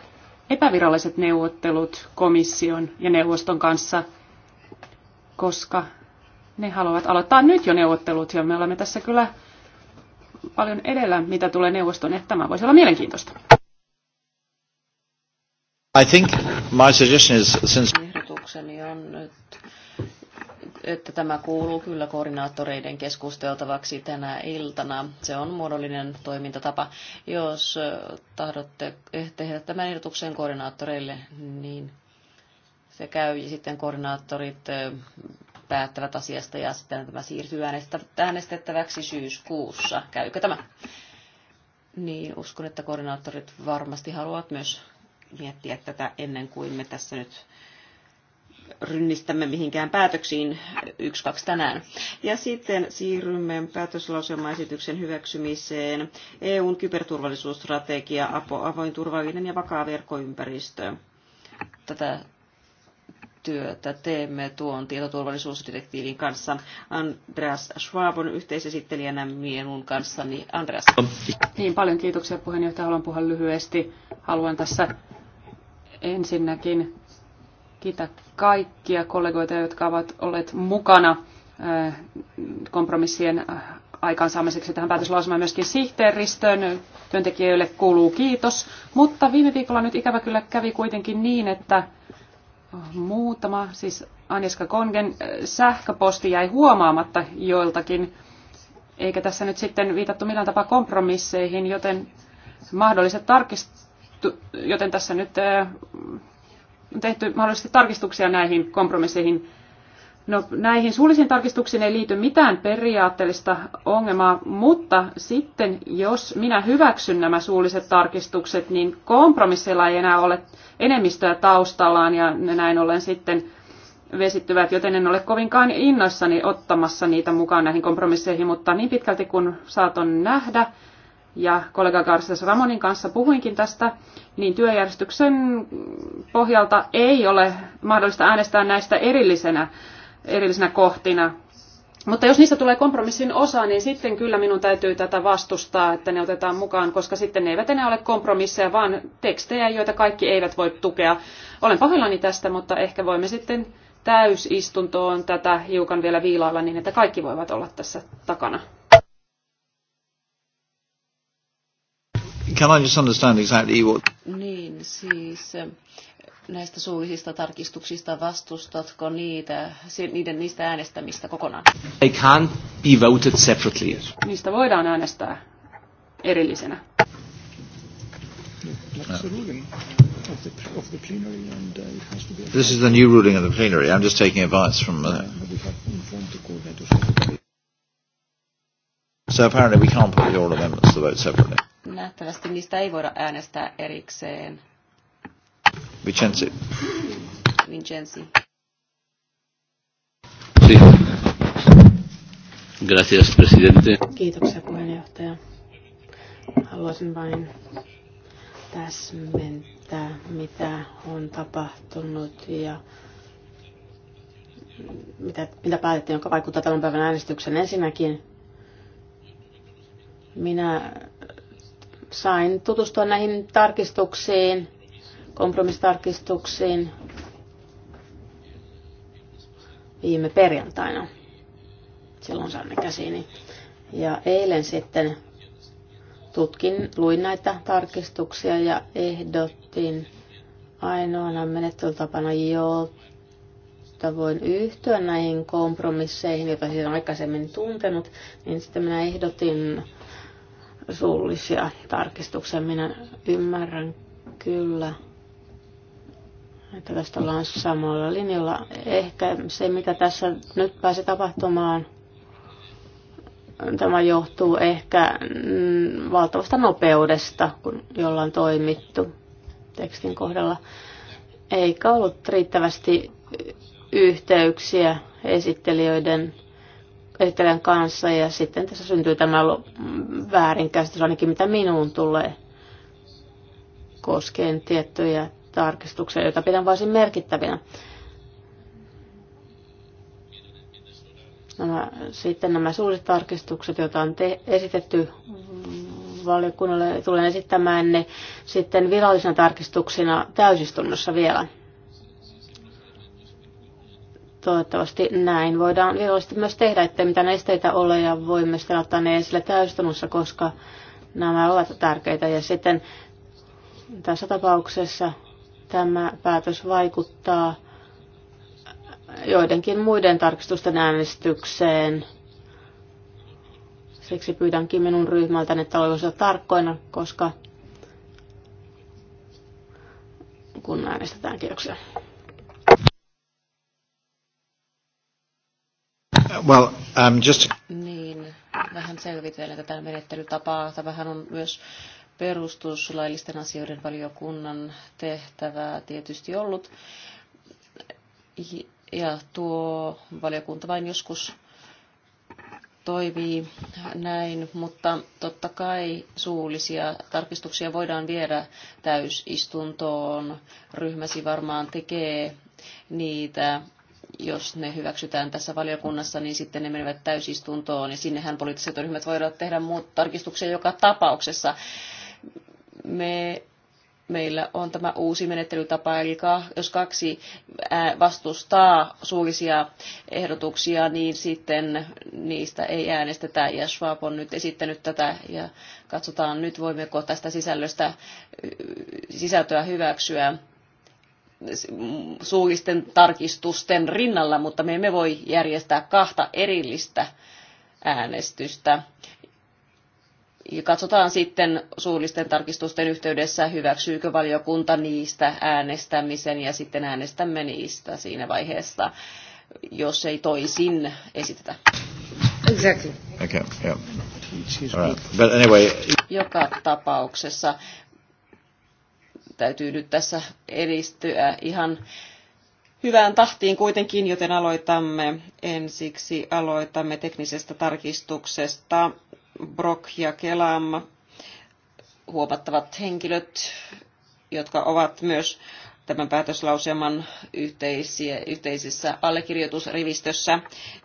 epäviralliset neuvottelut komission ja neuvoston kanssa, koska ne haluavat aloittaa nyt jo neuvottelut ja me olemme tässä kyllä paljon edellä, mitä tulee neuvoston, että tämä voisi olla mielenkiintoista. I think my suggestion is since... Ehdotukseni on nyt että tämä kuuluu kyllä koordinaattoreiden keskusteltavaksi tänä iltana. Se on muodollinen toimintatapa. Jos tahdotte tehdä tämän ehdotuksen koordinaattoreille, niin se käy ja sitten koordinaattorit päättävät asiasta ja sitten tämä siirtyy äänestettäväksi syyskuussa. Käykö tämä? Niin uskon, että koordinaattorit varmasti haluavat myös miettiä tätä ennen kuin me tässä nyt rynnistämme mihinkään päätöksiin yksi, kaksi tänään. Ja sitten siirrymme päätöslauselmaesityksen hyväksymiseen EUn kyberturvallisuusstrategia, avoin turvallinen ja vakaa verkkoympäristö. Tätä työtä teemme tuon tietoturvallisuusdirektiivin kanssa. Andreas Schwab on yhteisesittelijänä minun kanssani. Andreas. Niin, paljon kiitoksia puheenjohtaja. Haluan puhua lyhyesti. Haluan tässä ensinnäkin kiittää kaikkia kollegoita, jotka ovat olleet mukana äh, kompromissien äh, aikaansaamiseksi tähän päätöslausumaan myöskin sihteeristön työntekijöille kuuluu kiitos. Mutta viime viikolla nyt ikävä kyllä kävi kuitenkin niin, että muutama, siis Aniska Kongen äh, sähköposti jäi huomaamatta joiltakin, eikä tässä nyt sitten viitattu millään tapaa kompromisseihin, joten mahdolliset tarkistu, joten tässä nyt on tehty mahdollisesti tarkistuksia näihin kompromisseihin. No, näihin suullisiin tarkistuksiin ei liity mitään periaatteellista ongelmaa, mutta sitten jos minä hyväksyn nämä suulliset tarkistukset, niin kompromisseilla ei enää ole enemmistöä taustallaan ja ne näin ollen sitten vesittyvät, joten en ole kovinkaan innoissani ottamassa niitä mukaan näihin kompromisseihin, mutta niin pitkälti kun saaton nähdä, ja kollega Garces Ramonin kanssa puhuinkin tästä, niin työjärjestyksen pohjalta ei ole mahdollista äänestää näistä erillisenä, erillisenä kohtina. Mutta jos niistä tulee kompromissin osa, niin sitten kyllä minun täytyy tätä vastustaa, että ne otetaan mukaan, koska sitten ne eivät enää ole kompromisseja, vaan tekstejä, joita kaikki eivät voi tukea. Olen pahoillani tästä, mutta ehkä voimme sitten täysistuntoon tätä hiukan vielä viilailla niin, että kaikki voivat olla tässä takana. Can I just understand exactly what... Niin, siis eh, näistä suullisista tarkistuksista vastustatko niitä, niiden niistä äänestämistä kokonaan? They can be voted separately. Niistä voidaan äänestää erillisenä. This is the new ruling of the plenary. I'm just taking advice from... Uh, so apparently we can't put the oral amendments to vote separately. Nähtävästi niistä ei voida äänestää erikseen. Vincenzi. Vincenzi. Si. Gracias, presidente. Kiitoksia puheenjohtaja. Haluaisin vain täsmentää, mitä on tapahtunut ja mitä, mitä päätettiin, joka vaikuttaa tämän päivän äänestyksen. Ensinnäkin minä Sain tutustua näihin tarkistuksiin, kompromistarkistuksiin viime perjantaina. Silloin saan ne käsiini. Ja eilen sitten tutkin, luin näitä tarkistuksia ja ehdotin ainoana menettelytapana, jolta voin yhtyä näihin kompromisseihin, joita siinä aikaisemmin tuntenut, niin sitten minä ehdotin suullisia tarkistuksia. Minä ymmärrän kyllä, että tästä ollaan samalla linjalla. Ehkä se, mitä tässä nyt pääsi tapahtumaan, tämä johtuu ehkä mm, valtavasta nopeudesta, kun jolla on toimittu tekstin kohdalla. Eikä ollut riittävästi yhteyksiä esittelijöiden esittelijän kanssa ja sitten tässä syntyy tämä väärinkäsitys ainakin mitä minuun tulee koskien tiettyjä tarkistuksia, joita pidän varsin merkittävinä. Nämä, sitten nämä suuret tarkistukset, joita on te- esitetty valiokunnalle, tulen esittämään ne sitten virallisina tarkistuksina täysistunnossa vielä. Toivottavasti näin voidaan virallisesti myös tehdä, ettei mitään esteitä ole ja voimme sitten ottaa ne esille täystunnossa, koska nämä ovat tärkeitä. Ja sitten tässä tapauksessa tämä päätös vaikuttaa joidenkin muiden tarkistusten äänestykseen. Siksi pyydänkin minun ryhmältäni, että olisivat tarkkoina, koska kun äänestetään. kirjoksia. Well, um, just... Niin, vähän selvitellä tätä menettelytapaa. Tämähän on myös perustuslaillisten asioiden valiokunnan tehtävää tietysti ollut. Ja tuo valiokunta vain joskus toimii näin, mutta totta kai suullisia tarkistuksia voidaan viedä täysistuntoon. Ryhmäsi varmaan tekee niitä jos ne hyväksytään tässä valiokunnassa, niin sitten ne menevät täysistuntoon ja sinnehän poliittiset ryhmät voivat tehdä muut tarkistuksia joka tapauksessa. Me meillä on tämä uusi menettelytapa, eli jos kaksi vastustaa suullisia ehdotuksia, niin sitten niistä ei äänestetä, ja Schwab on nyt esittänyt tätä, ja katsotaan nyt voimmeko tästä sisällöstä sisältöä hyväksyä suullisten tarkistusten rinnalla, mutta me emme voi järjestää kahta erillistä äänestystä. Ja katsotaan sitten suullisten tarkistusten yhteydessä, hyväksyykö valiokunta niistä äänestämisen ja sitten äänestämme niistä siinä vaiheessa, jos ei toisin esitetä. Exactly. Okay, yeah. Right. But anyway... Joka tapauksessa täytyy nyt tässä edistyä ihan hyvään tahtiin kuitenkin, joten aloitamme ensiksi aloitamme teknisestä tarkistuksesta. Brock ja Kelam, huomattavat henkilöt, jotka ovat myös tämän päätöslauselman yhteisiä, yhteisessä allekirjoitusrivistössä.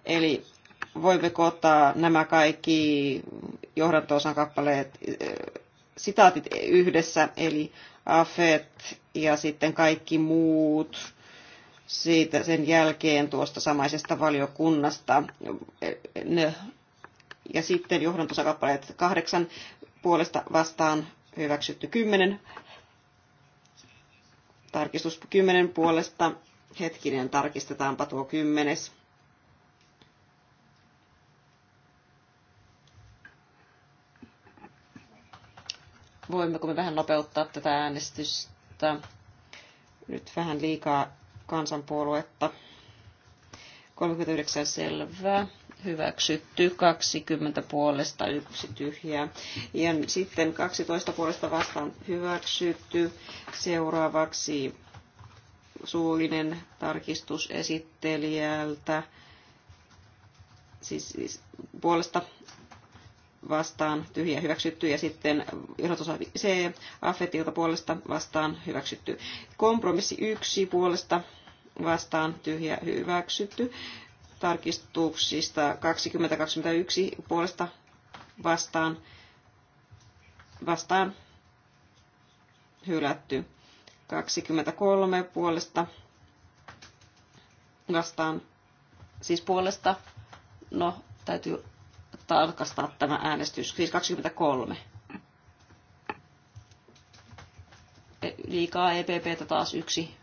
Eli voimme ottaa nämä kaikki johdantoosan kappaleet sitaatit yhdessä, eli AFET ja sitten kaikki muut siitä sen jälkeen tuosta samaisesta valiokunnasta. Ne, ja sitten johdantosakappaleet kahdeksan puolesta vastaan hyväksytty kymmenen. Tarkistus kymmenen puolesta. Hetkinen, tarkistetaanpa tuo kymmenes. voimmeko me vähän nopeuttaa tätä äänestystä. Nyt vähän liikaa kansanpuoluetta. 39 selvää. Hyväksytty 20 puolesta, yksi tyhjää. Ja sitten 12 puolesta vastaan hyväksytty. Seuraavaksi suullinen tarkistus esittelijältä. Siis, siis puolesta vastaan tyhjä hyväksytty ja sitten ehdotusosa C affetilta puolesta vastaan hyväksytty. Kompromissi 1 puolesta vastaan tyhjä hyväksytty. Tarkistuksista 2021 puolesta vastaan, vastaan hylätty. 23 puolesta vastaan, siis puolesta, no täytyy tarkastaa tämä äänestys, siis 23. E, liikaa EPPtä taas yksi.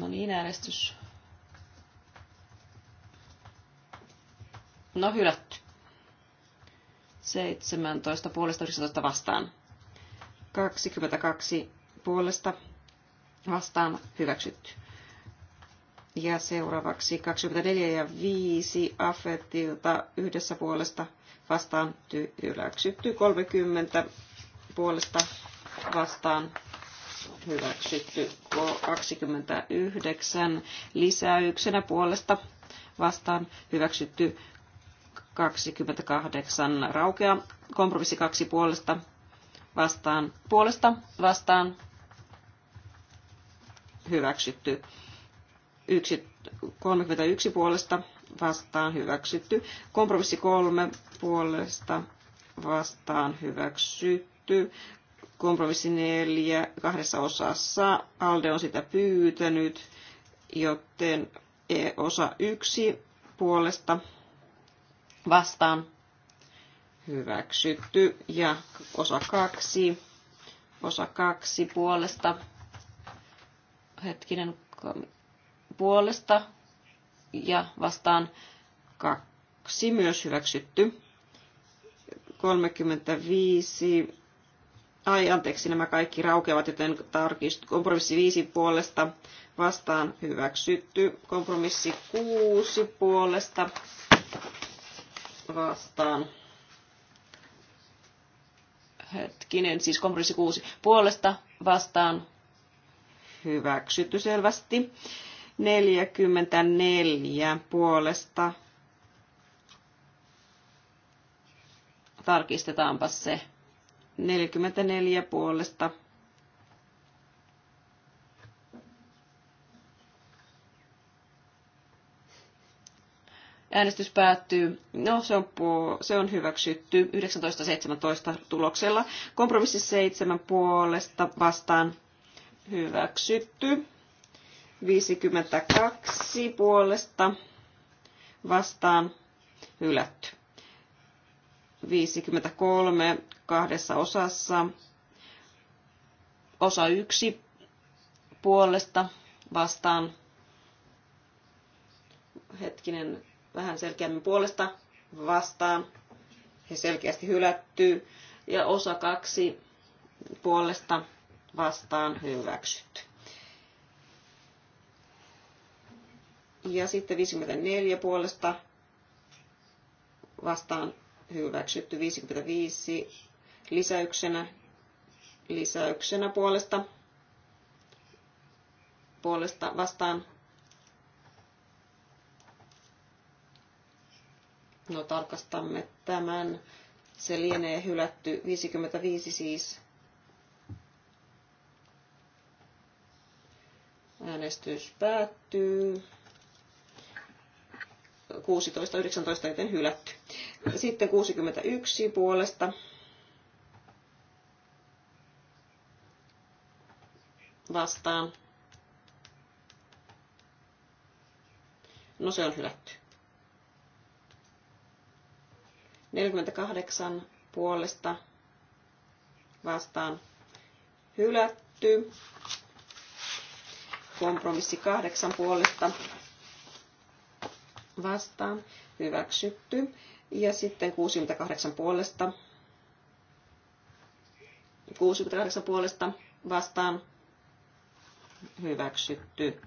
No niin, äänestys. No hylätty. 17 puolesta 19 vastaan. 22 puolesta vastaan hyväksytty. Ja seuraavaksi 24 ja 5 Affettilta yhdessä puolesta vastaan ty hyväksytty. 30 puolesta vastaan hyväksytty. 29 lisäyksenä puolesta vastaan hyväksytty. 28 raukea. Kompromissi 2 puolesta vastaan puolesta vastaan hyväksytty. Yksi, 31 puolesta vastaan hyväksytty. Kompromissi 3 puolesta vastaan hyväksytty. Kompromissi 4 kahdessa osassa. Alde on sitä pyytänyt, joten e osa 1 puolesta vastaan hyväksytty. Ja osa kaksi, osa kaksi puolesta, hetkinen, puolesta ja vastaan kaksi myös hyväksytty. 35, ai anteeksi, nämä kaikki raukeavat, joten tarkist, kompromissi 5 puolesta vastaan hyväksytty. Kompromissi 6 puolesta vastaan hetkinen, siis kompromissi 6 puolesta vastaan hyväksytty selvästi. 44 puolesta. Tarkistetaanpa se. 44 puolesta Äänestys päättyy. No, se on, se on hyväksytty 19.17 tuloksella. Kompromissi 7 puolesta vastaan hyväksytty. 52 puolesta vastaan hylätty. 53 kahdessa osassa. Osa 1 puolesta vastaan. Hetkinen, vähän selkeämmin puolesta vastaan. Se selkeästi hylättyy. Ja osa kaksi puolesta vastaan hyväksytty. Ja sitten 54 puolesta vastaan hyväksytty 55 lisäyksenä, lisäyksenä puolesta, puolesta vastaan No tarkastamme tämän. Se lienee hylätty 55 siis. Äänestys päättyy. 16, 19, joten hylätty. Sitten 61 puolesta. Vastaan. No se on hylätty. 48 puolesta vastaan hylätty. Kompromissi 8 puolesta vastaan hyväksytty. Ja sitten 68 puolesta 68 puolesta vastaan hyväksytty.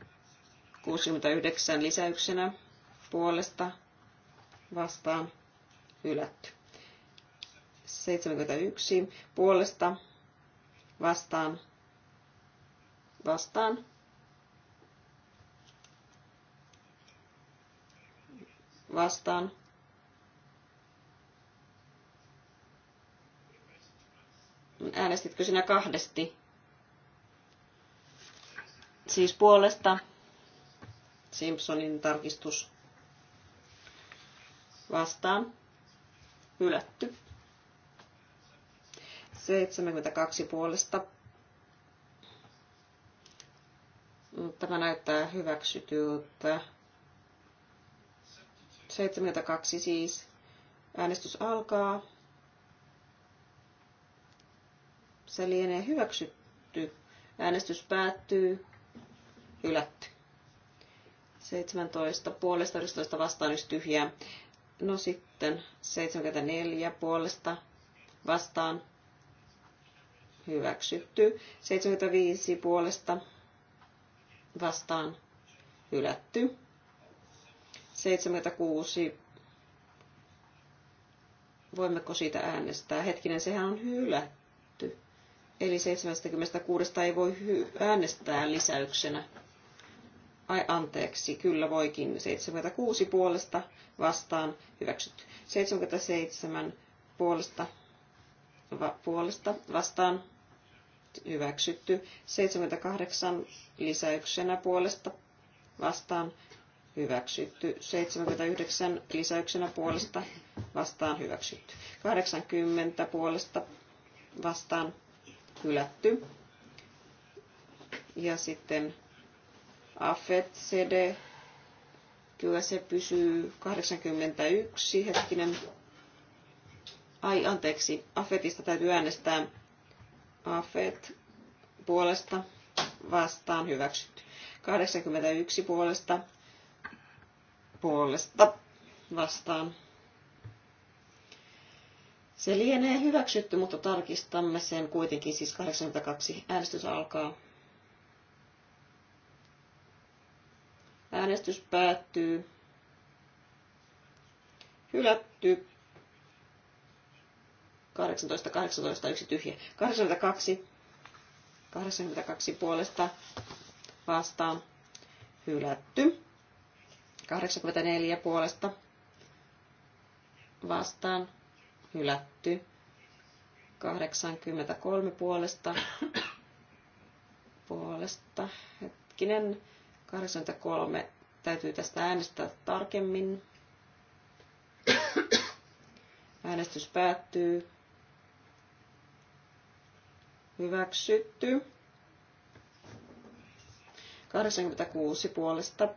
69 lisäyksenä puolesta vastaan hylätty. 71 puolesta vastaan vastaan vastaan Äänestitkö sinä kahdesti? Siis puolesta Simpsonin tarkistus vastaan hylätty. 72 puolesta. Tämä näyttää hyväksytyltä. 72 siis. Äänestys alkaa. Se lienee hyväksytty. Äänestys päättyy. Hylätty. 17 puolesta 11 vastaan yksi tyhjää. No sitten 74 puolesta vastaan hyväksytty. 75 puolesta vastaan hylätty. 76 voimmeko siitä äänestää? Hetkinen, sehän on hylätty. Eli 76 ei voi äänestää lisäyksenä. Ai anteeksi, kyllä voikin. 76 puolesta vastaan hyväksytty. 77 puolesta, va, puolesta vastaan hyväksytty. 78 lisäyksenä puolesta vastaan hyväksytty. 79 lisäyksenä puolesta vastaan hyväksytty. 80 puolesta vastaan hylätty. Ja sitten AFET CD, kyllä se pysyy 81, hetkinen, ai anteeksi, AFETista täytyy äänestää AFET puolesta vastaan hyväksytty. 81 puolesta puolesta vastaan. Se lienee hyväksytty, mutta tarkistamme sen kuitenkin. Siis 82 äänestys alkaa. Äänestys päättyy. Hylätty. 18, 18, yksi tyhjä. 82, 82 puolesta vastaan hylätty. 84 puolesta vastaan hylätty. 83 puolesta (coughs) puolesta. Hetkinen. 83 Täytyy tästä äänestää tarkemmin. Äänestys päättyy. Hyväksytty. 86 puolesta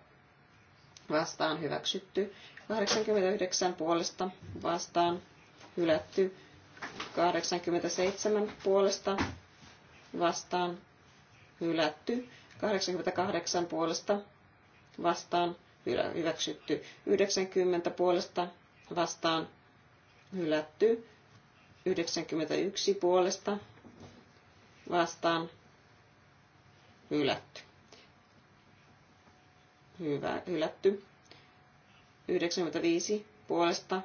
vastaan hyväksytty. 89 puolesta vastaan hylätty. 87 puolesta vastaan hylätty. 88 puolesta vastaan hyväksytty. 90 puolesta vastaan hylätty. 91 puolesta vastaan hylätty. Hyvä, hylätty. 95 puolesta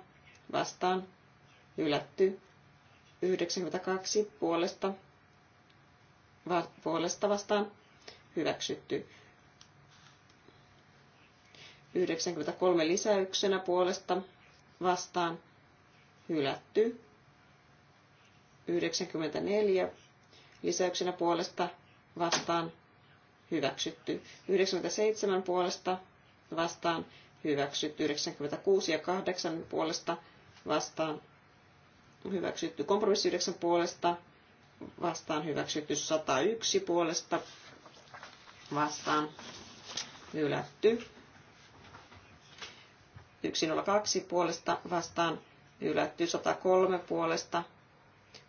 vastaan hylätty. 92 puolesta, va, puolesta vastaan hyväksytty. 93 lisäyksenä puolesta vastaan hylätty. 94 lisäyksenä puolesta vastaan hyväksytty. 97 puolesta vastaan hyväksytty. 96 ja 8 puolesta vastaan hyväksytty. Kompromissi 9 puolesta vastaan hyväksytty. 101 puolesta vastaan hylätty. 102 puolesta vastaan hylätty, 103 puolesta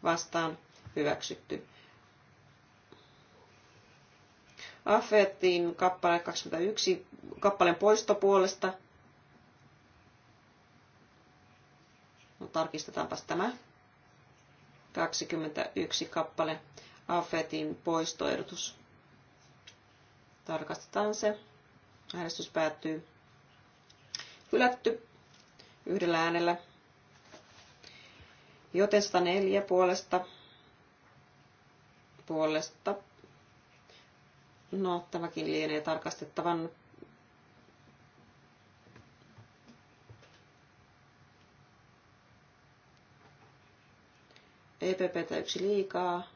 vastaan hyväksytty. Affeettiin kappale 21, kappaleen poistopuolesta. No, tarkistetaanpas tämä. 21 kappale Affeetin poistoehdotus. Tarkastetaan se. Äänestys päättyy. 4-4 hylätty yhdellä äänellä. Joten 104 puolesta. Puolesta. No, tämäkin lienee tarkastettavan EPPtä yksi liikaa.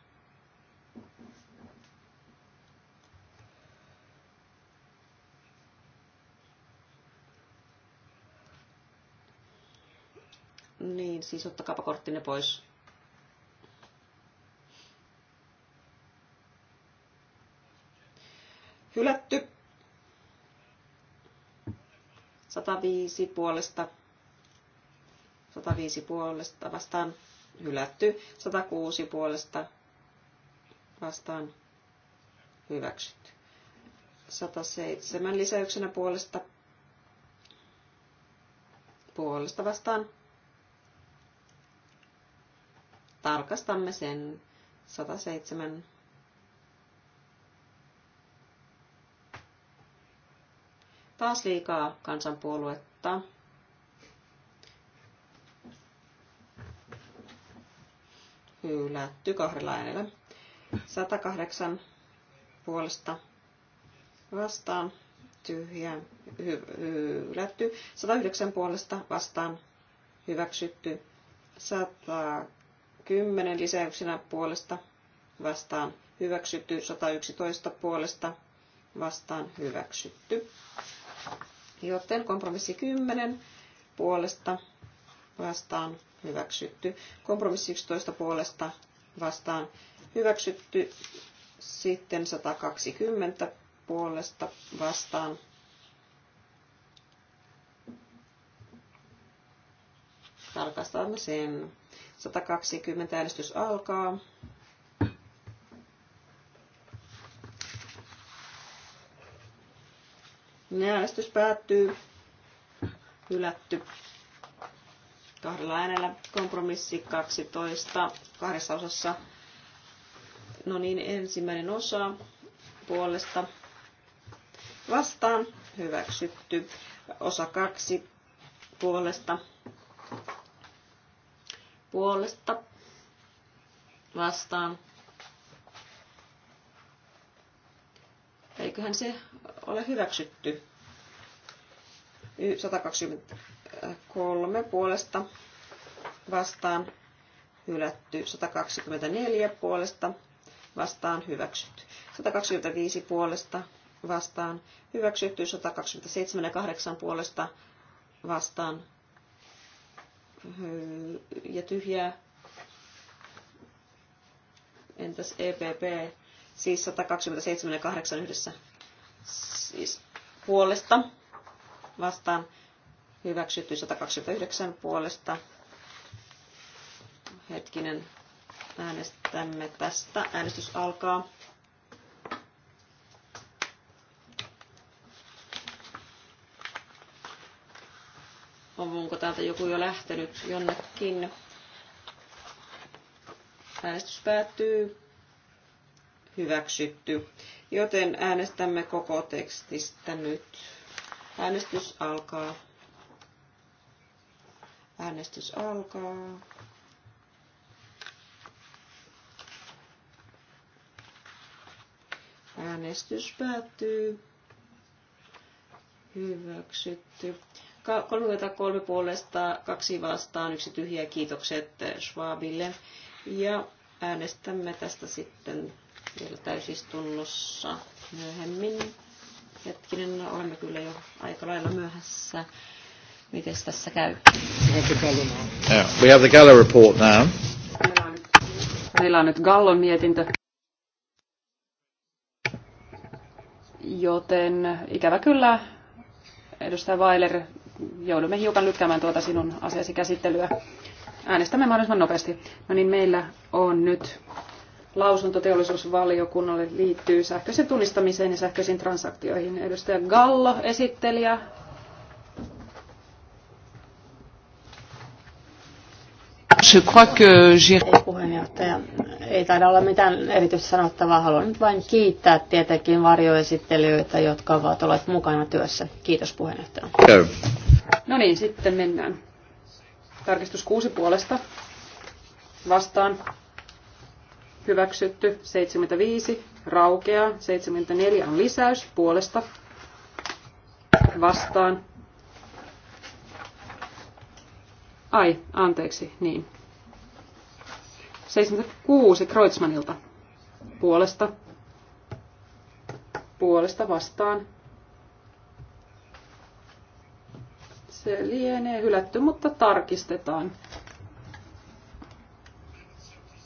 Niin, siis ottakaapa korttinne pois. Hylätty. 105 puolesta. 105 puolesta vastaan hylätty. 106 puolesta vastaan hyväksytty. 107 lisäyksenä puolesta puolesta vastaan tarkastamme sen 107 taas liikaa kansanpuoluetta. Hylätty kahdella äänellä. 108 puolesta vastaan tyhjä, hylätty. 109 puolesta vastaan hyväksytty. 100 110 lisäyksenä puolesta vastaan hyväksytty, 111 puolesta vastaan hyväksytty. Joten kompromissi 10 puolesta vastaan hyväksytty. Kompromissi 11 puolesta vastaan hyväksytty. Sitten 120 puolesta vastaan tarkastamme sen. 120 äänestys alkaa. Äänestys päättyy. Hylätty. Kahdella äänellä kompromissi 12 kahdessa osassa. No niin, ensimmäinen osa puolesta vastaan hyväksytty. Osa kaksi puolesta puolesta vastaan. Eiköhän se ole hyväksytty. 123 puolesta vastaan hylätty. 124 puolesta vastaan hyväksytty. 125 puolesta vastaan hyväksytty. 127 ja 8 puolesta vastaan ja tyhjää. Entäs EPP? Siis 127 ja 8 yhdessä. Siis puolesta vastaan hyväksytty 129 puolesta. Hetkinen, äänestämme tästä. Äänestys alkaa. täältä joku jo lähtenyt jonnekin. Äänestys päättyy. Hyväksytty. Joten äänestämme koko tekstistä nyt. Äänestys alkaa. Äänestys alkaa. Äänestys päättyy. Hyväksytty. 33 puolesta, kaksi vastaan, yksi tyhjä. Kiitokset Schwabille. Ja äänestämme tästä sitten vielä täysistunnossa myöhemmin. Hetkinen, olemme kyllä jo aika lailla myöhässä. Miten tässä käy? We have the Gallo report now. Meillä on nyt Gallon mietintö. Joten ikävä kyllä edustaja Weiler joudumme hiukan lykkäämään tuota sinun asiasi käsittelyä. Äänestämme mahdollisimman nopeasti. No niin, meillä on nyt lausunto teollisuusvaliokunnalle liittyy sähköisen tunnistamiseen ja sähköisiin transaktioihin. Edustaja Gallo, esittelijä. Je crois que puheenjohtaja, ei taida olla mitään erityistä sanottavaa. Haluan nyt vain kiittää tietenkin varjoesittelijöitä, jotka ovat olleet mukana työssä. Kiitos puheenjohtaja. No niin, sitten mennään. Tarkistus kuusi puolesta. Vastaan. Hyväksytty. 75. Raukeaa. 74 on lisäys. Puolesta. Vastaan. Ai, anteeksi, niin. 76 Kreutzmanilta Puolesta. Puolesta vastaan Se lienee hylätty, mutta tarkistetaan.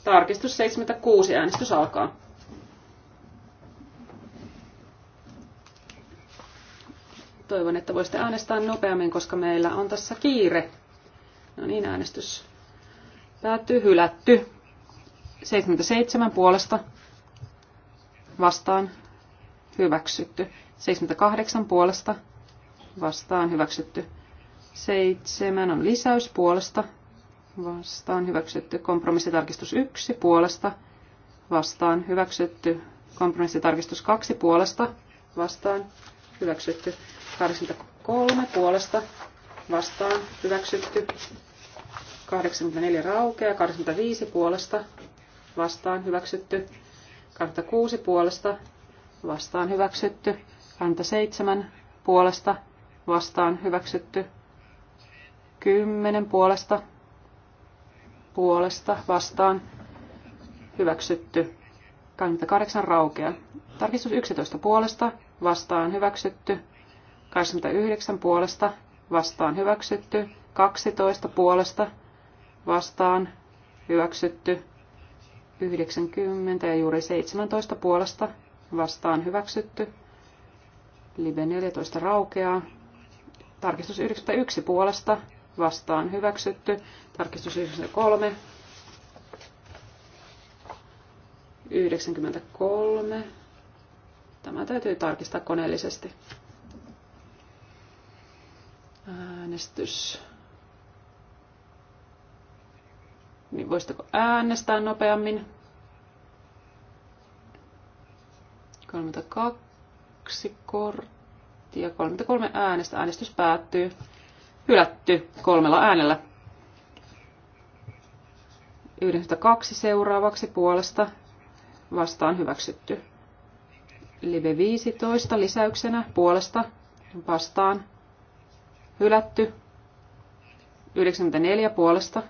Tarkistus 76, äänestys alkaa. Toivon, että voisitte äänestää nopeammin, koska meillä on tässä kiire. No niin, äänestys päättyy hylätty. 77 puolesta vastaan hyväksytty. 78 puolesta vastaan hyväksytty. Seitsemän on lisäys puolesta vastaan hyväksytty kompromissitarkistus 1 puolesta vastaan hyväksytty kompromissitarkistus 2 puolesta vastaan hyväksytty kolme puolesta vastaan hyväksytty 84 raukea 85 puolesta vastaan hyväksytty kuusi puolesta vastaan hyväksytty seitsemän puolesta vastaan hyväksytty Kymmenen puolesta puolesta vastaan hyväksytty. 28 raukea. Tarkistus 11 puolesta vastaan hyväksytty. 29 puolesta vastaan hyväksytty. 12 puolesta vastaan hyväksytty. 90 ja juuri 17 puolesta vastaan hyväksytty. Live 14 raukeaa. Tarkistus 91 puolesta vastaan hyväksytty. Tarkistus 93. 93. Tämä täytyy tarkistaa koneellisesti. Äänestys. Niin voisitteko äänestää nopeammin? 32 korttia, 33 äänestä. Äänestys päättyy hylätty kolmella äänellä. 92 seuraavaksi puolesta vastaan hyväksytty. Live 15 lisäyksenä puolesta vastaan hylätty. 94 puolesta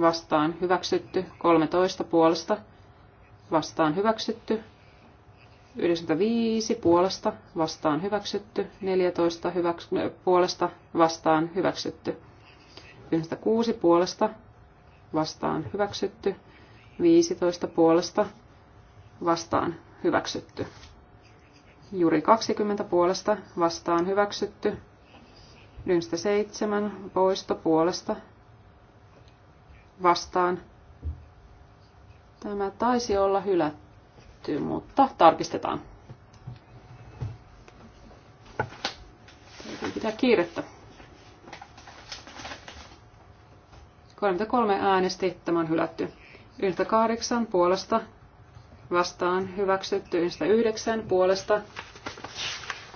vastaan hyväksytty. 13 puolesta vastaan hyväksytty. 95 puolesta vastaan hyväksytty, 14 hyväks- puolesta vastaan hyväksytty, 96 puolesta vastaan hyväksytty, 15 puolesta vastaan hyväksytty. Juuri 20 puolesta vastaan hyväksytty, 97 poisto puolesta vastaan. Tämä taisi olla hylätty hyväksytty, mutta tarkistetaan. Täytyy pitää kiirettä. 33 äänesti, tämä on hylätty. 98 puolesta vastaan hyväksytty, 99 puolesta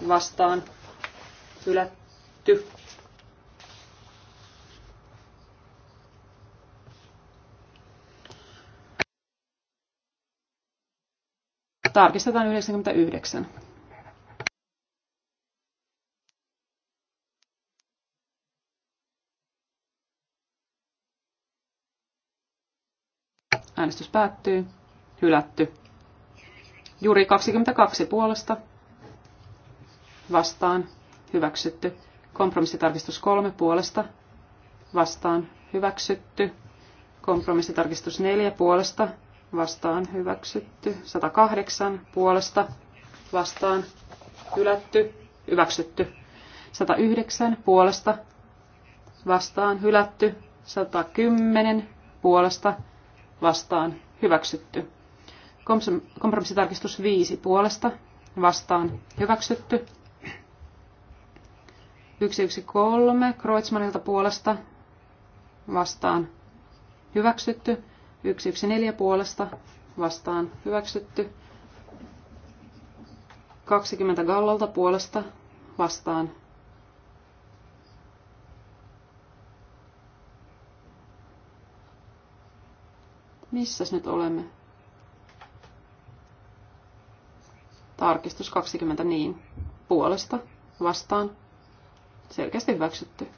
vastaan hylätty. Tarkistetaan 99. Äänestys päättyy. Hylätty. Juri 22 puolesta. Vastaan. Hyväksytty. Kompromissitarkistus 3 puolesta. Vastaan. Hyväksytty. Kompromissitarkistus 4 puolesta vastaan hyväksytty. 108 puolesta vastaan hylätty, hyväksytty. 109 puolesta vastaan hylätty. 110 puolesta vastaan hyväksytty. Kompromissitarkistus 5 puolesta vastaan hyväksytty. 113 Kreutzmannilta puolesta vastaan hyväksytty. 114 puolesta vastaan hyväksytty. 20 Gallolta puolesta vastaan. Missäs nyt olemme? Tarkistus 20 niin. Puolesta vastaan. Selkeästi hyväksytty.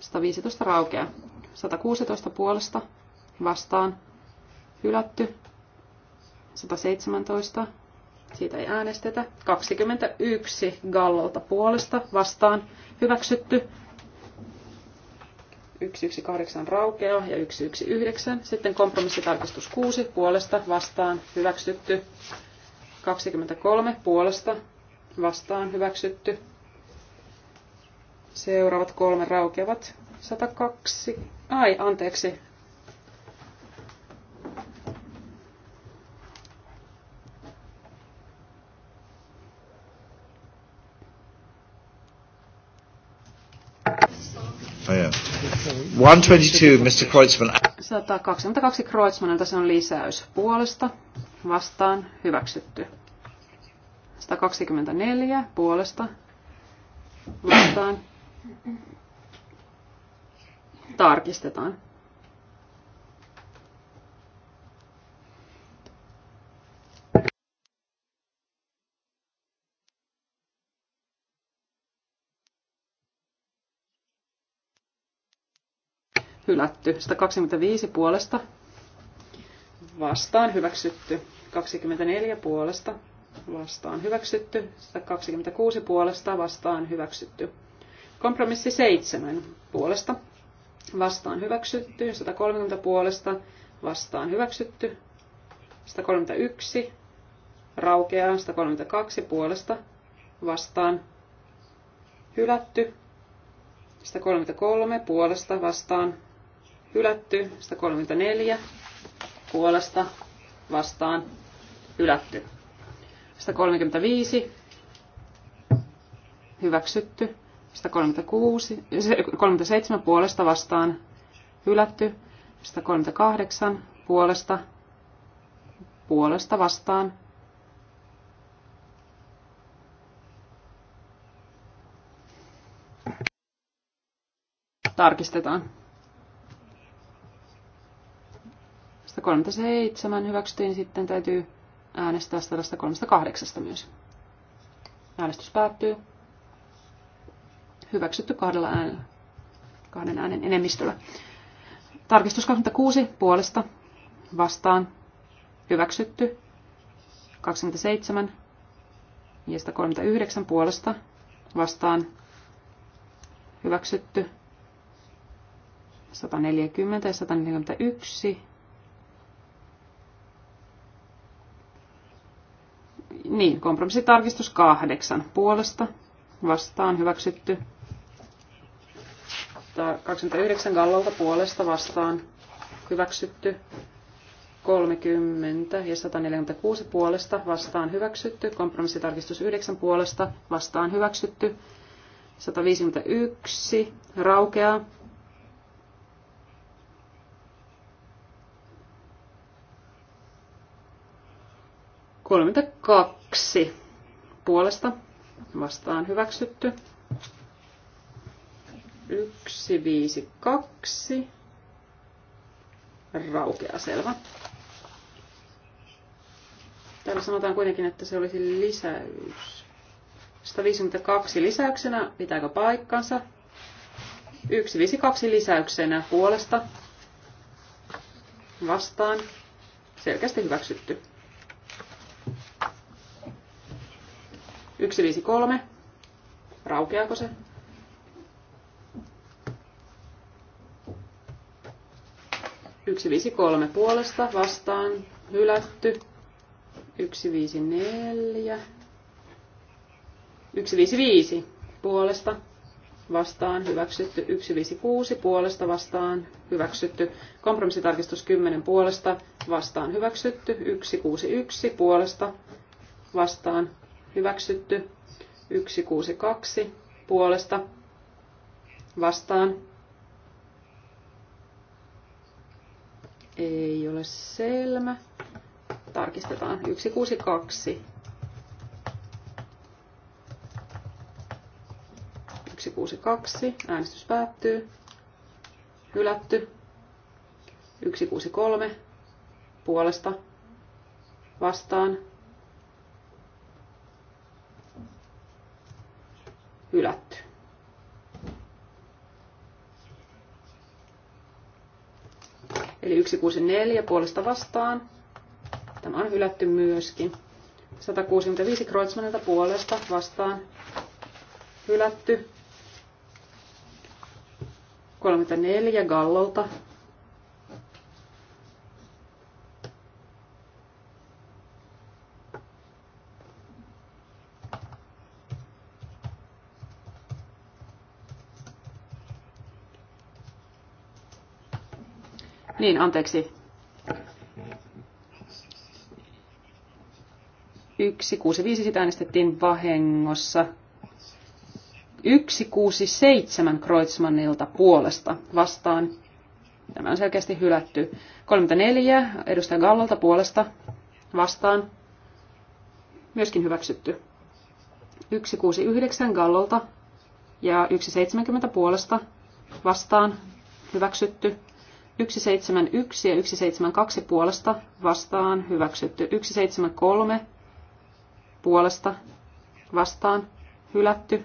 115 raukea. 116 puolesta vastaan hylätty. 117. Siitä ei äänestetä. 21 Gallolta puolesta vastaan hyväksytty. 118 raukeaa ja 119. Sitten kompromissitarkistus 6 puolesta vastaan hyväksytty. 23 puolesta vastaan hyväksytty. Seuraavat kolme raukeavat. 102. Ai, anteeksi. 122, Mr. Kreutzmann. 122 Kreutzmannilta se on lisäys. Puolesta, vastaan, hyväksytty. 124 puolesta, vastaan, tarkistetaan. hylätty. 125 puolesta vastaan hyväksytty. 24 puolesta vastaan hyväksytty. 126 puolesta vastaan hyväksytty. Kompromissi 7 puolesta vastaan hyväksytty. 130 puolesta vastaan hyväksytty. 131 raukeaa. 132 puolesta vastaan hylätty. 133 puolesta vastaan hylätty, 134 puolesta vastaan hylätty. 135 hyväksytty, 136, 37 puolesta vastaan hylätty, 138 puolesta, puolesta vastaan tarkistetaan. 137 hyväksyttiin, sitten täytyy äänestää 138 myös. Äänestys päättyy. Hyväksytty kahdella äänellä, kahden äänen enemmistöllä. Tarkistus 26 puolesta vastaan. Hyväksytty. 27 ja 139 puolesta vastaan. Hyväksytty. 140 ja 141 Niin, kompromissitarkistus kahdeksan puolesta vastaan hyväksytty. 29 Gallolta puolesta vastaan hyväksytty. 30 ja 146 puolesta vastaan hyväksytty. Kompromissitarkistus 9 puolesta vastaan hyväksytty. 151 raukeaa. 32 puolesta vastaan hyväksytty. 152 raukea selvä. Täällä sanotaan kuitenkin, että se olisi lisäys. 152 lisäyksenä, pitääkö paikkansa? 152 lisäyksenä puolesta vastaan selkeästi hyväksytty. 153. Raukeako se? Yksi viisi kolme puolesta vastaan hylätty. Yksi viisi neljä. Yksi viisi viisi puolesta vastaan hyväksytty. Yksi viisi kuusi puolesta vastaan hyväksytty. Kompromissitarkistus kymmenen puolesta vastaan hyväksytty. Yksi kuusi yksi puolesta vastaan hyväksytty. 162 puolesta vastaan. Ei ole selmä. Tarkistetaan 162. 162. Äänestys päättyy. Hylätty. 163. Puolesta. Vastaan. hylätty. Eli 164 puolesta vastaan. Tämä on hylätty myöskin. 165 Kreutzmannilta puolesta vastaan hylätty. 34 Gallolta Niin, anteeksi. Yksi kuusi viisi sitä äänestettiin vahingossa. seitsemän Kreutzmannilta puolesta vastaan. Tämä on selkeästi hylätty. 34 edustaja Gallolta puolesta vastaan. Myöskin hyväksytty. 169 Gallolta ja 170 puolesta vastaan hyväksytty. 171 ja 172 puolesta vastaan hyväksytty. 173 puolesta vastaan hylätty.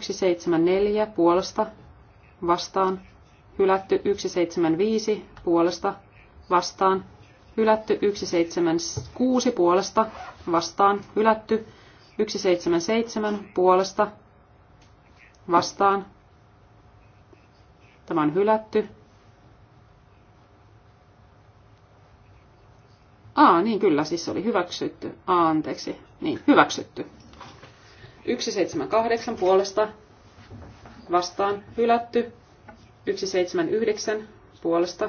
174 puolesta vastaan hylätty. 175 puolesta vastaan hylätty. 176 puolesta vastaan hylätty. 177 puolesta vastaan. Tämä on hylätty. A, niin kyllä, siis oli hyväksytty. A, anteeksi. Niin, hyväksytty. 178 puolesta vastaan hylätty. 179 puolesta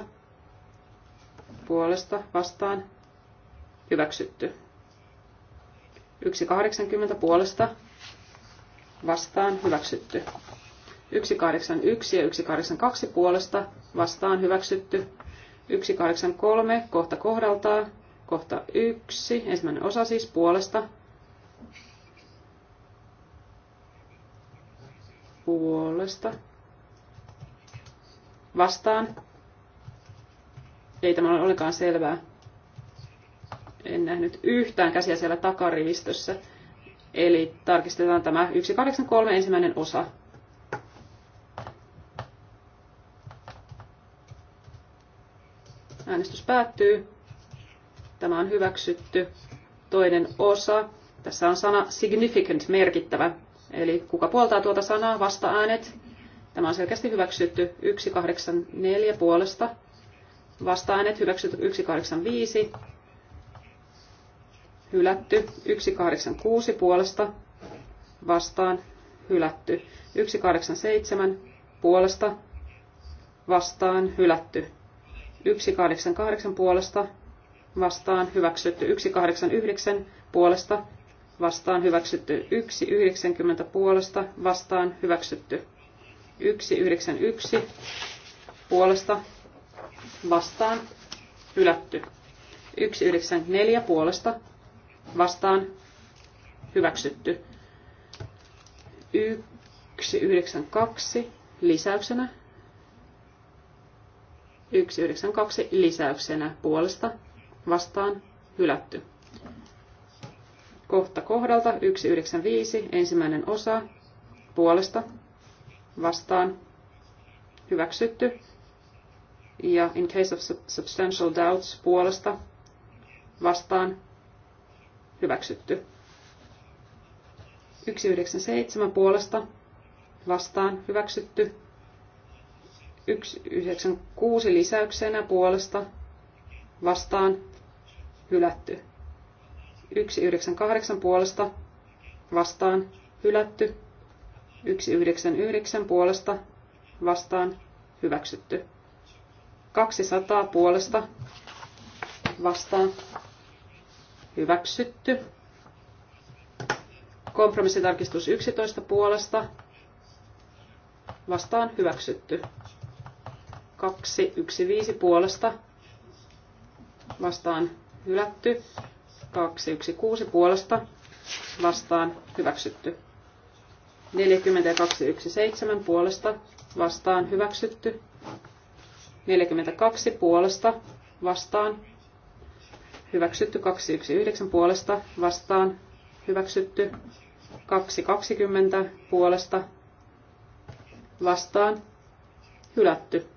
puolesta vastaan hyväksytty. 180 puolesta vastaan hyväksytty. 181 ja 182 puolesta vastaan hyväksytty. 183 kohta kohdaltaan kohta yksi, ensimmäinen osa siis puolesta. Puolesta. Vastaan. Ei tämä ole ollenkaan selvää. En nähnyt yhtään käsiä siellä takarivistössä. Eli tarkistetaan tämä 183 ensimmäinen osa. Äänestys päättyy. Tämä on hyväksytty. Toinen osa. Tässä on sana significant, merkittävä. Eli kuka puoltaa tuota sanaa, vasta-äänet. Tämä on selkeästi hyväksytty 184 puolesta. Vasta-äänet hyväksytty 185. Hylätty 186 puolesta. Vastaan hylätty. 187 puolesta vastaan hylätty. 188 puolesta vastaan hyväksytty 189 puolesta vastaan hyväksytty 190 puolesta vastaan hyväksytty 191 puolesta vastaan hylätty 194 puolesta vastaan hyväksytty 192 lisäyksenä 192 lisäyksenä puolesta vastaan hylätty. Kohta kohdalta 195 ensimmäinen osa puolesta vastaan hyväksytty ja in case of substantial doubts puolesta vastaan hyväksytty. 197 puolesta vastaan hyväksytty. 196 lisäyksenä puolesta vastaan hylätty. 198 puolesta vastaan hylätty. 199 puolesta vastaan hyväksytty. 200 puolesta vastaan hyväksytty. Kompromissitarkistus 11 puolesta vastaan hyväksytty. 215 puolesta vastaan hylätty. 216 puolesta vastaan hyväksytty. 40 ja 217 puolesta vastaan hyväksytty. 42 puolesta vastaan hyväksytty. 219 puolesta vastaan hyväksytty. 220 puolesta vastaan hylätty.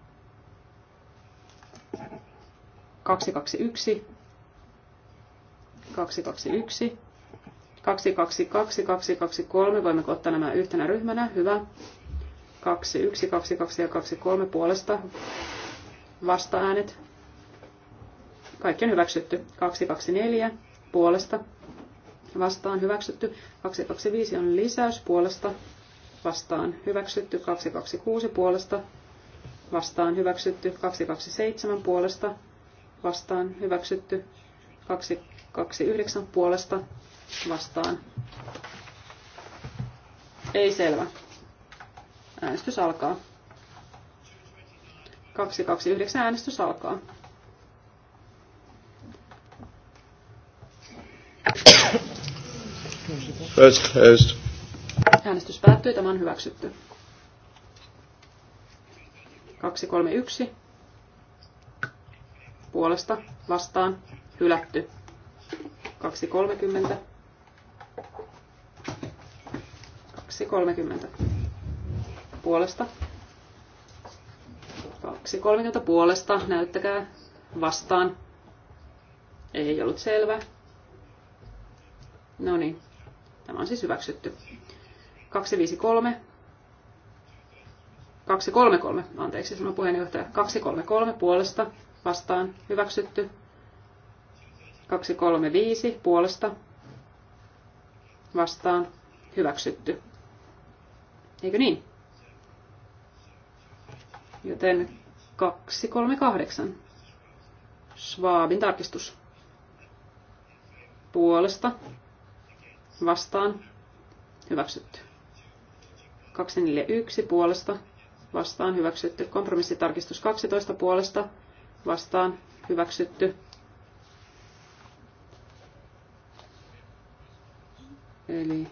221 221, 222, 223, voimmeko ottaa nämä yhtenä ryhmänä, hyvä. 21, 22 ja 23 puolesta vastaäänet. Kaikki on hyväksytty. 224 puolesta vastaan hyväksytty. 225 on lisäys puolesta vastaan hyväksytty. 226 puolesta vastaan hyväksytty. 227 puolesta vastaan hyväksytty. 229 puolesta vastaan. Ei selvä. Äänestys alkaa. 229 äänestys alkaa. First closed. Äänestys päättyi, tämä on hyväksytty. 231 puolesta vastaan hylätty. 2.30. 2.30 puolesta. 2.30 puolesta, näyttäkää vastaan. Ei ollut selvää. No niin, tämä on siis hyväksytty. 253. 233, anteeksi sanoi puheenjohtaja. 233 puolesta vastaan hyväksytty. 235 puolesta vastaan hyväksytty. Eikö niin? Joten 238. Schwabin tarkistus. Puolesta vastaan hyväksytty. 241 puolesta vastaan hyväksytty. Kompromissitarkistus 12 puolesta vastaan hyväksytty. Eli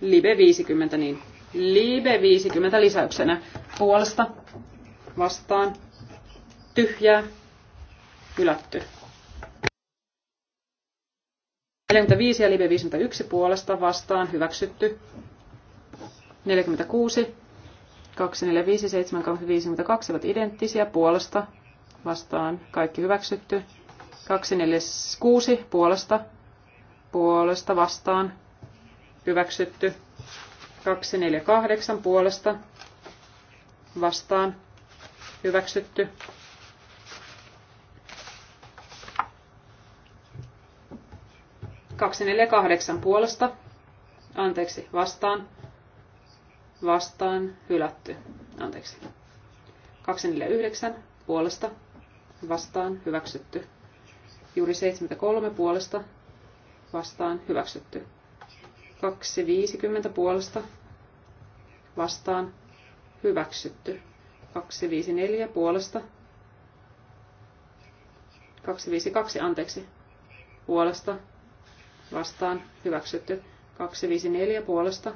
Libe 50, niin Libe 50 lisäyksenä puolesta vastaan tyhjää hylätty. 45 ja Libe 51 puolesta vastaan hyväksytty. 46, 245, 725, 52 ovat identtisiä puolesta vastaan kaikki hyväksytty. 246 puolesta puolesta vastaan hyväksytty. 248 puolesta vastaan hyväksytty. Kaksi neljä kahdeksan puolesta, anteeksi, vastaan, vastaan, hylätty, anteeksi. Kaksi neljä yhdeksän puolesta, vastaan, hyväksytty. Juuri 73 puolesta, vastaan hyväksytty. 250 puolesta vastaan hyväksytty. 254 puolesta 252 anteeksi puolesta vastaan hyväksytty. 254 puolesta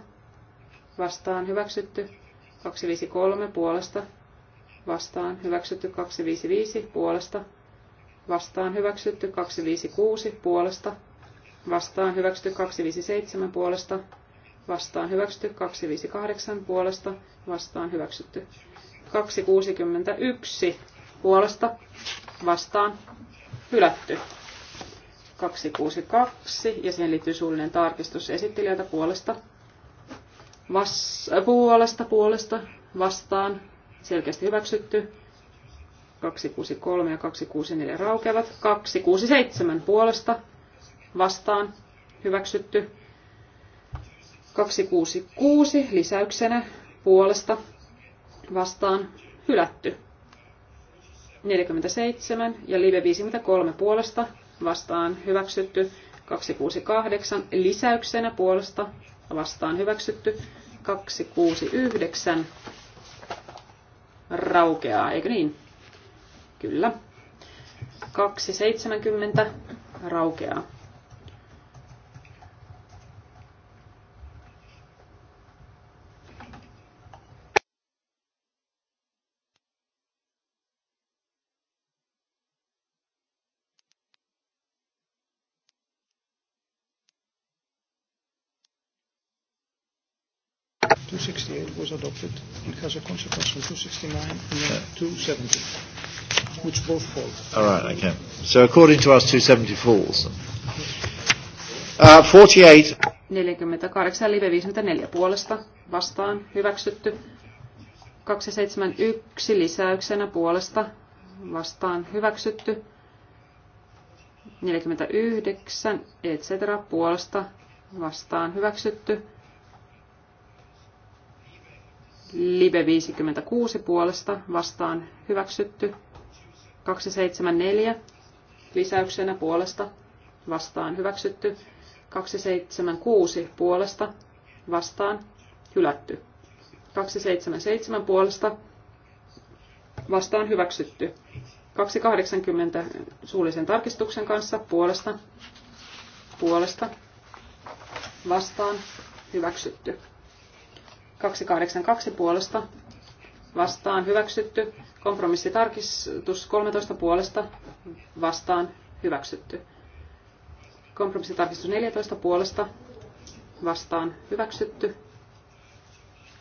vastaan hyväksytty. 253 puolesta vastaan hyväksytty. 255 puolesta vastaan hyväksytty. 256 puolesta vastaan hyväksytty 257 puolesta, vastaan hyväksytty 258 puolesta, vastaan hyväksytty 261 puolesta, vastaan hylätty 262 ja siihen liittyy suullinen tarkistus esittelijältä puolesta, vas, puolesta, puolesta, vastaan, selkeästi hyväksytty 263 ja 264 raukeavat, 267 puolesta, vastaan hyväksytty. 266 lisäyksenä puolesta vastaan hylätty. 47 ja live 53 puolesta vastaan hyväksytty. 268 lisäyksenä puolesta vastaan hyväksytty. 269 raukeaa, eikö niin? Kyllä. 270 raukeaa. 268 was adopted and has a consequence on 269 and then 270, which both fall. All right, okay. So according to us, 270 falls. Uh, 48. 48, live 54 puolesta, vastaan, hyväksytty. 271 lisäyksenä puolesta, vastaan, hyväksytty. 49, etc. puolesta, vastaan, hyväksytty. Libe 56 puolesta vastaan hyväksytty. 274 lisäyksenä puolesta vastaan hyväksytty. 276 puolesta vastaan hylätty. 277 puolesta vastaan hyväksytty. 280 suullisen tarkistuksen kanssa puolesta puolesta vastaan hyväksytty. 282 puolesta vastaan hyväksytty. Kompromissitarkistus 13 puolesta vastaan hyväksytty. Kompromissitarkistus 14 puolesta vastaan hyväksytty.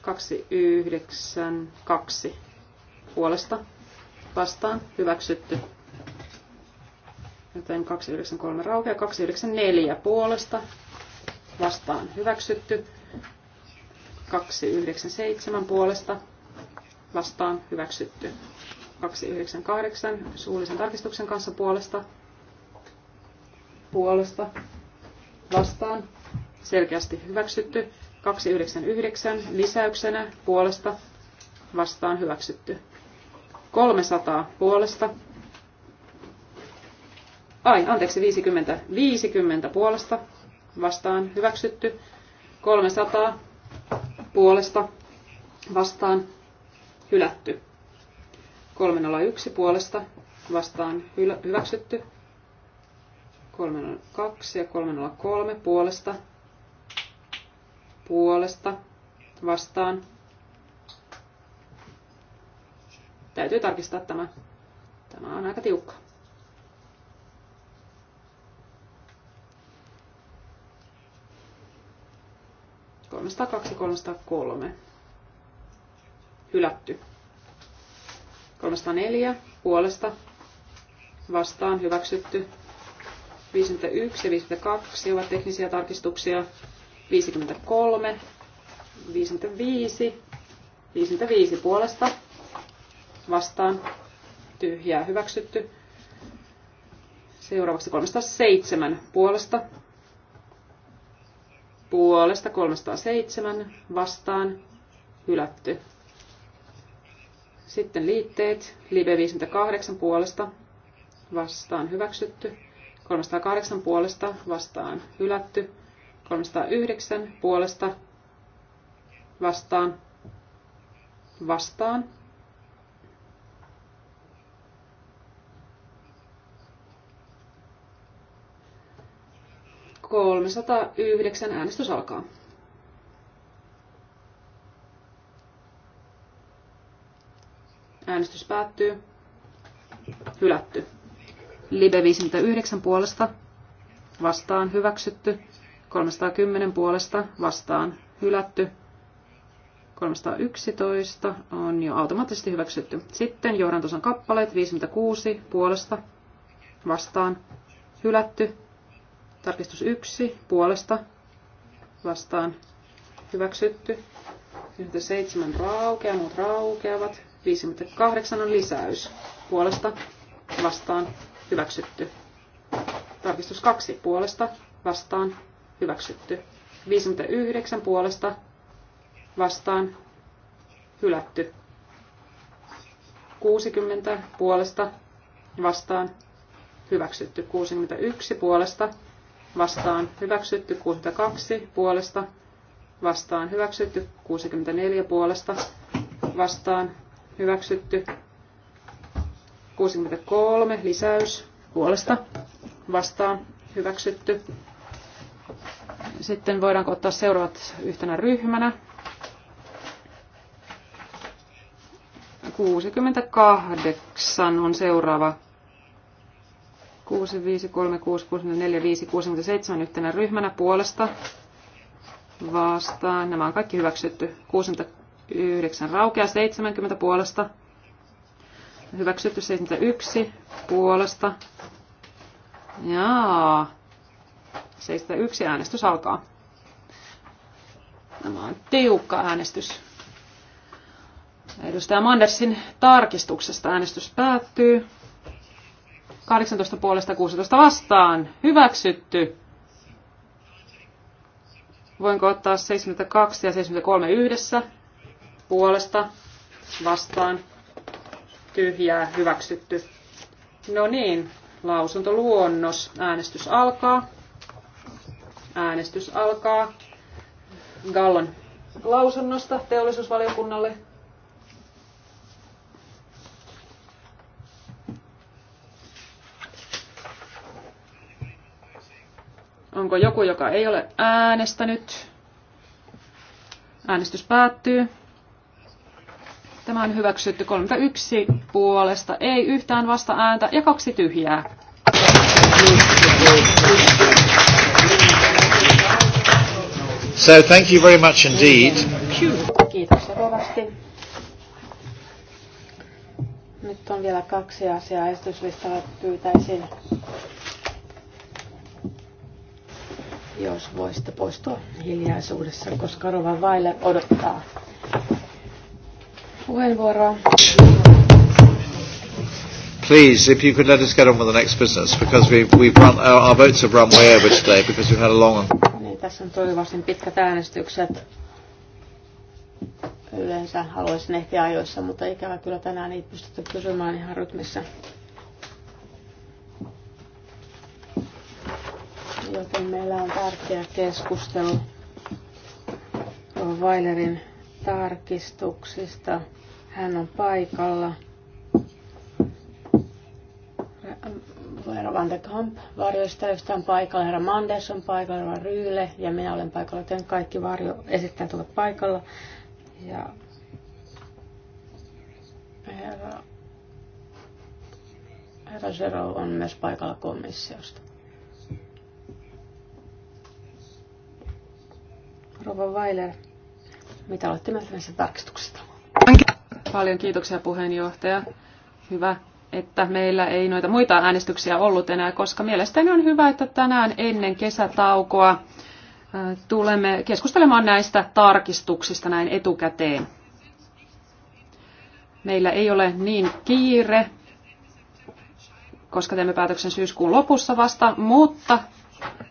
292 puolesta vastaan hyväksytty. Joten 293 raukea, 294 puolesta vastaan hyväksytty, 297 puolesta vastaan hyväksytty. 298 suullisen tarkistuksen kanssa puolesta puolesta vastaan selkeästi hyväksytty. 299 lisäyksenä puolesta vastaan hyväksytty. 300 puolesta. Ai, anteeksi, 50. 50 puolesta vastaan hyväksytty. 300 puolesta vastaan hylätty. 301 puolesta vastaan hyväksytty. 302 ja 303 puolesta puolesta vastaan. Täytyy tarkistaa tämä. Tämä on aika tiukka. 302, 303. Hylätty. 304 puolesta vastaan hyväksytty. 51 ja 52 ovat teknisiä tarkistuksia. 53, 55, 55 puolesta vastaan tyhjää hyväksytty. Seuraavaksi 307 puolesta puolesta 307 vastaan hylätty. Sitten liitteet, Libe 58 puolesta vastaan hyväksytty, 308 puolesta vastaan hylätty, 309 puolesta vastaan vastaan 309 äänestys alkaa. Äänestys päättyy. Hylätty. Libe 59 puolesta. Vastaan hyväksytty. 310 puolesta. Vastaan hylätty. 311 on jo automaattisesti hyväksytty. Sitten johdantosan kappaleet 56 puolesta. Vastaan hylätty. Tarkistus 1 puolesta vastaan hyväksytty. 97 raukeaa, muut raukeavat. 58 on lisäys. Puolesta vastaan hyväksytty. Tarkistus 2 puolesta vastaan hyväksytty. 59 puolesta vastaan hylätty. 60 puolesta vastaan hyväksytty. 61 puolesta vastaan hyväksytty 62 puolesta, vastaan hyväksytty 64 puolesta, vastaan hyväksytty 63 lisäys puolesta, vastaan hyväksytty. Sitten voidaanko ottaa seuraavat yhtenä ryhmänä. 68 on seuraava 6, 5, 3, 6, 64, 5, 67 yhtenä ryhmänä puolesta vastaan. Nämä on kaikki hyväksytty. 69 raukea 70 puolesta. Hyväksytty 71 puolesta. Jaa. 71 äänestys alkaa. Tämä on tiukka äänestys. Edustaja Mandersin tarkistuksesta äänestys päättyy. 18 puolesta 16 vastaan. Hyväksytty. Voinko ottaa 72 ja 73 yhdessä? Puolesta vastaan. Tyhjää. Hyväksytty. No niin, lausuntoluonnos. Äänestys alkaa. Äänestys alkaa. Gallon lausunnosta teollisuusvaliokunnalle. Onko joku, joka ei ole äänestänyt? Äänestys päättyy. Tämä on hyväksytty 31 puolesta, ei yhtään vasta ääntä ja kaksi tyhjää. So thank you very much indeed. Kiitos kovasti. Nyt on vielä kaksi asiaa esityslistalla. Pyytäisin jos voisitte poistua hiljaisuudessa, koska Rova Vaille odottaa puheenvuoroa. Please, if you could let us get on with the next business, because we we've run, our, uh, our votes have run way over today, because we've had a long... Niin, tässä on toivottavasti pitkät äänestykset. Yleensä haluaisin ehkä ajoissa, mutta ikävä kyllä tänään ei pystytty pysymään ihan rytmissä. joten meillä on tärkeä keskustelu Weilerin tarkistuksista. Hän on paikalla. Herra Van de Kamp varjoistajista on paikalla, herra Manders on paikalla, herra Ryyle ja minä olen paikalla, joten kaikki varjo esittäjät ovat paikalla. Ja herra, herra Zero on myös paikalla komissiosta. Rova Weiler, mitä olette mieltä näistä tarkistuksista? Paljon kiitoksia puheenjohtaja. Hyvä, että meillä ei noita muita äänestyksiä ollut enää, koska mielestäni on hyvä, että tänään ennen kesätaukoa äh, tulemme keskustelemaan näistä tarkistuksista näin etukäteen. Meillä ei ole niin kiire, koska teemme päätöksen syyskuun lopussa vasta, mutta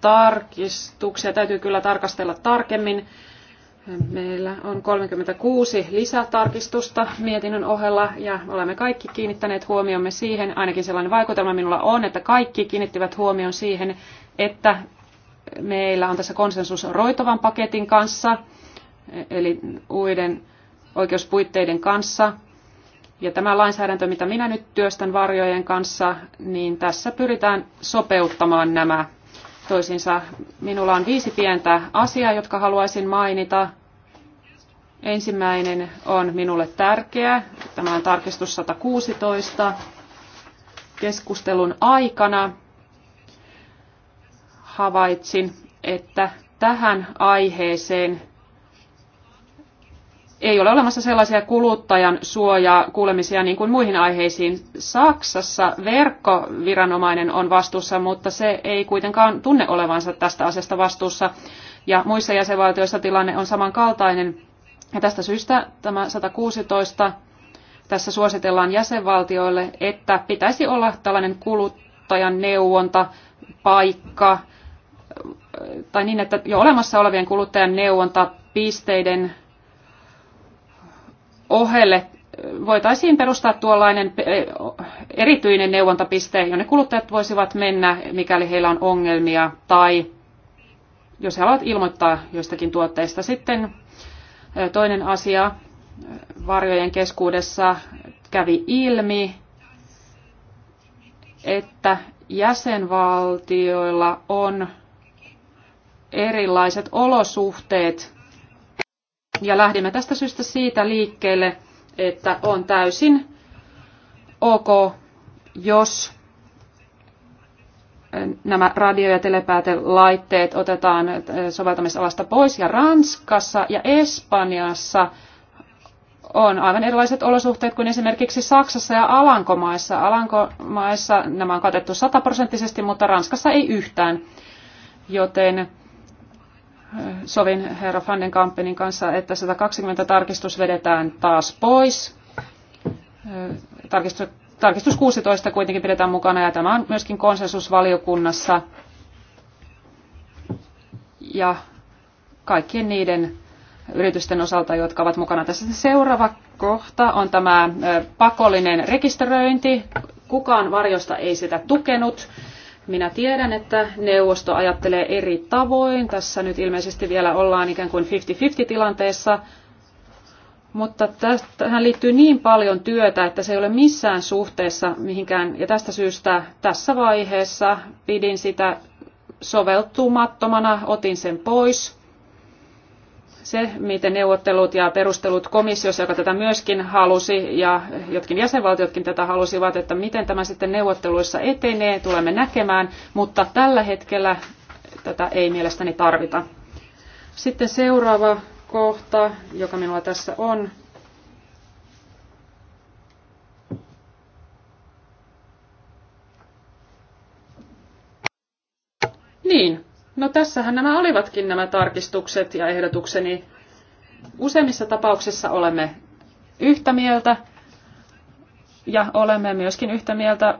tarkistuksia täytyy kyllä tarkastella tarkemmin. Meillä on 36 lisätarkistusta mietinnön ohella ja olemme kaikki kiinnittäneet huomiomme siihen, ainakin sellainen vaikutelma minulla on, että kaikki kiinnittivät huomion siihen, että meillä on tässä konsensus Roitovan paketin kanssa, eli uuden oikeuspuitteiden kanssa. Ja tämä lainsäädäntö, mitä minä nyt työstän varjojen kanssa, niin tässä pyritään sopeuttamaan nämä toisiinsa. Minulla on viisi pientä asiaa, jotka haluaisin mainita. Ensimmäinen on minulle tärkeä. Tämä on tarkistus 116. Keskustelun aikana havaitsin, että tähän aiheeseen ei ole olemassa sellaisia kuluttajan suojaa kuulemisia niin kuin muihin aiheisiin. Saksassa verkkoviranomainen on vastuussa, mutta se ei kuitenkaan tunne olevansa tästä asiasta vastuussa. Ja muissa jäsenvaltioissa tilanne on samankaltainen. Ja tästä syystä tämä 116 tässä suositellaan jäsenvaltioille, että pitäisi olla tällainen kuluttajan neuvonta, paikka, tai niin, että jo olemassa olevien kuluttajan neuvontapisteiden ohelle voitaisiin perustaa tuollainen eh, erityinen neuvontapiste, jonne kuluttajat voisivat mennä, mikäli heillä on ongelmia tai jos he haluavat ilmoittaa jostakin tuotteista. Sitten eh, toinen asia eh, varjojen keskuudessa kävi ilmi, että jäsenvaltioilla on erilaiset olosuhteet ja lähdimme tästä syystä siitä liikkeelle, että on täysin ok, jos nämä radio- ja telepäätelaitteet otetaan äh, soveltamisalasta pois. Ja Ranskassa ja Espanjassa on aivan erilaiset olosuhteet kuin esimerkiksi Saksassa ja Alankomaissa. Alankomaissa nämä on katettu sataprosenttisesti, mutta Ranskassa ei yhtään. Joten sovin herra den Kampenin kanssa, että 120 tarkistus vedetään taas pois. Tarkistus, tarkistus 16 kuitenkin pidetään mukana ja tämä on myöskin konsensusvaliokunnassa ja kaikkien niiden yritysten osalta, jotka ovat mukana tässä. Seuraava kohta on tämä pakollinen rekisteröinti. Kukaan varjosta ei sitä tukenut minä tiedän, että neuvosto ajattelee eri tavoin. Tässä nyt ilmeisesti vielä ollaan ikään kuin 50-50 tilanteessa. Mutta tähän liittyy niin paljon työtä, että se ei ole missään suhteessa mihinkään. Ja tästä syystä tässä vaiheessa pidin sitä soveltumattomana, otin sen pois se, miten neuvottelut ja perustelut komissiossa, joka tätä myöskin halusi, ja jotkin jäsenvaltiotkin tätä halusivat, että miten tämä sitten neuvotteluissa etenee, tulemme näkemään, mutta tällä hetkellä tätä ei mielestäni tarvita. Sitten seuraava kohta, joka minulla tässä on. Niin, No tässähän nämä olivatkin nämä tarkistukset ja ehdotukseni. Useimmissa tapauksissa olemme yhtä mieltä ja olemme myöskin yhtä mieltä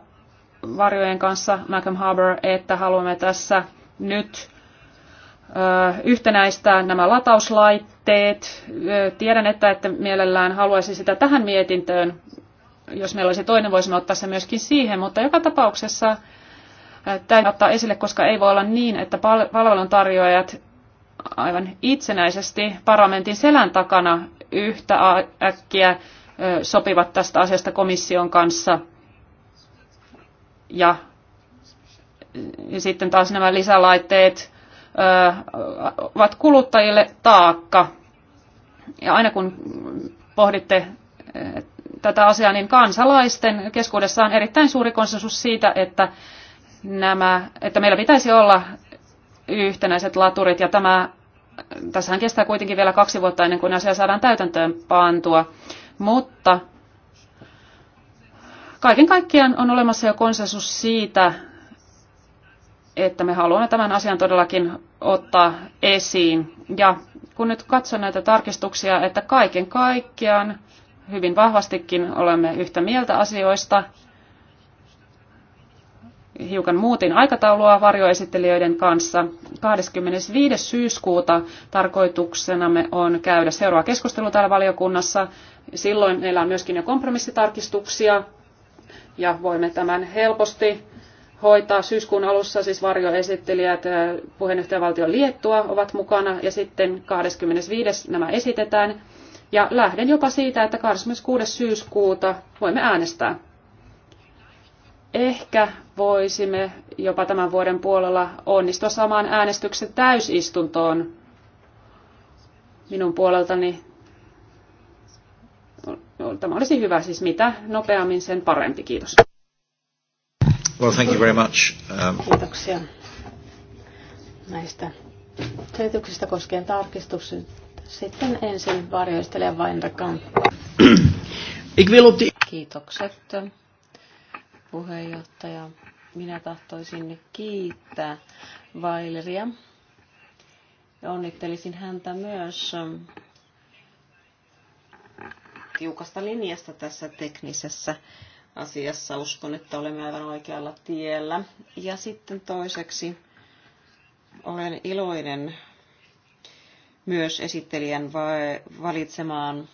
varjojen kanssa Malcolm Harbour, että haluamme tässä nyt yhtenäistää nämä latauslaitteet. Tiedän, että, että mielellään haluaisi sitä tähän mietintöön. Jos meillä olisi toinen, voisimme ottaa se myöskin siihen, mutta joka tapauksessa täytyy ottaa esille, koska ei voi olla niin, että palveluntarjoajat aivan itsenäisesti parlamentin selän takana yhtä äkkiä sopivat tästä asiasta komission kanssa. Ja, ja sitten taas nämä lisälaitteet ö, ovat kuluttajille taakka. Ja aina kun pohditte tätä asiaa, niin kansalaisten keskuudessa on erittäin suuri konsensus siitä, että nämä, että meillä pitäisi olla yhtenäiset laturit ja tämä, tässähän kestää kuitenkin vielä kaksi vuotta ennen kuin asia saadaan täytäntöön paantua, mutta kaiken kaikkiaan on olemassa jo konsensus siitä, että me haluamme tämän asian todellakin ottaa esiin. Ja kun nyt katson näitä tarkistuksia, että kaiken kaikkiaan hyvin vahvastikin olemme yhtä mieltä asioista, hiukan muutin aikataulua varjoesittelijöiden kanssa. 25. syyskuuta tarkoituksenamme on käydä seuraava keskustelu täällä valiokunnassa. Silloin meillä on myöskin jo kompromissitarkistuksia ja voimme tämän helposti hoitaa syyskuun alussa, siis varjoesittelijät, puheenjohtajavaltio Liettua ovat mukana ja sitten 25. nämä esitetään. Ja lähden jopa siitä, että 26. syyskuuta voimme äänestää ehkä voisimme jopa tämän vuoden puolella onnistua saamaan äänestyksen täysistuntoon minun puoleltani. Tämä olisi hyvä, siis mitä nopeammin sen parempi. Kiitos. Well, thank you very much. Um... Kiitoksia näistä selityksistä koskien tarkistuksen Sitten ensin varjoistelija Vainrakan. (clears throat) Kiitokset puheenjohtaja. Minä tahtoisin kiittää Vaileria ja onnittelisin häntä myös ähm, tiukasta linjasta tässä teknisessä asiassa. Uskon, että olemme aivan oikealla tiellä. Ja sitten toiseksi olen iloinen myös esittelijän valitsemaan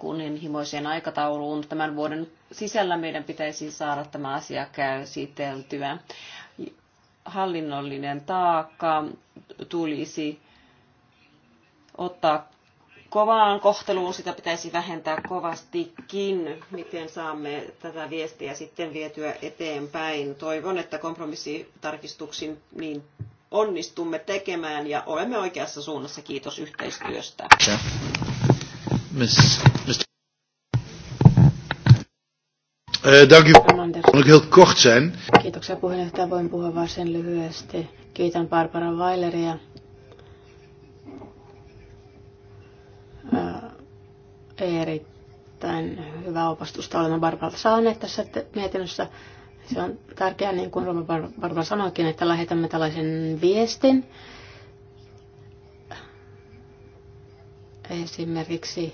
kunnianhimoiseen aikatauluun. Tämän vuoden sisällä meidän pitäisi saada tämä asia käsiteltyä. Hallinnollinen taakka tulisi ottaa kovaan kohteluun, sitä pitäisi vähentää kovastikin, miten saamme tätä viestiä sitten vietyä eteenpäin. Toivon, että kompromissitarkistuksin niin onnistumme tekemään ja olemme oikeassa suunnassa. Kiitos yhteistyöstä. Miss, Mr. Uh, eh, dank u. Kan ik heel kort zijn. Kiitoksia puheenjohtaja. Voin puhua vain sen lyhyesti. Kiitän Barbara Weileria. Uh, erittäin hyvää opastusta olemme Barbaralta saaneet tässä mietinnössä. Se on tärkeää, niin kuin Roma Barbara sanoikin, että lähetämme tällaisen viestin. Esimerkiksi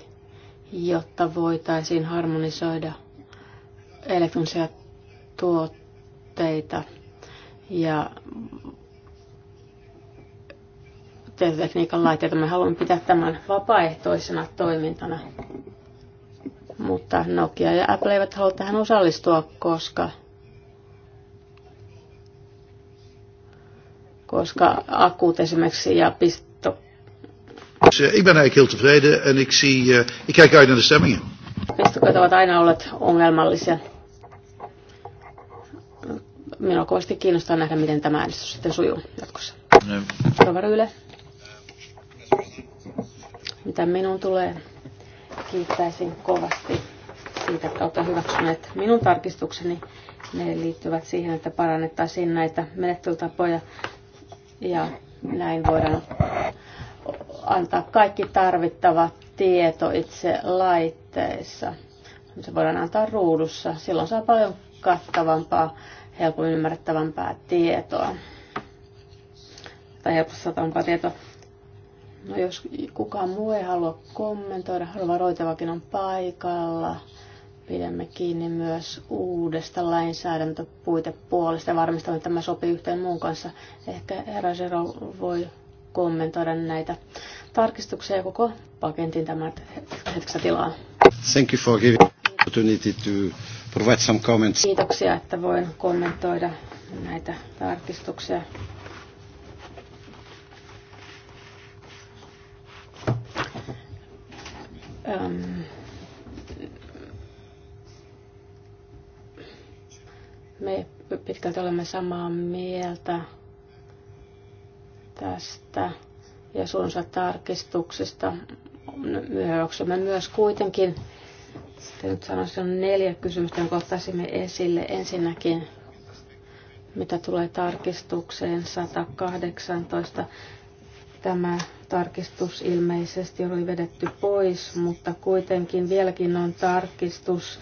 jotta voitaisiin harmonisoida elektronisia tuotteita ja tietotekniikan laitteita. Me haluamme pitää tämän vapaaehtoisena toimintana. Mutta Nokia ja Apple eivät halua tähän osallistua, koska, koska akut esimerkiksi ja pist- Dus uh, ik ben eigenlijk heel tevreden en ik, zie, uh, ik kijk uit naar de stemmingen. Vestukot ovat aina olleet ongelmallisia. Minua kovasti kiinnostaa nähdä, miten tämä äänestys sitten sujuu jatkossa. No. Rova Yle. Mitä minun tulee, kiittäisin kovasti siitä, että olette hyväksyneet minun tarkistukseni. Ne liittyvät siihen, että parannettaisiin näitä menettelytapoja ja näin voidaan antaa kaikki tarvittava tieto itse laitteessa. Se voidaan antaa ruudussa. Silloin saa paljon kattavampaa, helpommin ymmärrettävämpää tietoa. Tai helposti saatavampaa tietoa. No jos kukaan muu ei halua kommentoida, Rova Roitevakin on paikalla. Pidämme kiinni myös uudesta lainsäädäntöpuitepuolesta ja varmistamme, että tämä sopii yhteen muun kanssa. Ehkä herra Zero voi kommentoida näitä tarkistuksia koko paketin tämän hetkessä tilaa. Thank you for giving opportunity to provide some comments. Kiitoksia, että voin kommentoida näitä tarkistuksia. Um, me pitkälti olemme samaa mieltä tästä ja suunsa tarkistuksesta. Hyväksymme myös kuitenkin, sitten nyt sanoisin neljä kysymystä, jonka ottaisimme esille. Ensinnäkin, mitä tulee tarkistukseen 118. Tämä tarkistus ilmeisesti oli vedetty pois, mutta kuitenkin vieläkin on tarkistus,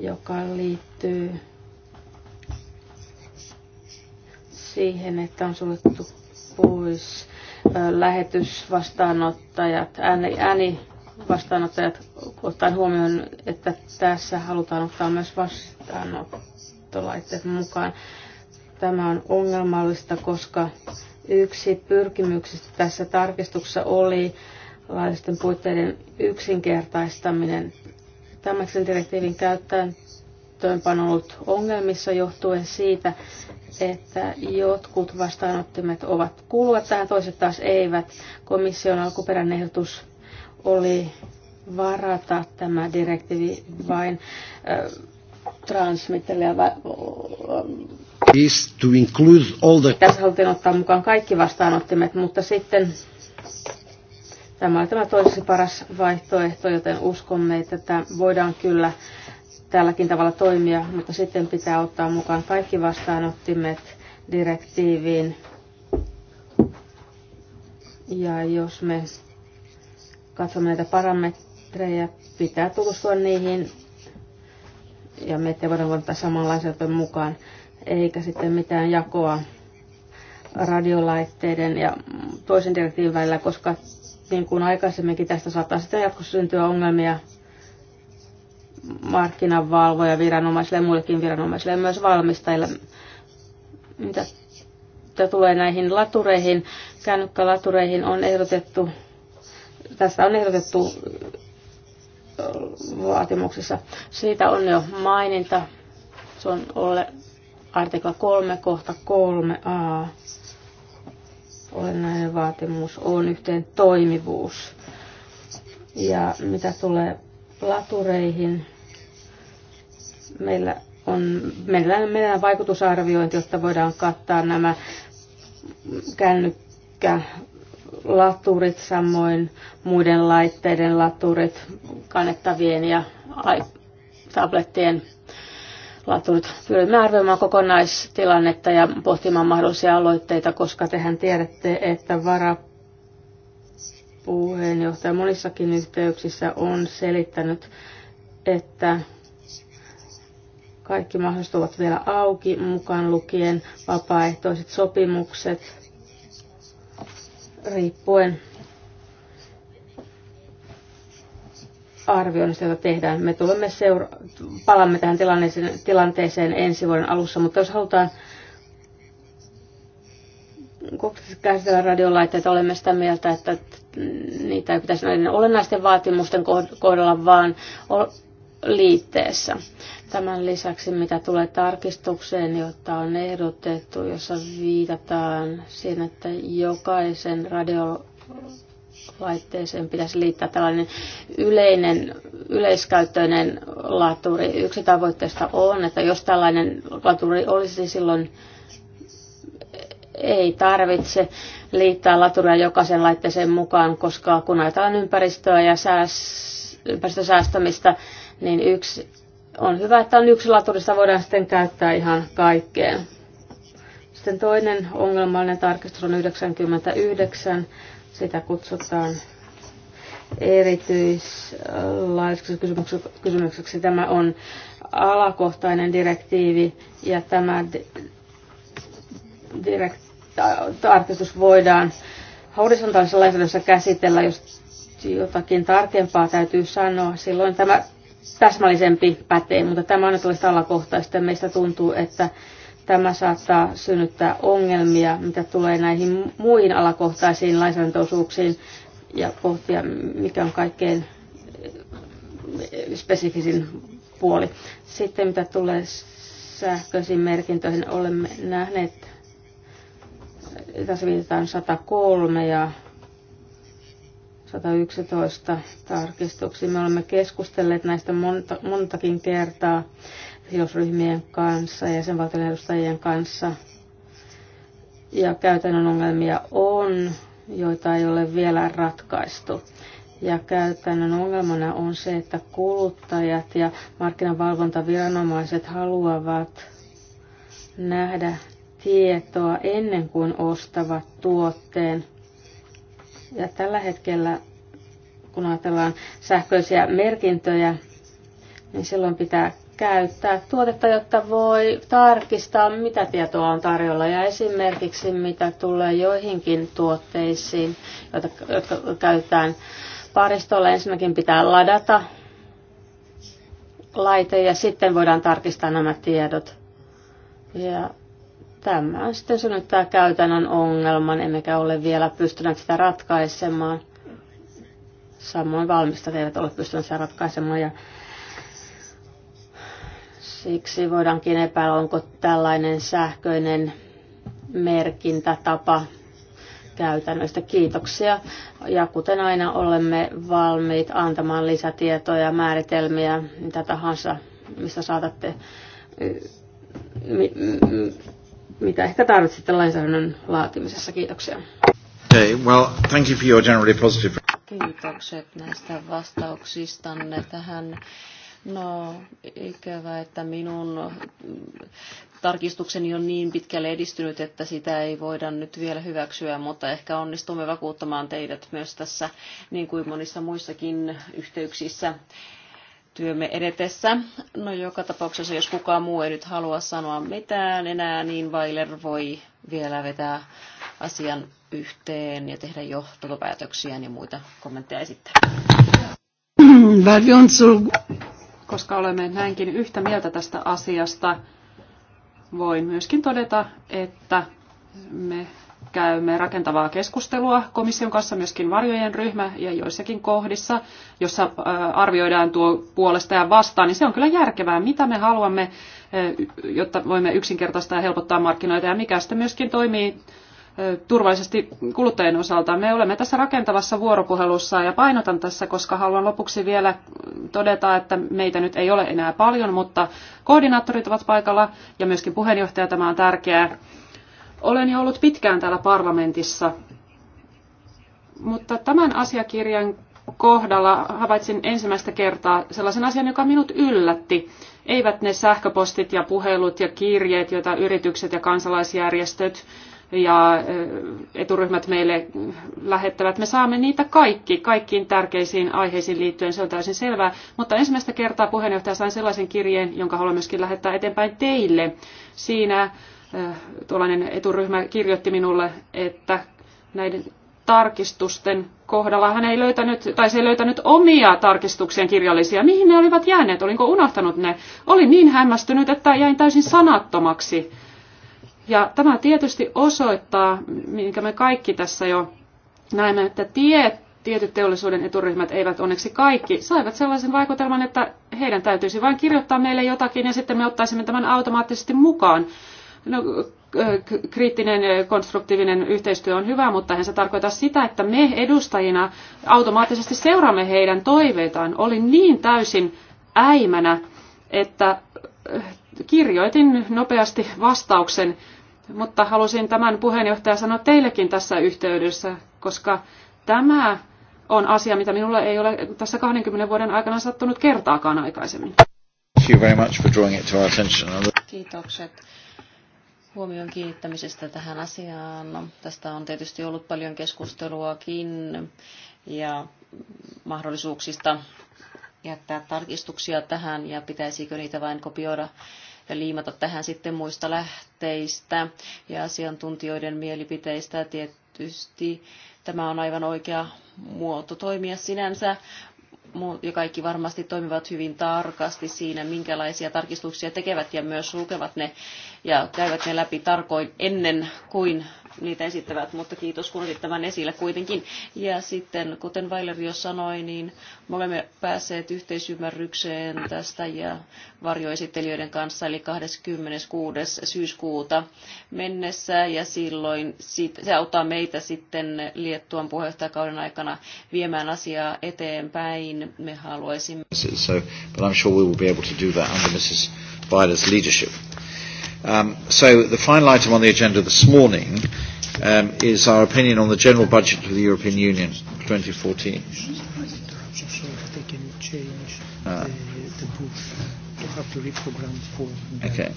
joka liittyy siihen, että on suljettu pois. Lähetysvastaanottajat, ääni, ääni vastaanottajat, ottaen huomioon, että tässä halutaan ottaa myös vastaanottolaitteet mukaan. Tämä on ongelmallista, koska yksi pyrkimyksistä tässä tarkistuksessa oli laillisten puitteiden yksinkertaistaminen. Tämäksen direktiivin käyttäen täytäntöönpano ollut ongelmissa johtuen siitä, että jotkut vastaanottimet ovat kuuluvat tähän, toiset taas eivät. Komission alkuperäinen ehdotus oli varata tämä direktiivi vain äh, äh is to include all the... Tässä haluttiin ottaa mukaan kaikki vastaanottimet, mutta sitten tämä oli tämä toiseksi paras vaihtoehto, joten uskomme, että tämä voidaan kyllä tälläkin tavalla toimia, mutta sitten pitää ottaa mukaan kaikki vastaanottimet direktiiviin. Ja jos me katsomme näitä parametreja, pitää tutustua niihin ja me ei voida ottaa samanlaiselta mukaan, eikä sitten mitään jakoa radiolaitteiden ja toisen direktiivin välillä, koska niin kuin aikaisemminkin tästä saattaa sitten jatkossa syntyä ongelmia markkinavalvoja viranomaisille ja muillekin viranomaisille ja myös valmistajille. Mitä, mitä tulee näihin latureihin, kännykkälatureihin on ehdotettu, tästä on ehdotettu vaatimuksessa. Siitä on jo maininta. Se on ole artikla 3, kohta 3a. Olennainen vaatimus on yhteen toimivuus. Ja mitä tulee latureihin, meillä on meillä meneillään vaikutusarviointi, jotta voidaan kattaa nämä kännykkä laturit, samoin muiden laitteiden laturit, kannettavien ja tablettien laturit. Pyrimme arvioimaan kokonaistilannetta ja pohtimaan mahdollisia aloitteita, koska tehän tiedätte, että vara puheenjohtaja monissakin yhteyksissä on selittänyt, että kaikki mahdollisuudet ovat vielä auki, mukaan lukien vapaaehtoiset sopimukset, riippuen arvioinnista, jota tehdään. Me tulemme seura- palamme tähän tilanteeseen, tilanteeseen ensi vuoden alussa, mutta jos halutaan käsitellä radiolaitteita, olemme sitä mieltä, että niitä ei pitäisi näiden olennaisten vaatimusten kohdalla, vaan liitteessä. Tämän lisäksi, mitä tulee tarkistukseen, jota on ehdotettu, jossa viitataan siihen, että jokaisen radiolaitteeseen pitäisi liittää tällainen yleinen, yleiskäyttöinen laturi. Yksi tavoitteesta on, että jos tällainen laturi olisi niin silloin ei tarvitse liittää laturia jokaisen laitteeseen mukaan, koska kun ajatellaan ympäristöä ja sääs, ympäristösäästämistä, niin yksi, on hyvä, että on yksi laturi, sitä voidaan sitten käyttää ihan kaikkeen. Sitten toinen ongelmallinen tarkistus on 99. Sitä kutsutaan erityislaiseksi kysymykseksi. Tämä on alakohtainen direktiivi ja tämä tarkistus voidaan horisontaalisessa lainsäädännössä käsitellä, jos jotakin tarkempaa täytyy sanoa. Silloin tämä täsmällisempi pätee, mutta tämä on tällaista alakohtaista ja meistä tuntuu, että tämä saattaa synnyttää ongelmia, mitä tulee näihin muihin alakohtaisiin lainsäädäntöosuuksiin ja pohtia, mikä on kaikkein eh, spesifisin puoli. Sitten mitä tulee sähköisiin merkintöihin, olemme nähneet, tässä viitataan 103 ja 111 tarkistuksiin. Me olemme keskustelleet näistä monta, montakin kertaa sidosryhmien kanssa ja sen edustajien kanssa. Ja käytännön ongelmia on, joita ei ole vielä ratkaistu. Ja käytännön ongelmana on se, että kuluttajat ja markkinavalvontaviranomaiset haluavat nähdä tietoa ennen kuin ostavat tuotteen – ja tällä hetkellä, kun ajatellaan sähköisiä merkintöjä, niin silloin pitää käyttää tuotetta, jotta voi tarkistaa, mitä tietoa on tarjolla ja esimerkiksi mitä tulee joihinkin tuotteisiin, jotka, jotka käytetään paristolla. Ensinnäkin pitää ladata laite ja sitten voidaan tarkistaa nämä tiedot. Ja Tämä sitten tämä käytännön ongelman, emmekä ole vielä pystyneet sitä ratkaisemaan. Samoin valmistajat eivät ole pystyneet sitä ratkaisemaan ja siksi voidaankin epäillä, onko tällainen sähköinen merkintätapa käytännöistä. Kiitoksia. Ja kuten aina olemme valmiit antamaan lisätietoja, määritelmiä, mitä tahansa, mistä saatatte mitä ehkä tarvitsette lainsäädännön laatimisessa. Kiitoksia. Okay, well, thank you for your generally positive... Kiitokset näistä vastauksistanne tähän. No, ikävä, että minun tarkistukseni on niin pitkälle edistynyt, että sitä ei voida nyt vielä hyväksyä, mutta ehkä onnistumme vakuuttamaan teidät myös tässä, niin kuin monissa muissakin yhteyksissä työmme edetessä. No joka tapauksessa, jos kukaan muu ei nyt halua sanoa mitään enää, niin Weiler voi vielä vetää asian yhteen ja tehdä johtopäätöksiä ja muita kommentteja esittää. Koska olemme näinkin yhtä mieltä tästä asiasta, voin myöskin todeta, että me käymme rakentavaa keskustelua komission kanssa myöskin varjojen ryhmä ja joissakin kohdissa, jossa arvioidaan tuo puolesta ja vastaan, niin se on kyllä järkevää, mitä me haluamme, jotta voimme yksinkertaistaa ja helpottaa markkinoita ja mikä sitten myöskin toimii turvallisesti kuluttajien osalta. Me olemme tässä rakentavassa vuoropuhelussa ja painotan tässä, koska haluan lopuksi vielä todeta, että meitä nyt ei ole enää paljon, mutta koordinaattorit ovat paikalla ja myöskin puheenjohtaja, tämä on tärkeää olen jo ollut pitkään täällä parlamentissa, mutta tämän asiakirjan kohdalla havaitsin ensimmäistä kertaa sellaisen asian, joka minut yllätti. Eivät ne sähköpostit ja puhelut ja kirjeet, joita yritykset ja kansalaisjärjestöt ja eturyhmät meille lähettävät. Me saamme niitä kaikki, kaikkiin tärkeisiin aiheisiin liittyen, se on täysin selvää. Mutta ensimmäistä kertaa puheenjohtaja sain sellaisen kirjeen, jonka haluan myöskin lähettää eteenpäin teille. Siinä tuollainen eturyhmä kirjoitti minulle, että näiden tarkistusten kohdalla hän ei löytänyt, tai se ei löytänyt omia tarkistuksien kirjallisia. Mihin ne olivat jääneet? Olinko unohtanut ne? Olin niin hämmästynyt, että jäin täysin sanattomaksi. Ja tämä tietysti osoittaa, minkä me kaikki tässä jo näemme, että tie, tietyt teollisuuden eturyhmät eivät onneksi kaikki, saivat sellaisen vaikutelman, että heidän täytyisi vain kirjoittaa meille jotakin ja sitten me ottaisimme tämän automaattisesti mukaan. No, kriittinen, konstruktiivinen yhteistyö on hyvä, mutta eihän se tarkoita sitä, että me edustajina automaattisesti seuraamme heidän toiveitaan. Olin niin täysin äimänä, että eh, kirjoitin nopeasti vastauksen, mutta halusin tämän puheenjohtajan sanoa teillekin tässä yhteydessä, koska tämä on asia, mitä minulla ei ole tässä 20 vuoden aikana sattunut kertaakaan aikaisemmin. Kiitokset huomion kiinnittämisestä tähän asiaan. No, tästä on tietysti ollut paljon keskusteluakin ja mahdollisuuksista jättää tarkistuksia tähän ja pitäisikö niitä vain kopioida ja liimata tähän sitten muista lähteistä ja asiantuntijoiden mielipiteistä tietysti. Tämä on aivan oikea muoto toimia sinänsä, ja kaikki varmasti toimivat hyvin tarkasti siinä, minkälaisia tarkistuksia tekevät ja myös lukevat ne ja käyvät ne läpi tarkoin ennen kuin niitä esittävät, mutta kiitos kun otit tämän esille kuitenkin. Ja sitten, kuten Weiler jo sanoi, niin me olemme päässeet yhteisymmärrykseen tästä ja varjoesittelijöiden kanssa, eli 26. syyskuuta mennessä, ja silloin se auttaa meitä sitten Liettuan puheenjohtajakauden aikana viemään asiaa eteenpäin me haluaisimme. So, but I'm sure we will be able to do that under Mrs. Biden's leadership. Um, so the final item on the agenda this morning um, is our opinion on the general budget of the European Union 2014. Uh. uh, okay.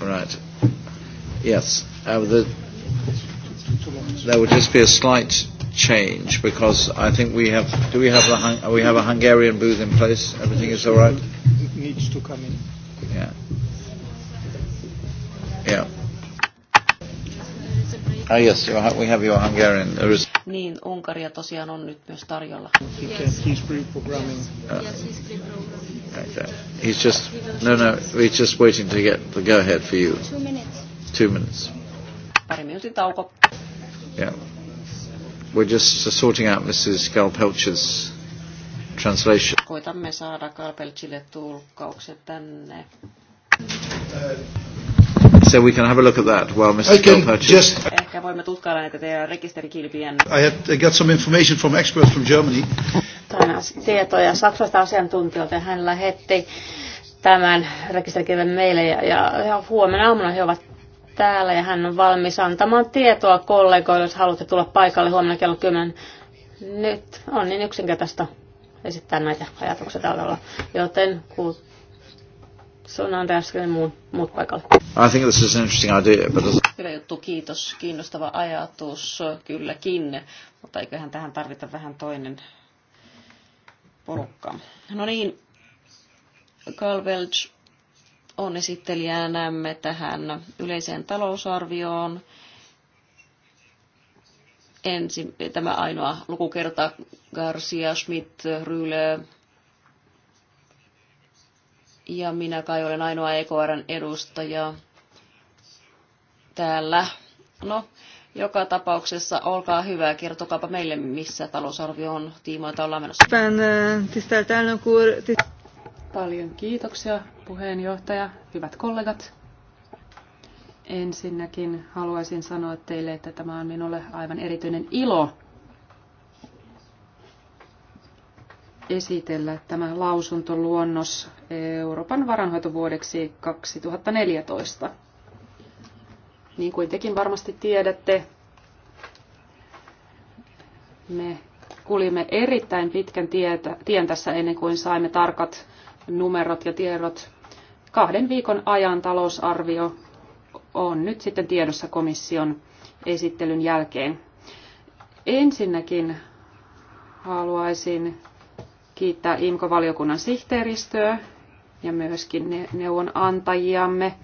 Right. Yes. Uh, the, there would just be a slight change because I think we have do we have a we have a Hungarian booth in place. Everything is all right. It needs to come in. Yeah. Yeah. Ah, yes, you have, we have your Hungarian. There is... Niin, Unkaria tosiaan on nyt myös tarjolla. Ah. Yes. He's pre-programming. Uh, yes, he's pre-programming. Okay. He's just, no, no, we're just waiting to get the go-ahead for you. Two minutes. Two minutes. Pari minuutin tauko. Yeah. We're just sorting out Mrs. Galpelcher's translation. Koitamme saada Galpelchille tulkkaukset tänne. So we can have a look at that while Mr. I Ehkä voimme tutkailla näitä teidän rekisterikilpien. I had I got some information from experts from Germany. Tänään tietoja Saksasta asiantuntijoilta hän lähetti tämän rekisterikilven meille ja, ja, ja huomenna aamuna he ovat täällä ja hän on valmis antamaan tietoa kollegoille, jos haluatte tulla paikalle huomenna kello 10. Nyt on niin yksinkertaista esittää näitä ajatuksia tällä joten kuul... sun Andreas ja muun, muut paikalle. I think this is an interesting idea, but... Hyvä juttu, kiitos. Kiinnostava ajatus, kylläkin, mutta eiköhän tähän tarvita vähän toinen porukka. No niin, Carl Welch on esittelijänämme tähän yleiseen talousarvioon. Ensi, tämä ainoa lukukerta Garcia, Schmidt, Rylö. ja minä kai olen ainoa EKRn edustaja täällä. No, joka tapauksessa olkaa hyvä, kertokaapa meille, missä talousarvio on tiimoilta ollaan menossa. Äh, Paljon kiitoksia puheenjohtaja, hyvät kollegat. Ensinnäkin haluaisin sanoa teille, että tämä on minulle aivan erityinen ilo esitellä tämä lausuntoluonnos Euroopan varanhoitovuodeksi 2014. Niin kuin tekin varmasti tiedätte, me kulimme erittäin pitkän tietä, tien tässä ennen kuin saimme tarkat numerot ja tiedot kahden viikon ajan talousarvio on nyt sitten tiedossa komission esittelyn jälkeen. Ensinnäkin haluaisin kiittää IMKO-valiokunnan sihteeristöä ja myöskin neuvonantajiamme,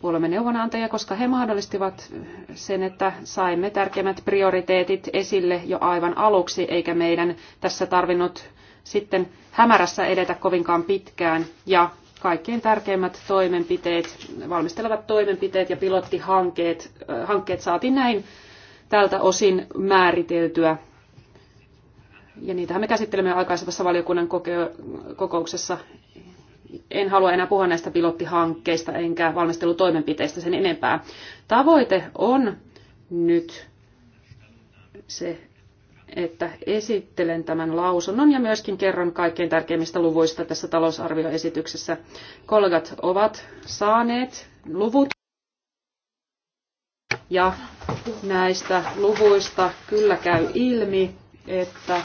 puolemme neuvonantajia, koska he mahdollistivat sen, että saimme tärkeimmät prioriteetit esille jo aivan aluksi, eikä meidän tässä tarvinnut sitten hämärässä edetä kovinkaan pitkään. Ja kaikkein tärkeimmät toimenpiteet, valmistelevat toimenpiteet ja pilottihankkeet hankkeet saatiin näin tältä osin määriteltyä. Ja niitähän me käsittelemme aikaisemmassa valiokunnan kokouksessa. En halua enää puhua näistä pilottihankkeista enkä valmistelutoimenpiteistä sen enempää. Tavoite on nyt se, että esittelen tämän lausunnon ja myöskin kerron kaikkein tärkeimmistä luvuista tässä talousarvioesityksessä. Kollegat ovat saaneet luvut. Ja näistä luvuista kyllä käy ilmi, että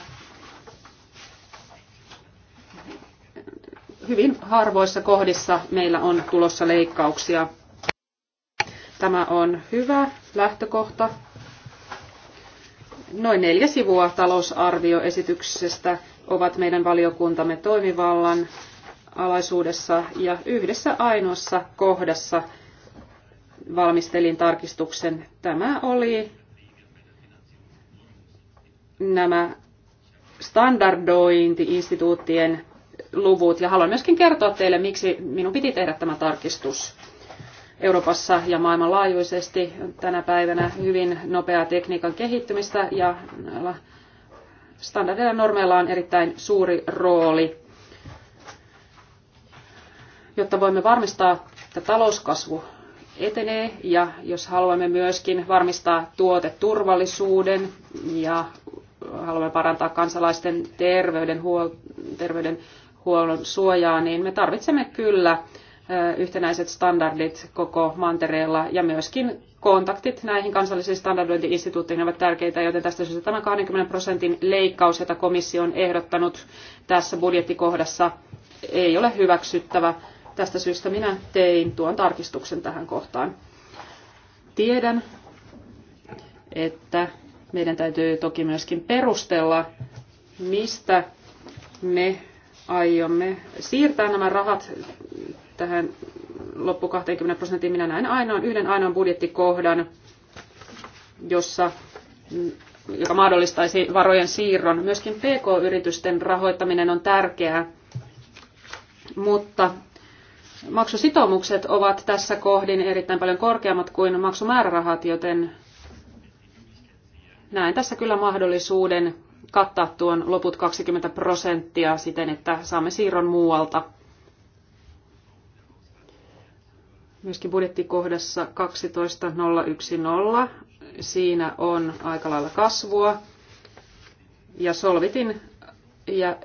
hyvin harvoissa kohdissa meillä on tulossa leikkauksia. Tämä on hyvä lähtökohta noin neljä sivua talousarvioesityksestä ovat meidän valiokuntamme toimivallan alaisuudessa ja yhdessä ainoassa kohdassa valmistelin tarkistuksen. Tämä oli nämä standardointi-instituuttien luvut ja haluan myöskin kertoa teille, miksi minun piti tehdä tämä tarkistus. Euroopassa ja maailmanlaajuisesti tänä päivänä hyvin nopeaa tekniikan kehittymistä ja standardeilla normeilla on erittäin suuri rooli, jotta voimme varmistaa, että talouskasvu etenee ja jos haluamme myöskin varmistaa tuoteturvallisuuden ja haluamme parantaa kansalaisten terveydenhuollon suojaa, niin me tarvitsemme kyllä yhtenäiset standardit koko mantereella ja myöskin kontaktit näihin kansallisiin standardointiinstituutteihin ovat tärkeitä, joten tästä syystä tämä 20 prosentin leikkaus, jota komissio on ehdottanut tässä budjettikohdassa, ei ole hyväksyttävä. Tästä syystä minä tein tuon tarkistuksen tähän kohtaan. Tiedän, että meidän täytyy toki myöskin perustella, mistä me aiomme siirtää nämä rahat tähän loppu 20 prosenttiin. Minä näen ainoan, yhden ainoan budjettikohdan, jossa, joka mahdollistaisi varojen siirron. Myöskin PK-yritysten rahoittaminen on tärkeää, mutta maksusitoumukset ovat tässä kohdin erittäin paljon korkeammat kuin maksumäärärahat, joten näen tässä kyllä mahdollisuuden kattaa tuon loput 20 prosenttia siten, että saamme siirron muualta. myöskin budjettikohdassa 12.010. Siinä on aika lailla kasvua. Ja Solvitin ja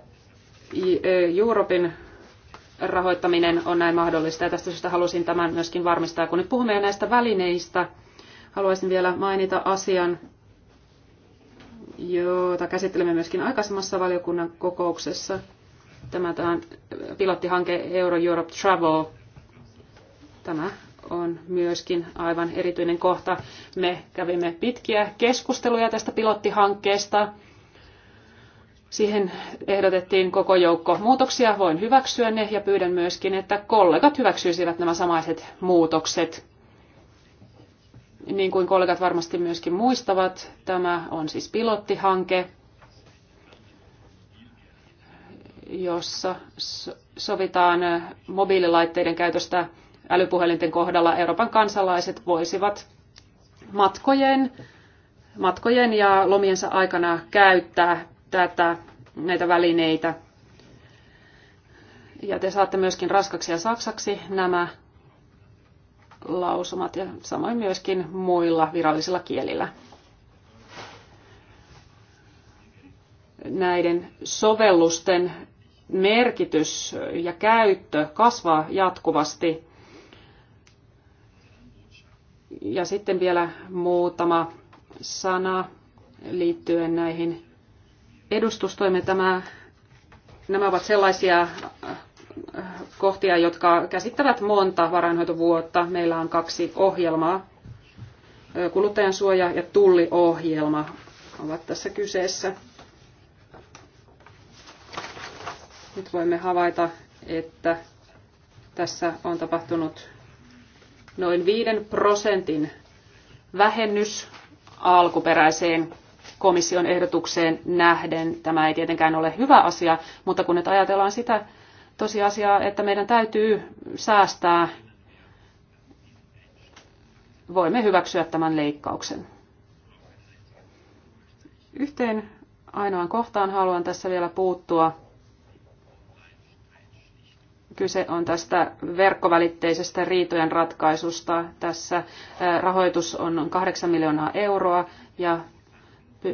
Europin rahoittaminen on näin mahdollista. Ja tästä syystä halusin tämän myöskin varmistaa. Kun nyt puhumme jo näistä välineistä, haluaisin vielä mainita asian, jota käsittelemme myöskin aikaisemmassa valiokunnan kokouksessa. Tämä on pilottihanke Euro Europe Travel – Tämä on myöskin aivan erityinen kohta. Me kävimme pitkiä keskusteluja tästä pilottihankkeesta. Siihen ehdotettiin koko joukko muutoksia. Voin hyväksyä ne ja pyydän myöskin, että kollegat hyväksyisivät nämä samaiset muutokset. Niin kuin kollegat varmasti myöskin muistavat, tämä on siis pilottihanke, jossa sovitaan mobiililaitteiden käytöstä älypuhelinten kohdalla Euroopan kansalaiset voisivat matkojen, matkojen ja lomiensa aikana käyttää tätä, näitä välineitä. Ja te saatte myöskin raskaksi ja saksaksi nämä lausumat ja samoin myöskin muilla virallisilla kielillä. Näiden sovellusten merkitys ja käyttö kasvaa jatkuvasti ja sitten vielä muutama sana liittyen näihin edustustoimiin. Tämä, nämä ovat sellaisia äh, kohtia, jotka käsittävät monta varainhoitovuotta. Meillä on kaksi ohjelmaa. Kuluttajansuoja ja tulliohjelma ovat tässä kyseessä. Nyt voimme havaita, että tässä on tapahtunut noin 5 prosentin vähennys alkuperäiseen komission ehdotukseen nähden. Tämä ei tietenkään ole hyvä asia, mutta kun nyt ajatellaan sitä tosiasiaa, että meidän täytyy säästää, voimme hyväksyä tämän leikkauksen. Yhteen ainoan kohtaan haluan tässä vielä puuttua. Kyse on tästä verkkovälitteisestä riitojen ratkaisusta. Tässä rahoitus on 8 miljoonaa euroa ja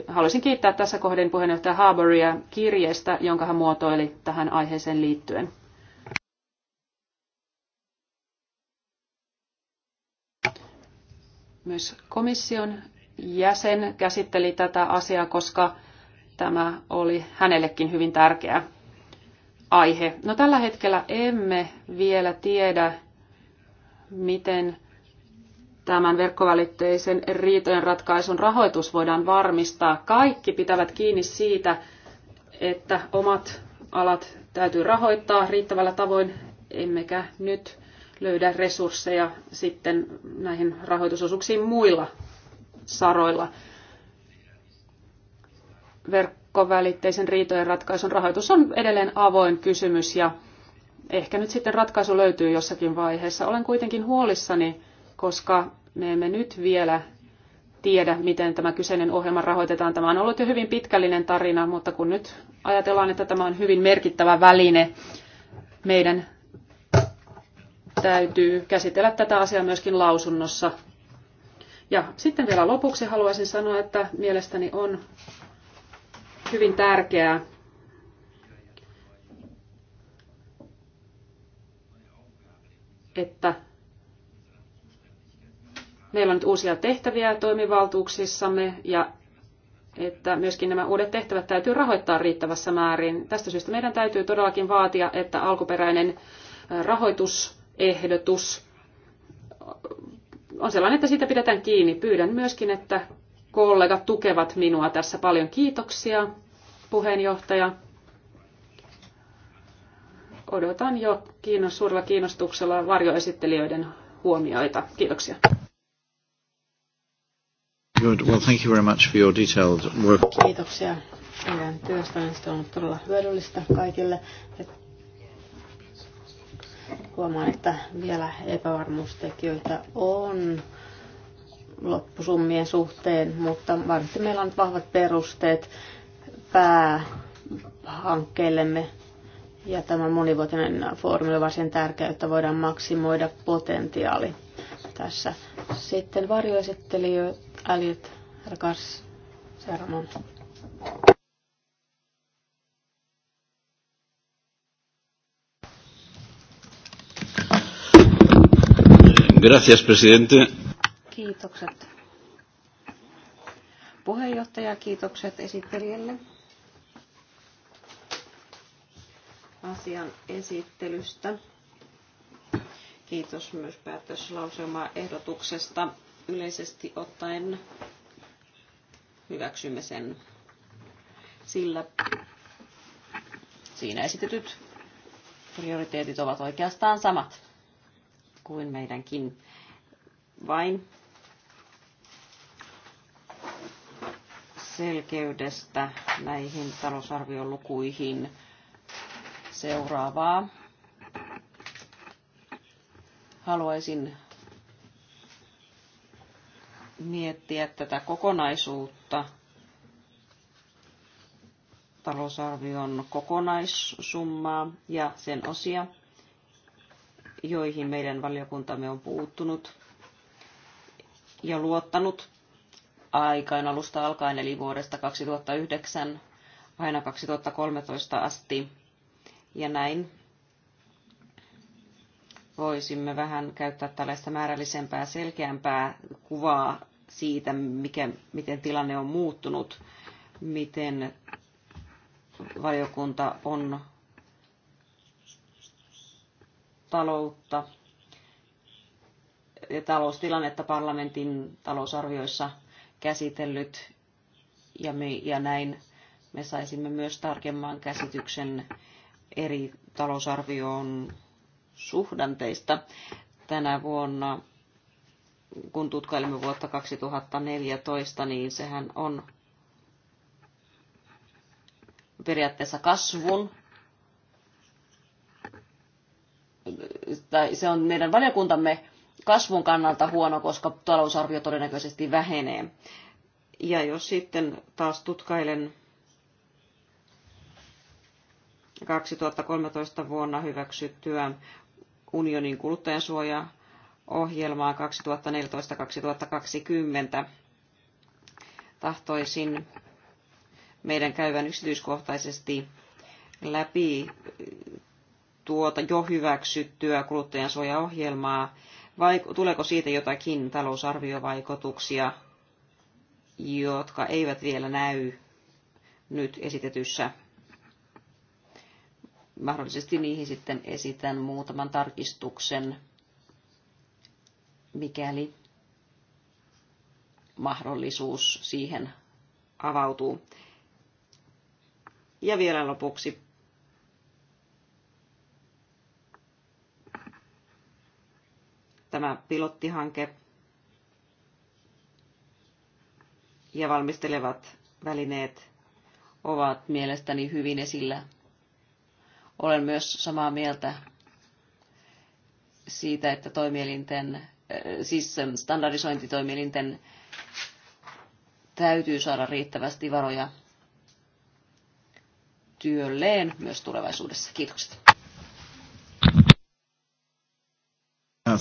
haluaisin kiittää tässä kohden puheenjohtaja Harboria kirjeestä, jonka hän muotoili tähän aiheeseen liittyen. Myös komission jäsen käsitteli tätä asiaa, koska tämä oli hänellekin hyvin tärkeää aihe. No tällä hetkellä emme vielä tiedä, miten tämän verkkovälitteisen riitojen ratkaisun rahoitus voidaan varmistaa. Kaikki pitävät kiinni siitä, että omat alat täytyy rahoittaa riittävällä tavoin, emmekä nyt löydä resursseja sitten näihin rahoitusosuuksiin muilla saroilla. Verk- verkkovälitteisen riitojen ratkaisun rahoitus on edelleen avoin kysymys ja ehkä nyt sitten ratkaisu löytyy jossakin vaiheessa. Olen kuitenkin huolissani, koska me emme nyt vielä tiedä, miten tämä kyseinen ohjelma rahoitetaan. Tämä on ollut jo hyvin pitkällinen tarina, mutta kun nyt ajatellaan, että tämä on hyvin merkittävä väline, meidän täytyy käsitellä tätä asiaa myöskin lausunnossa. Ja sitten vielä lopuksi haluaisin sanoa, että mielestäni on hyvin tärkeää. että meillä on nyt uusia tehtäviä toimivaltuuksissamme ja että myöskin nämä uudet tehtävät täytyy rahoittaa riittävässä määrin. Tästä syystä meidän täytyy todellakin vaatia, että alkuperäinen rahoitusehdotus on sellainen, että siitä pidetään kiinni. Pyydän myöskin, että kollegat tukevat minua tässä. Paljon kiitoksia, puheenjohtaja. Odotan jo kiinnos, suurella kiinnostuksella varjoesittelijöiden huomioita. Kiitoksia. Good. Well, thank you very much for your detailed work. Kiitoksia teidän työstänne. Se on ollut todella hyödyllistä kaikille. Huomaan, että vielä epävarmuustekijöitä on loppusummien suhteen, mutta varmasti meillä on nyt vahvat perusteet päähankkeellemme. Ja tämä monivuotinen foorumi on varsin tärkeä, että voidaan maksimoida potentiaali tässä. Sitten varjoesittelijöt, älyt, Rakas Sermon. Gracias, presidente. Kiitokset puheenjohtaja, kiitokset esittelijälle asian esittelystä. Kiitos myös ehdotuksesta. Yleisesti ottaen hyväksymme sen, sillä siinä esitetyt prioriteetit ovat oikeastaan samat kuin meidänkin, vain selkeydestä näihin talousarvion lukuihin. Seuraavaa. Haluaisin miettiä tätä kokonaisuutta, talousarvion kokonaissummaa ja sen osia, joihin meidän valiokuntamme on puuttunut ja luottanut aikaan alusta alkaen, eli vuodesta 2009 aina 2013 asti. Ja näin voisimme vähän käyttää tällaista määrällisempää, selkeämpää kuvaa siitä, mikä, miten tilanne on muuttunut, miten valiokunta on taloutta ja taloustilannetta parlamentin talousarvioissa käsitellyt ja, me, ja näin me saisimme myös tarkemman käsityksen eri talousarvioon suhdanteista tänä vuonna. Kun tutkailimme vuotta 2014, niin sehän on periaatteessa kasvun tai se on meidän valiokuntamme kasvun kannalta huono, koska talousarvio todennäköisesti vähenee. Ja jos sitten taas tutkailen 2013 vuonna hyväksyttyä unionin kuluttajansuojaohjelmaa 2014-2020, tahtoisin meidän käyvän yksityiskohtaisesti läpi tuota jo hyväksyttyä kuluttajansuojaohjelmaa vai tuleeko siitä jotakin talousarviovaikutuksia, jotka eivät vielä näy nyt esitetyssä. Mahdollisesti niihin sitten esitän muutaman tarkistuksen, mikäli mahdollisuus siihen avautuu. Ja vielä lopuksi tämä pilottihanke ja valmistelevat välineet ovat mielestäni hyvin esillä. Olen myös samaa mieltä siitä, että toimielinten, äh, siis ähm, standardisointitoimielinten täytyy saada riittävästi varoja työlleen myös tulevaisuudessa. Kiitokset.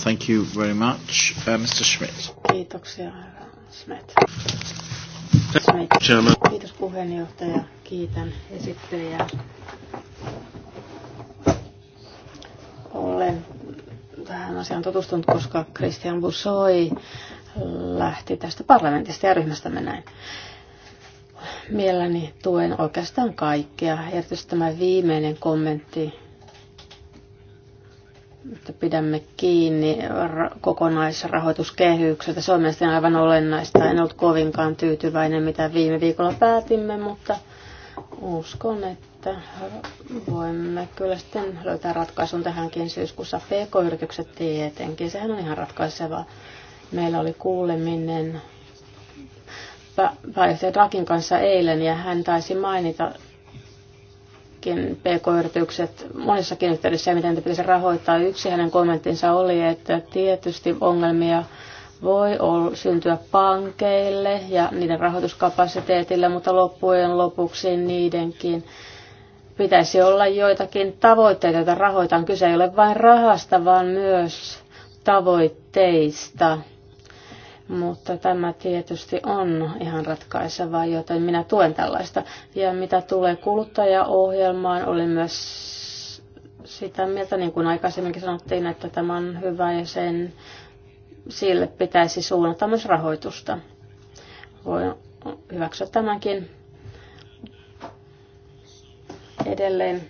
Thank you very much, uh, Mr. Schmidt. Kiitoksia, herra Schmidt. Schmidt. Kiitos puheenjohtaja. Kiitän esittelijää. Olen tähän asiaan tutustunut, koska Christian Bussoi lähti tästä parlamentista ja ryhmästämme näin. Mielelläni tuen oikeastaan kaikkea, erityisesti tämä viimeinen kommentti että pidämme kiinni kokonaisrahoituskehyksestä. Se on mielestäni aivan olennaista. En ollut kovinkaan tyytyväinen, mitä viime viikolla päätimme, mutta uskon, että voimme kyllä sitten löytää ratkaisun tähänkin syyskuussa. PK-yritykset tietenkin, sehän on ihan ratkaisevaa. Meillä oli kuuleminen pääjohtaja Drakin kanssa eilen ja hän taisi mainita muutkin pk-yritykset monissakin yhteydessä ja miten te pitäisi rahoittaa. Yksi hänen kommenttinsa oli, että tietysti ongelmia voi syntyä pankeille ja niiden rahoituskapasiteetille, mutta loppujen lopuksi niidenkin pitäisi olla joitakin tavoitteita, joita rahoitaan. Kyse ei ole vain rahasta, vaan myös tavoitteista mutta tämä tietysti on ihan ratkaisevaa, joten minä tuen tällaista. Ja mitä tulee kuluttajaohjelmaan, olen myös sitä mieltä, niin kuin aikaisemminkin sanottiin, että tämä on hyvä ja sen, sille pitäisi suunnata myös rahoitusta. Voin hyväksyä tämänkin edelleen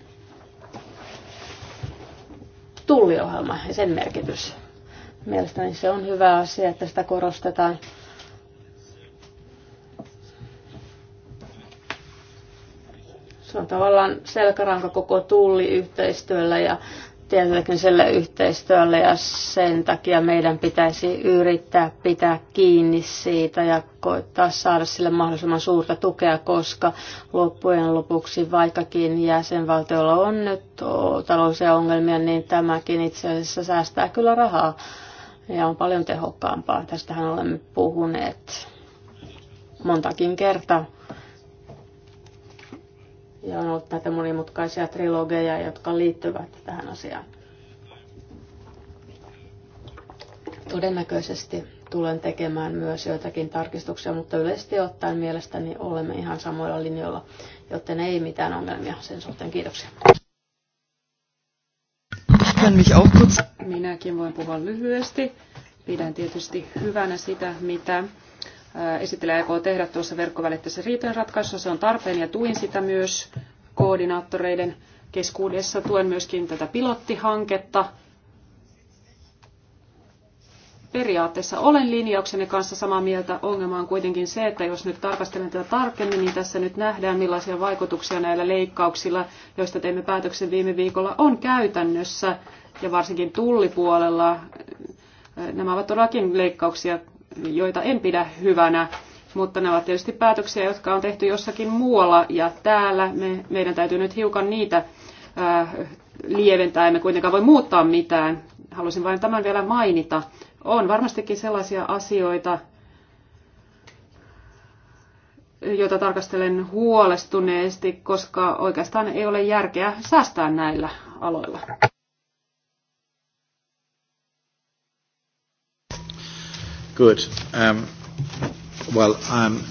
tulliohjelma ja sen merkitys. Mielestäni se on hyvä asia, että sitä korostetaan. Se on tavallaan selkäranka koko tulliyhteistyöllä ja tietotekniselle yhteistyölle ja sen takia meidän pitäisi yrittää pitää kiinni siitä ja koittaa saada sille mahdollisimman suurta tukea, koska loppujen lopuksi vaikkakin jäsenvaltiolla on nyt taloudellisia ongelmia, niin tämäkin itse asiassa säästää kyllä rahaa ja on paljon tehokkaampaa. Tästähän olemme puhuneet montakin kertaa. Ja on ollut näitä monimutkaisia trilogeja, jotka liittyvät tähän asiaan. Todennäköisesti tulen tekemään myös joitakin tarkistuksia, mutta yleisesti ottaen mielestäni olemme ihan samoilla linjoilla, joten ei mitään ongelmia sen suhteen. Kiitoksia. Minäkin voin puhua lyhyesti. Pidän tietysti hyvänä sitä, mitä äh, esittelee aikoo tehdä tuossa verkkovälitteisessä riitojen ratkaisussa. Se on tarpeen ja tuin sitä myös koordinaattoreiden keskuudessa. Tuen myöskin tätä pilottihanketta, periaatteessa olen linjauksenne kanssa samaa mieltä. Ongelma on kuitenkin se, että jos nyt tarkastelen tätä tarkemmin, niin tässä nyt nähdään millaisia vaikutuksia näillä leikkauksilla, joista teimme päätöksen viime viikolla, on käytännössä ja varsinkin tullipuolella. Nämä ovat todellakin leikkauksia, joita en pidä hyvänä, mutta nämä ovat tietysti päätöksiä, jotka on tehty jossakin muualla ja täällä me, meidän täytyy nyt hiukan niitä lieventää, emme kuitenkaan voi muuttaa mitään. Halusin vain tämän vielä mainita. On varmastikin sellaisia asioita, joita tarkastelen huolestuneesti, koska oikeastaan ei ole järkeä säästää näillä aloilla. Good. Um, well, I'm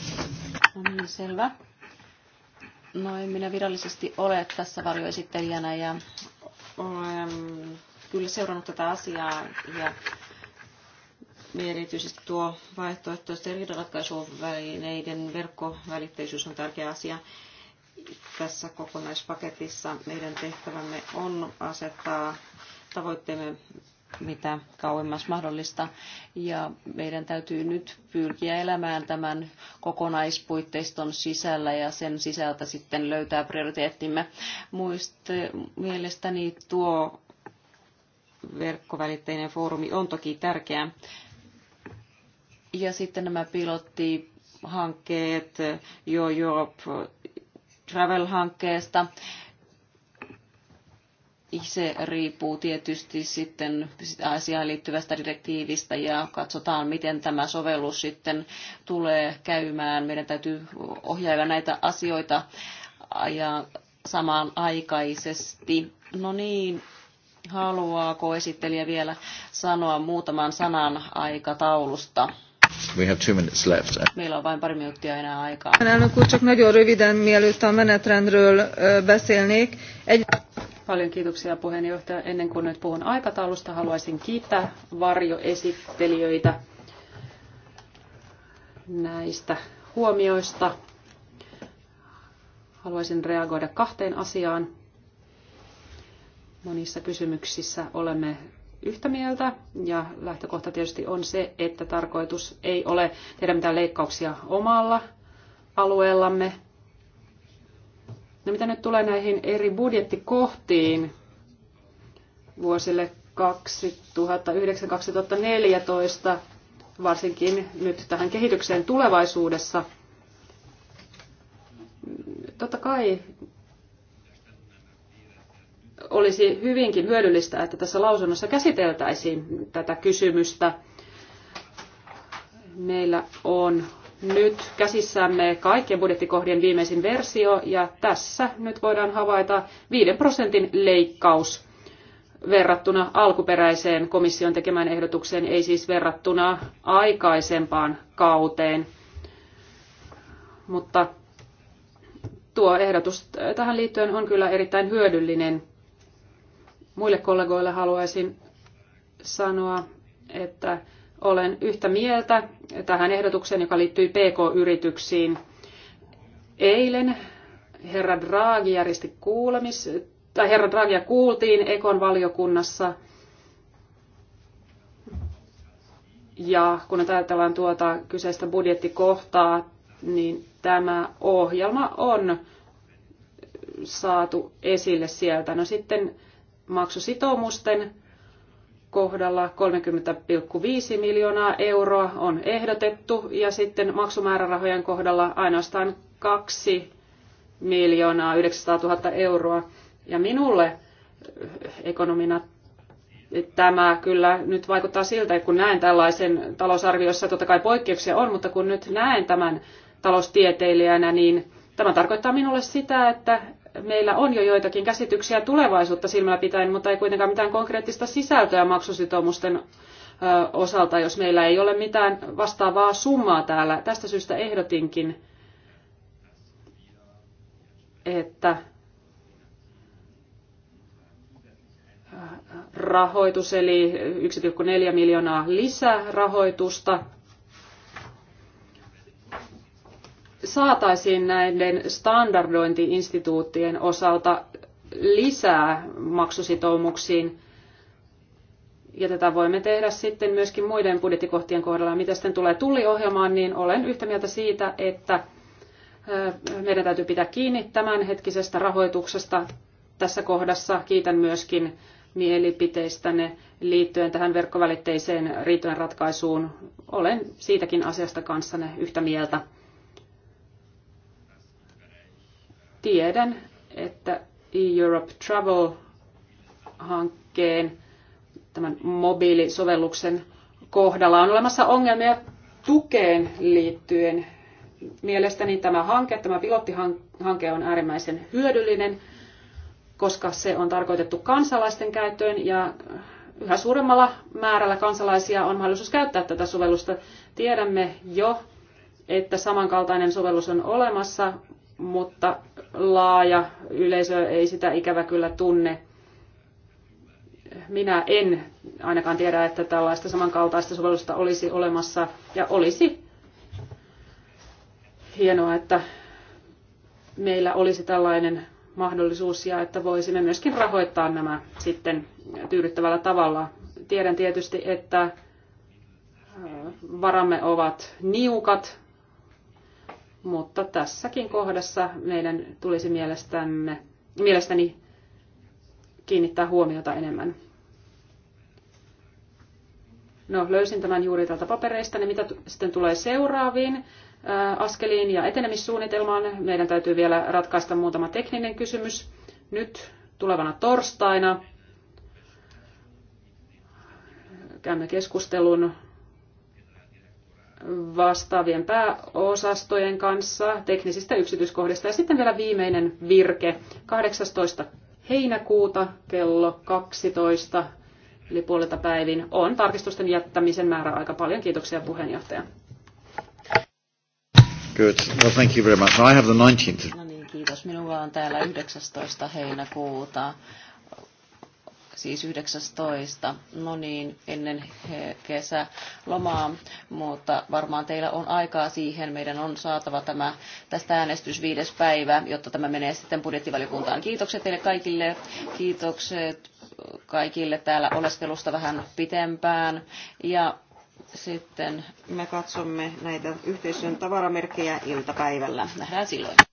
No niin, selvä. No en minä virallisesti ole tässä varjoesittelijänä ja olen kyllä seurannut tätä asiaa ja erityisesti tuo vaihtoehtoisten riidanratkaisuvälineiden verkkovälitteisyys on tärkeä asia. Tässä kokonaispaketissa meidän tehtävämme on asettaa tavoitteemme mitä kauemmas mahdollista. Ja meidän täytyy nyt pyrkiä elämään tämän kokonaispuitteiston sisällä ja sen sisältä sitten löytää prioriteettimme. Muist, mielestäni tuo verkkovälitteinen foorumi on toki tärkeä ja sitten nämä pilottihankkeet jo Europe Travel-hankkeesta. Se riippuu tietysti sitten asiaan liittyvästä direktiivistä ja katsotaan, miten tämä sovellus sitten tulee käymään. Meidän täytyy ohjailla näitä asioita ja samanaikaisesti. No niin, haluaako esittelijä vielä sanoa muutaman sanan aikataulusta? We have two minutes left. Meillä on vain pari minuuttia enää aikaa. Elnök úr, csak nagyon röviden mielőtt a menetrendről beszélnék. Egy... Paljon kiitoksia puheenjohtaja. Ennen kuin nyt puhun aikataulusta, haluaisin kiittää varjoesittelijöitä näistä huomioista. Haluaisin reagoida kahteen asiaan. Monissa kysymyksissä olemme yhtä mieltä ja lähtökohta tietysti on se, että tarkoitus ei ole tehdä mitään leikkauksia omalla alueellamme. No mitä nyt tulee näihin eri budjettikohtiin vuosille 2009-2014, varsinkin nyt tähän kehitykseen tulevaisuudessa, totta kai olisi hyvinkin hyödyllistä, että tässä lausunnossa käsiteltäisiin tätä kysymystä. Meillä on nyt käsissämme kaikkien budjettikohdien viimeisin versio, ja tässä nyt voidaan havaita 5 prosentin leikkaus verrattuna alkuperäiseen komission tekemään ehdotukseen, ei siis verrattuna aikaisempaan kauteen. Mutta tuo ehdotus tähän liittyen on kyllä erittäin hyödyllinen. Muille kollegoille haluaisin sanoa, että olen yhtä mieltä tähän ehdotukseen, joka liittyy PK-yrityksiin. Eilen herra Draghi järjesti kuulemis, tai herra Draghia kuultiin Ekon valiokunnassa. Ja kun ajatellaan tuota kyseistä budjettikohtaa, niin tämä ohjelma on saatu esille sieltä. No sitten maksusitoumusten kohdalla 30,5 miljoonaa euroa on ehdotettu ja sitten maksumäärärahojen kohdalla ainoastaan 2 miljoonaa 900 000 euroa. Ja minulle ekonomina tämä kyllä nyt vaikuttaa siltä, että kun näen tällaisen talousarviossa, totta kai poikkeuksia on, mutta kun nyt näen tämän taloustieteilijänä, niin tämä tarkoittaa minulle sitä, että meillä on jo joitakin käsityksiä tulevaisuutta silmällä pitäen, mutta ei kuitenkaan mitään konkreettista sisältöä maksusitoumusten osalta, jos meillä ei ole mitään vastaavaa summaa täällä. Tästä syystä ehdotinkin, että rahoitus, eli 1,4 miljoonaa lisärahoitusta saataisiin näiden standardointiinstituuttien osalta lisää maksusitoumuksiin. Ja tätä voimme tehdä sitten myöskin muiden budjettikohtien kohdalla. Mitä sitten tulee tulliohjelmaan, niin olen yhtä mieltä siitä, että meidän täytyy pitää kiinni tämänhetkisestä rahoituksesta tässä kohdassa. Kiitän myöskin mielipiteistäne liittyen tähän verkkovälitteiseen riitojen ratkaisuun. Olen siitäkin asiasta kanssanne yhtä mieltä. tiedän, että Europe Travel-hankkeen tämän mobiilisovelluksen kohdalla on olemassa ongelmia tukeen liittyen. Mielestäni tämä hanke, tämä pilottihanke on äärimmäisen hyödyllinen, koska se on tarkoitettu kansalaisten käyttöön ja yhä suuremmalla määrällä kansalaisia on mahdollisuus käyttää tätä sovellusta. Tiedämme jo, että samankaltainen sovellus on olemassa mutta laaja yleisö ei sitä ikävä kyllä tunne. Minä en ainakaan tiedä, että tällaista samankaltaista sovellusta olisi olemassa ja olisi hienoa, että meillä olisi tällainen mahdollisuus ja että voisimme myöskin rahoittaa nämä sitten tyydyttävällä tavalla. Tiedän tietysti, että varamme ovat niukat, mutta tässäkin kohdassa meidän tulisi mielestämme, mielestäni kiinnittää huomiota enemmän. No, löysin tämän juuri tältä papereista, Ne, mitä sitten tulee seuraaviin askeliin ja etenemissuunnitelmaan. Meidän täytyy vielä ratkaista muutama tekninen kysymys. Nyt tulevana torstaina käymme keskustelun vastaavien pääosastojen kanssa teknisistä yksityiskohdista. Ja sitten vielä viimeinen virke 18. heinäkuuta kello 12 eli puolelta päivin on tarkistusten jättämisen määräaika. Paljon kiitoksia puheenjohtaja. Good. Well, thank you very much. I have the 19th. No niin, kiitos. Minulla on täällä 19. heinäkuuta siis 19. No niin, ennen kesälomaa, mutta varmaan teillä on aikaa siihen. Meidän on saatava tämä tästä äänestys viides päivä, jotta tämä menee sitten budjettivaliokuntaan. Kiitokset teille kaikille. Kiitokset kaikille täällä oleskelusta vähän pitempään. Ja sitten me katsomme näitä yhteisön tavaramerkkejä iltapäivällä. Nähdään silloin.